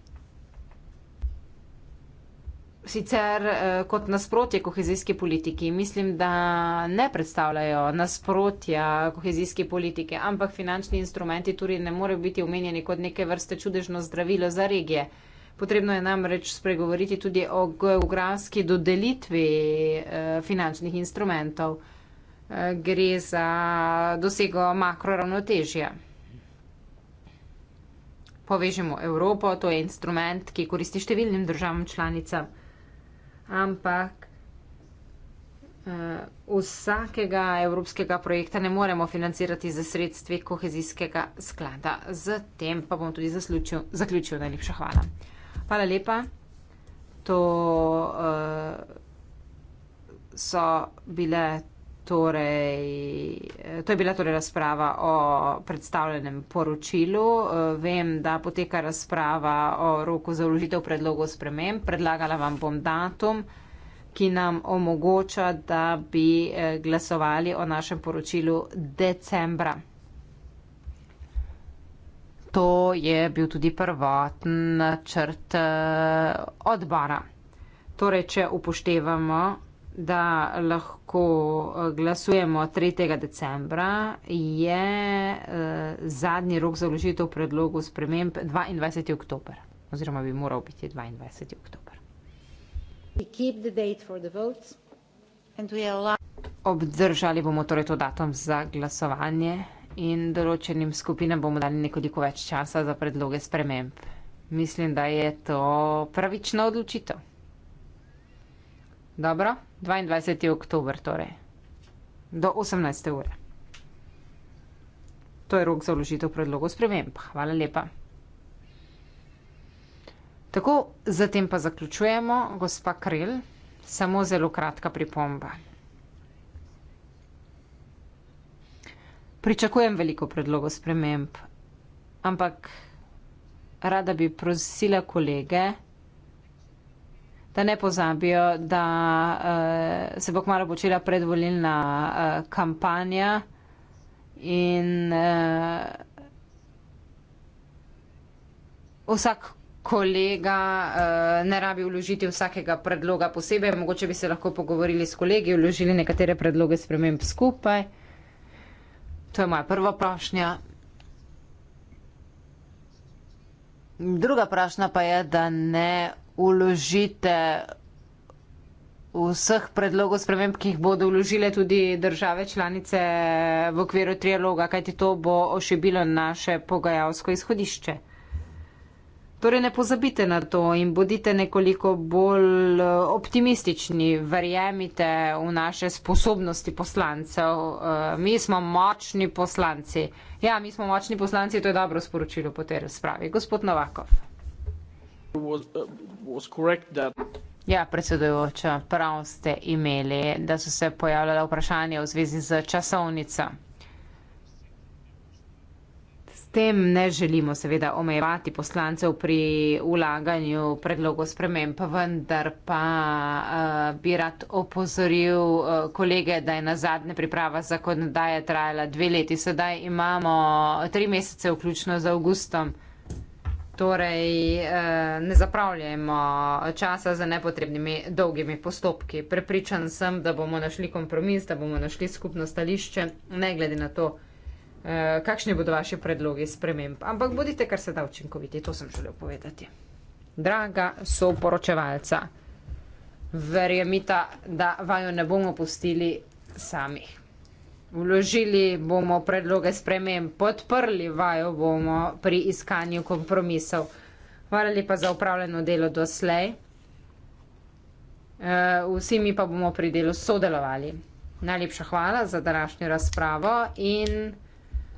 sicer eh, kot nasprotje kohezijske politike, mislim, da ne predstavljajo nasprotja kohezijske politike, ampak finančni instrumenti tudi ne morejo biti omenjeni kot neke vrste čudežno zdravilo za regije. Potrebno je namreč spregovoriti tudi o geografski dodelitvi eh, finančnih instrumentov. Eh, gre za dosego makroravnotežja povežemo Evropo, to je instrument, ki koristi številnim državam članicam, ampak uh, vsakega evropskega projekta ne moremo financirati za sredstve kohezijskega sklada. Zatem pa bom tudi zaslučil, zaključil. Najlepša hvala. Hvala lepa. To uh, so bile. Torej, eh, to je bila torej razprava o predstavljenem poročilu. Eh, vem, da poteka razprava o roku za vložitev predlogov sprememb. Predlagala vam bom datum, ki nam omogoča, da bi eh, glasovali o našem poročilu decembra. To je bil tudi prvoten črt odbora. Torej, če upoštevamo da lahko eh, glasujemo 3. decembra, je uh, zadnji rok za vložitev predlogu sprememb 22. oktober. Oziroma bi moral biti 22. oktober. Obdržali bomo torej to datum za glasovanje in določenim skupinam bomo dali nekoliko več časa za predloge sprememb. Mislim, da je to pravična odločitev. Dobro. 22. oktober, torej do 18. ure. To je rok za vložitev predlogov sprememb. Hvala lepa. Tako, zatem pa zaključujemo, gospa Krel, samo zelo kratka pripomba. Pričakujem veliko predlogov sprememb, ampak rada bi prosila kolege, da ne pozabijo, da uh, se bo kmalo počela predvolilna uh, kampanja in uh, vsak kolega uh, ne rabi vložiti vsakega predloga posebej. Mogoče bi se lahko pogovorili s kolegi, vložili nekatere predloge sprememb skupaj. To je moja prva vprašnja. Druga vprašnja pa je, da ne vložite vseh predlogov sprememb, ki jih bodo vložile tudi države članice v okviru trialoga, kajti to bo ošibilo naše pogajalsko izhodišče. Torej ne pozabite na to in bodite nekoliko bolj optimistični, verjemite v naše sposobnosti poslancev. Eh, mi smo močni poslanci. Ja, mi smo močni poslanci, to je dobro sporočilo po tej razpravi. Gospod Novakov. Uh, ja, predsedujoča, prav ste imeli, da so se pojavljala vprašanja v zvezi z časovnico. S tem ne želimo seveda omejevati poslancev pri ulaganju predlogov sprememb, vendar pa uh, bi rad opozoril uh, kolege, da je na zadnje priprava zakonodaje trajala dve leti, sedaj imamo tri mesece vključno z avgustom. Torej, eh, ne zapravljajmo časa za nepotrebnimi dolgimi postopki. Prepričan sem, da bomo našli kompromis, da bomo našli skupno stališče, ne glede na to, eh, kakšni bodo vaši predlogi sprememb. Ampak bodite kar se da učinkoviti, to sem želel povedati. Draga soporočevalca, verjemita, da vaju ne bomo pustili samih vložili bomo predloge sprememb, podprli vajo bomo pri iskanju kompromisov. Hvala lepa za upravljeno delo doslej. Eh, vsi mi pa bomo pri delu sodelovali. Najlepša hvala za današnjo razpravo in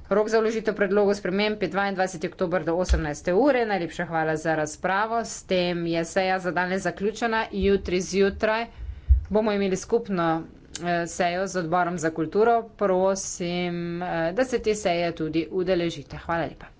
rok za vložitev predlogov sprememb je 22. oktober do 18. ure. Najlepša hvala za razpravo. S tem je seja za danes zaključena. Jutri zjutraj bomo imeli skupno Eh, sejo z odborom za kulturo, prosim, eh, da se te seje tudi udeležite. Hvala lepa.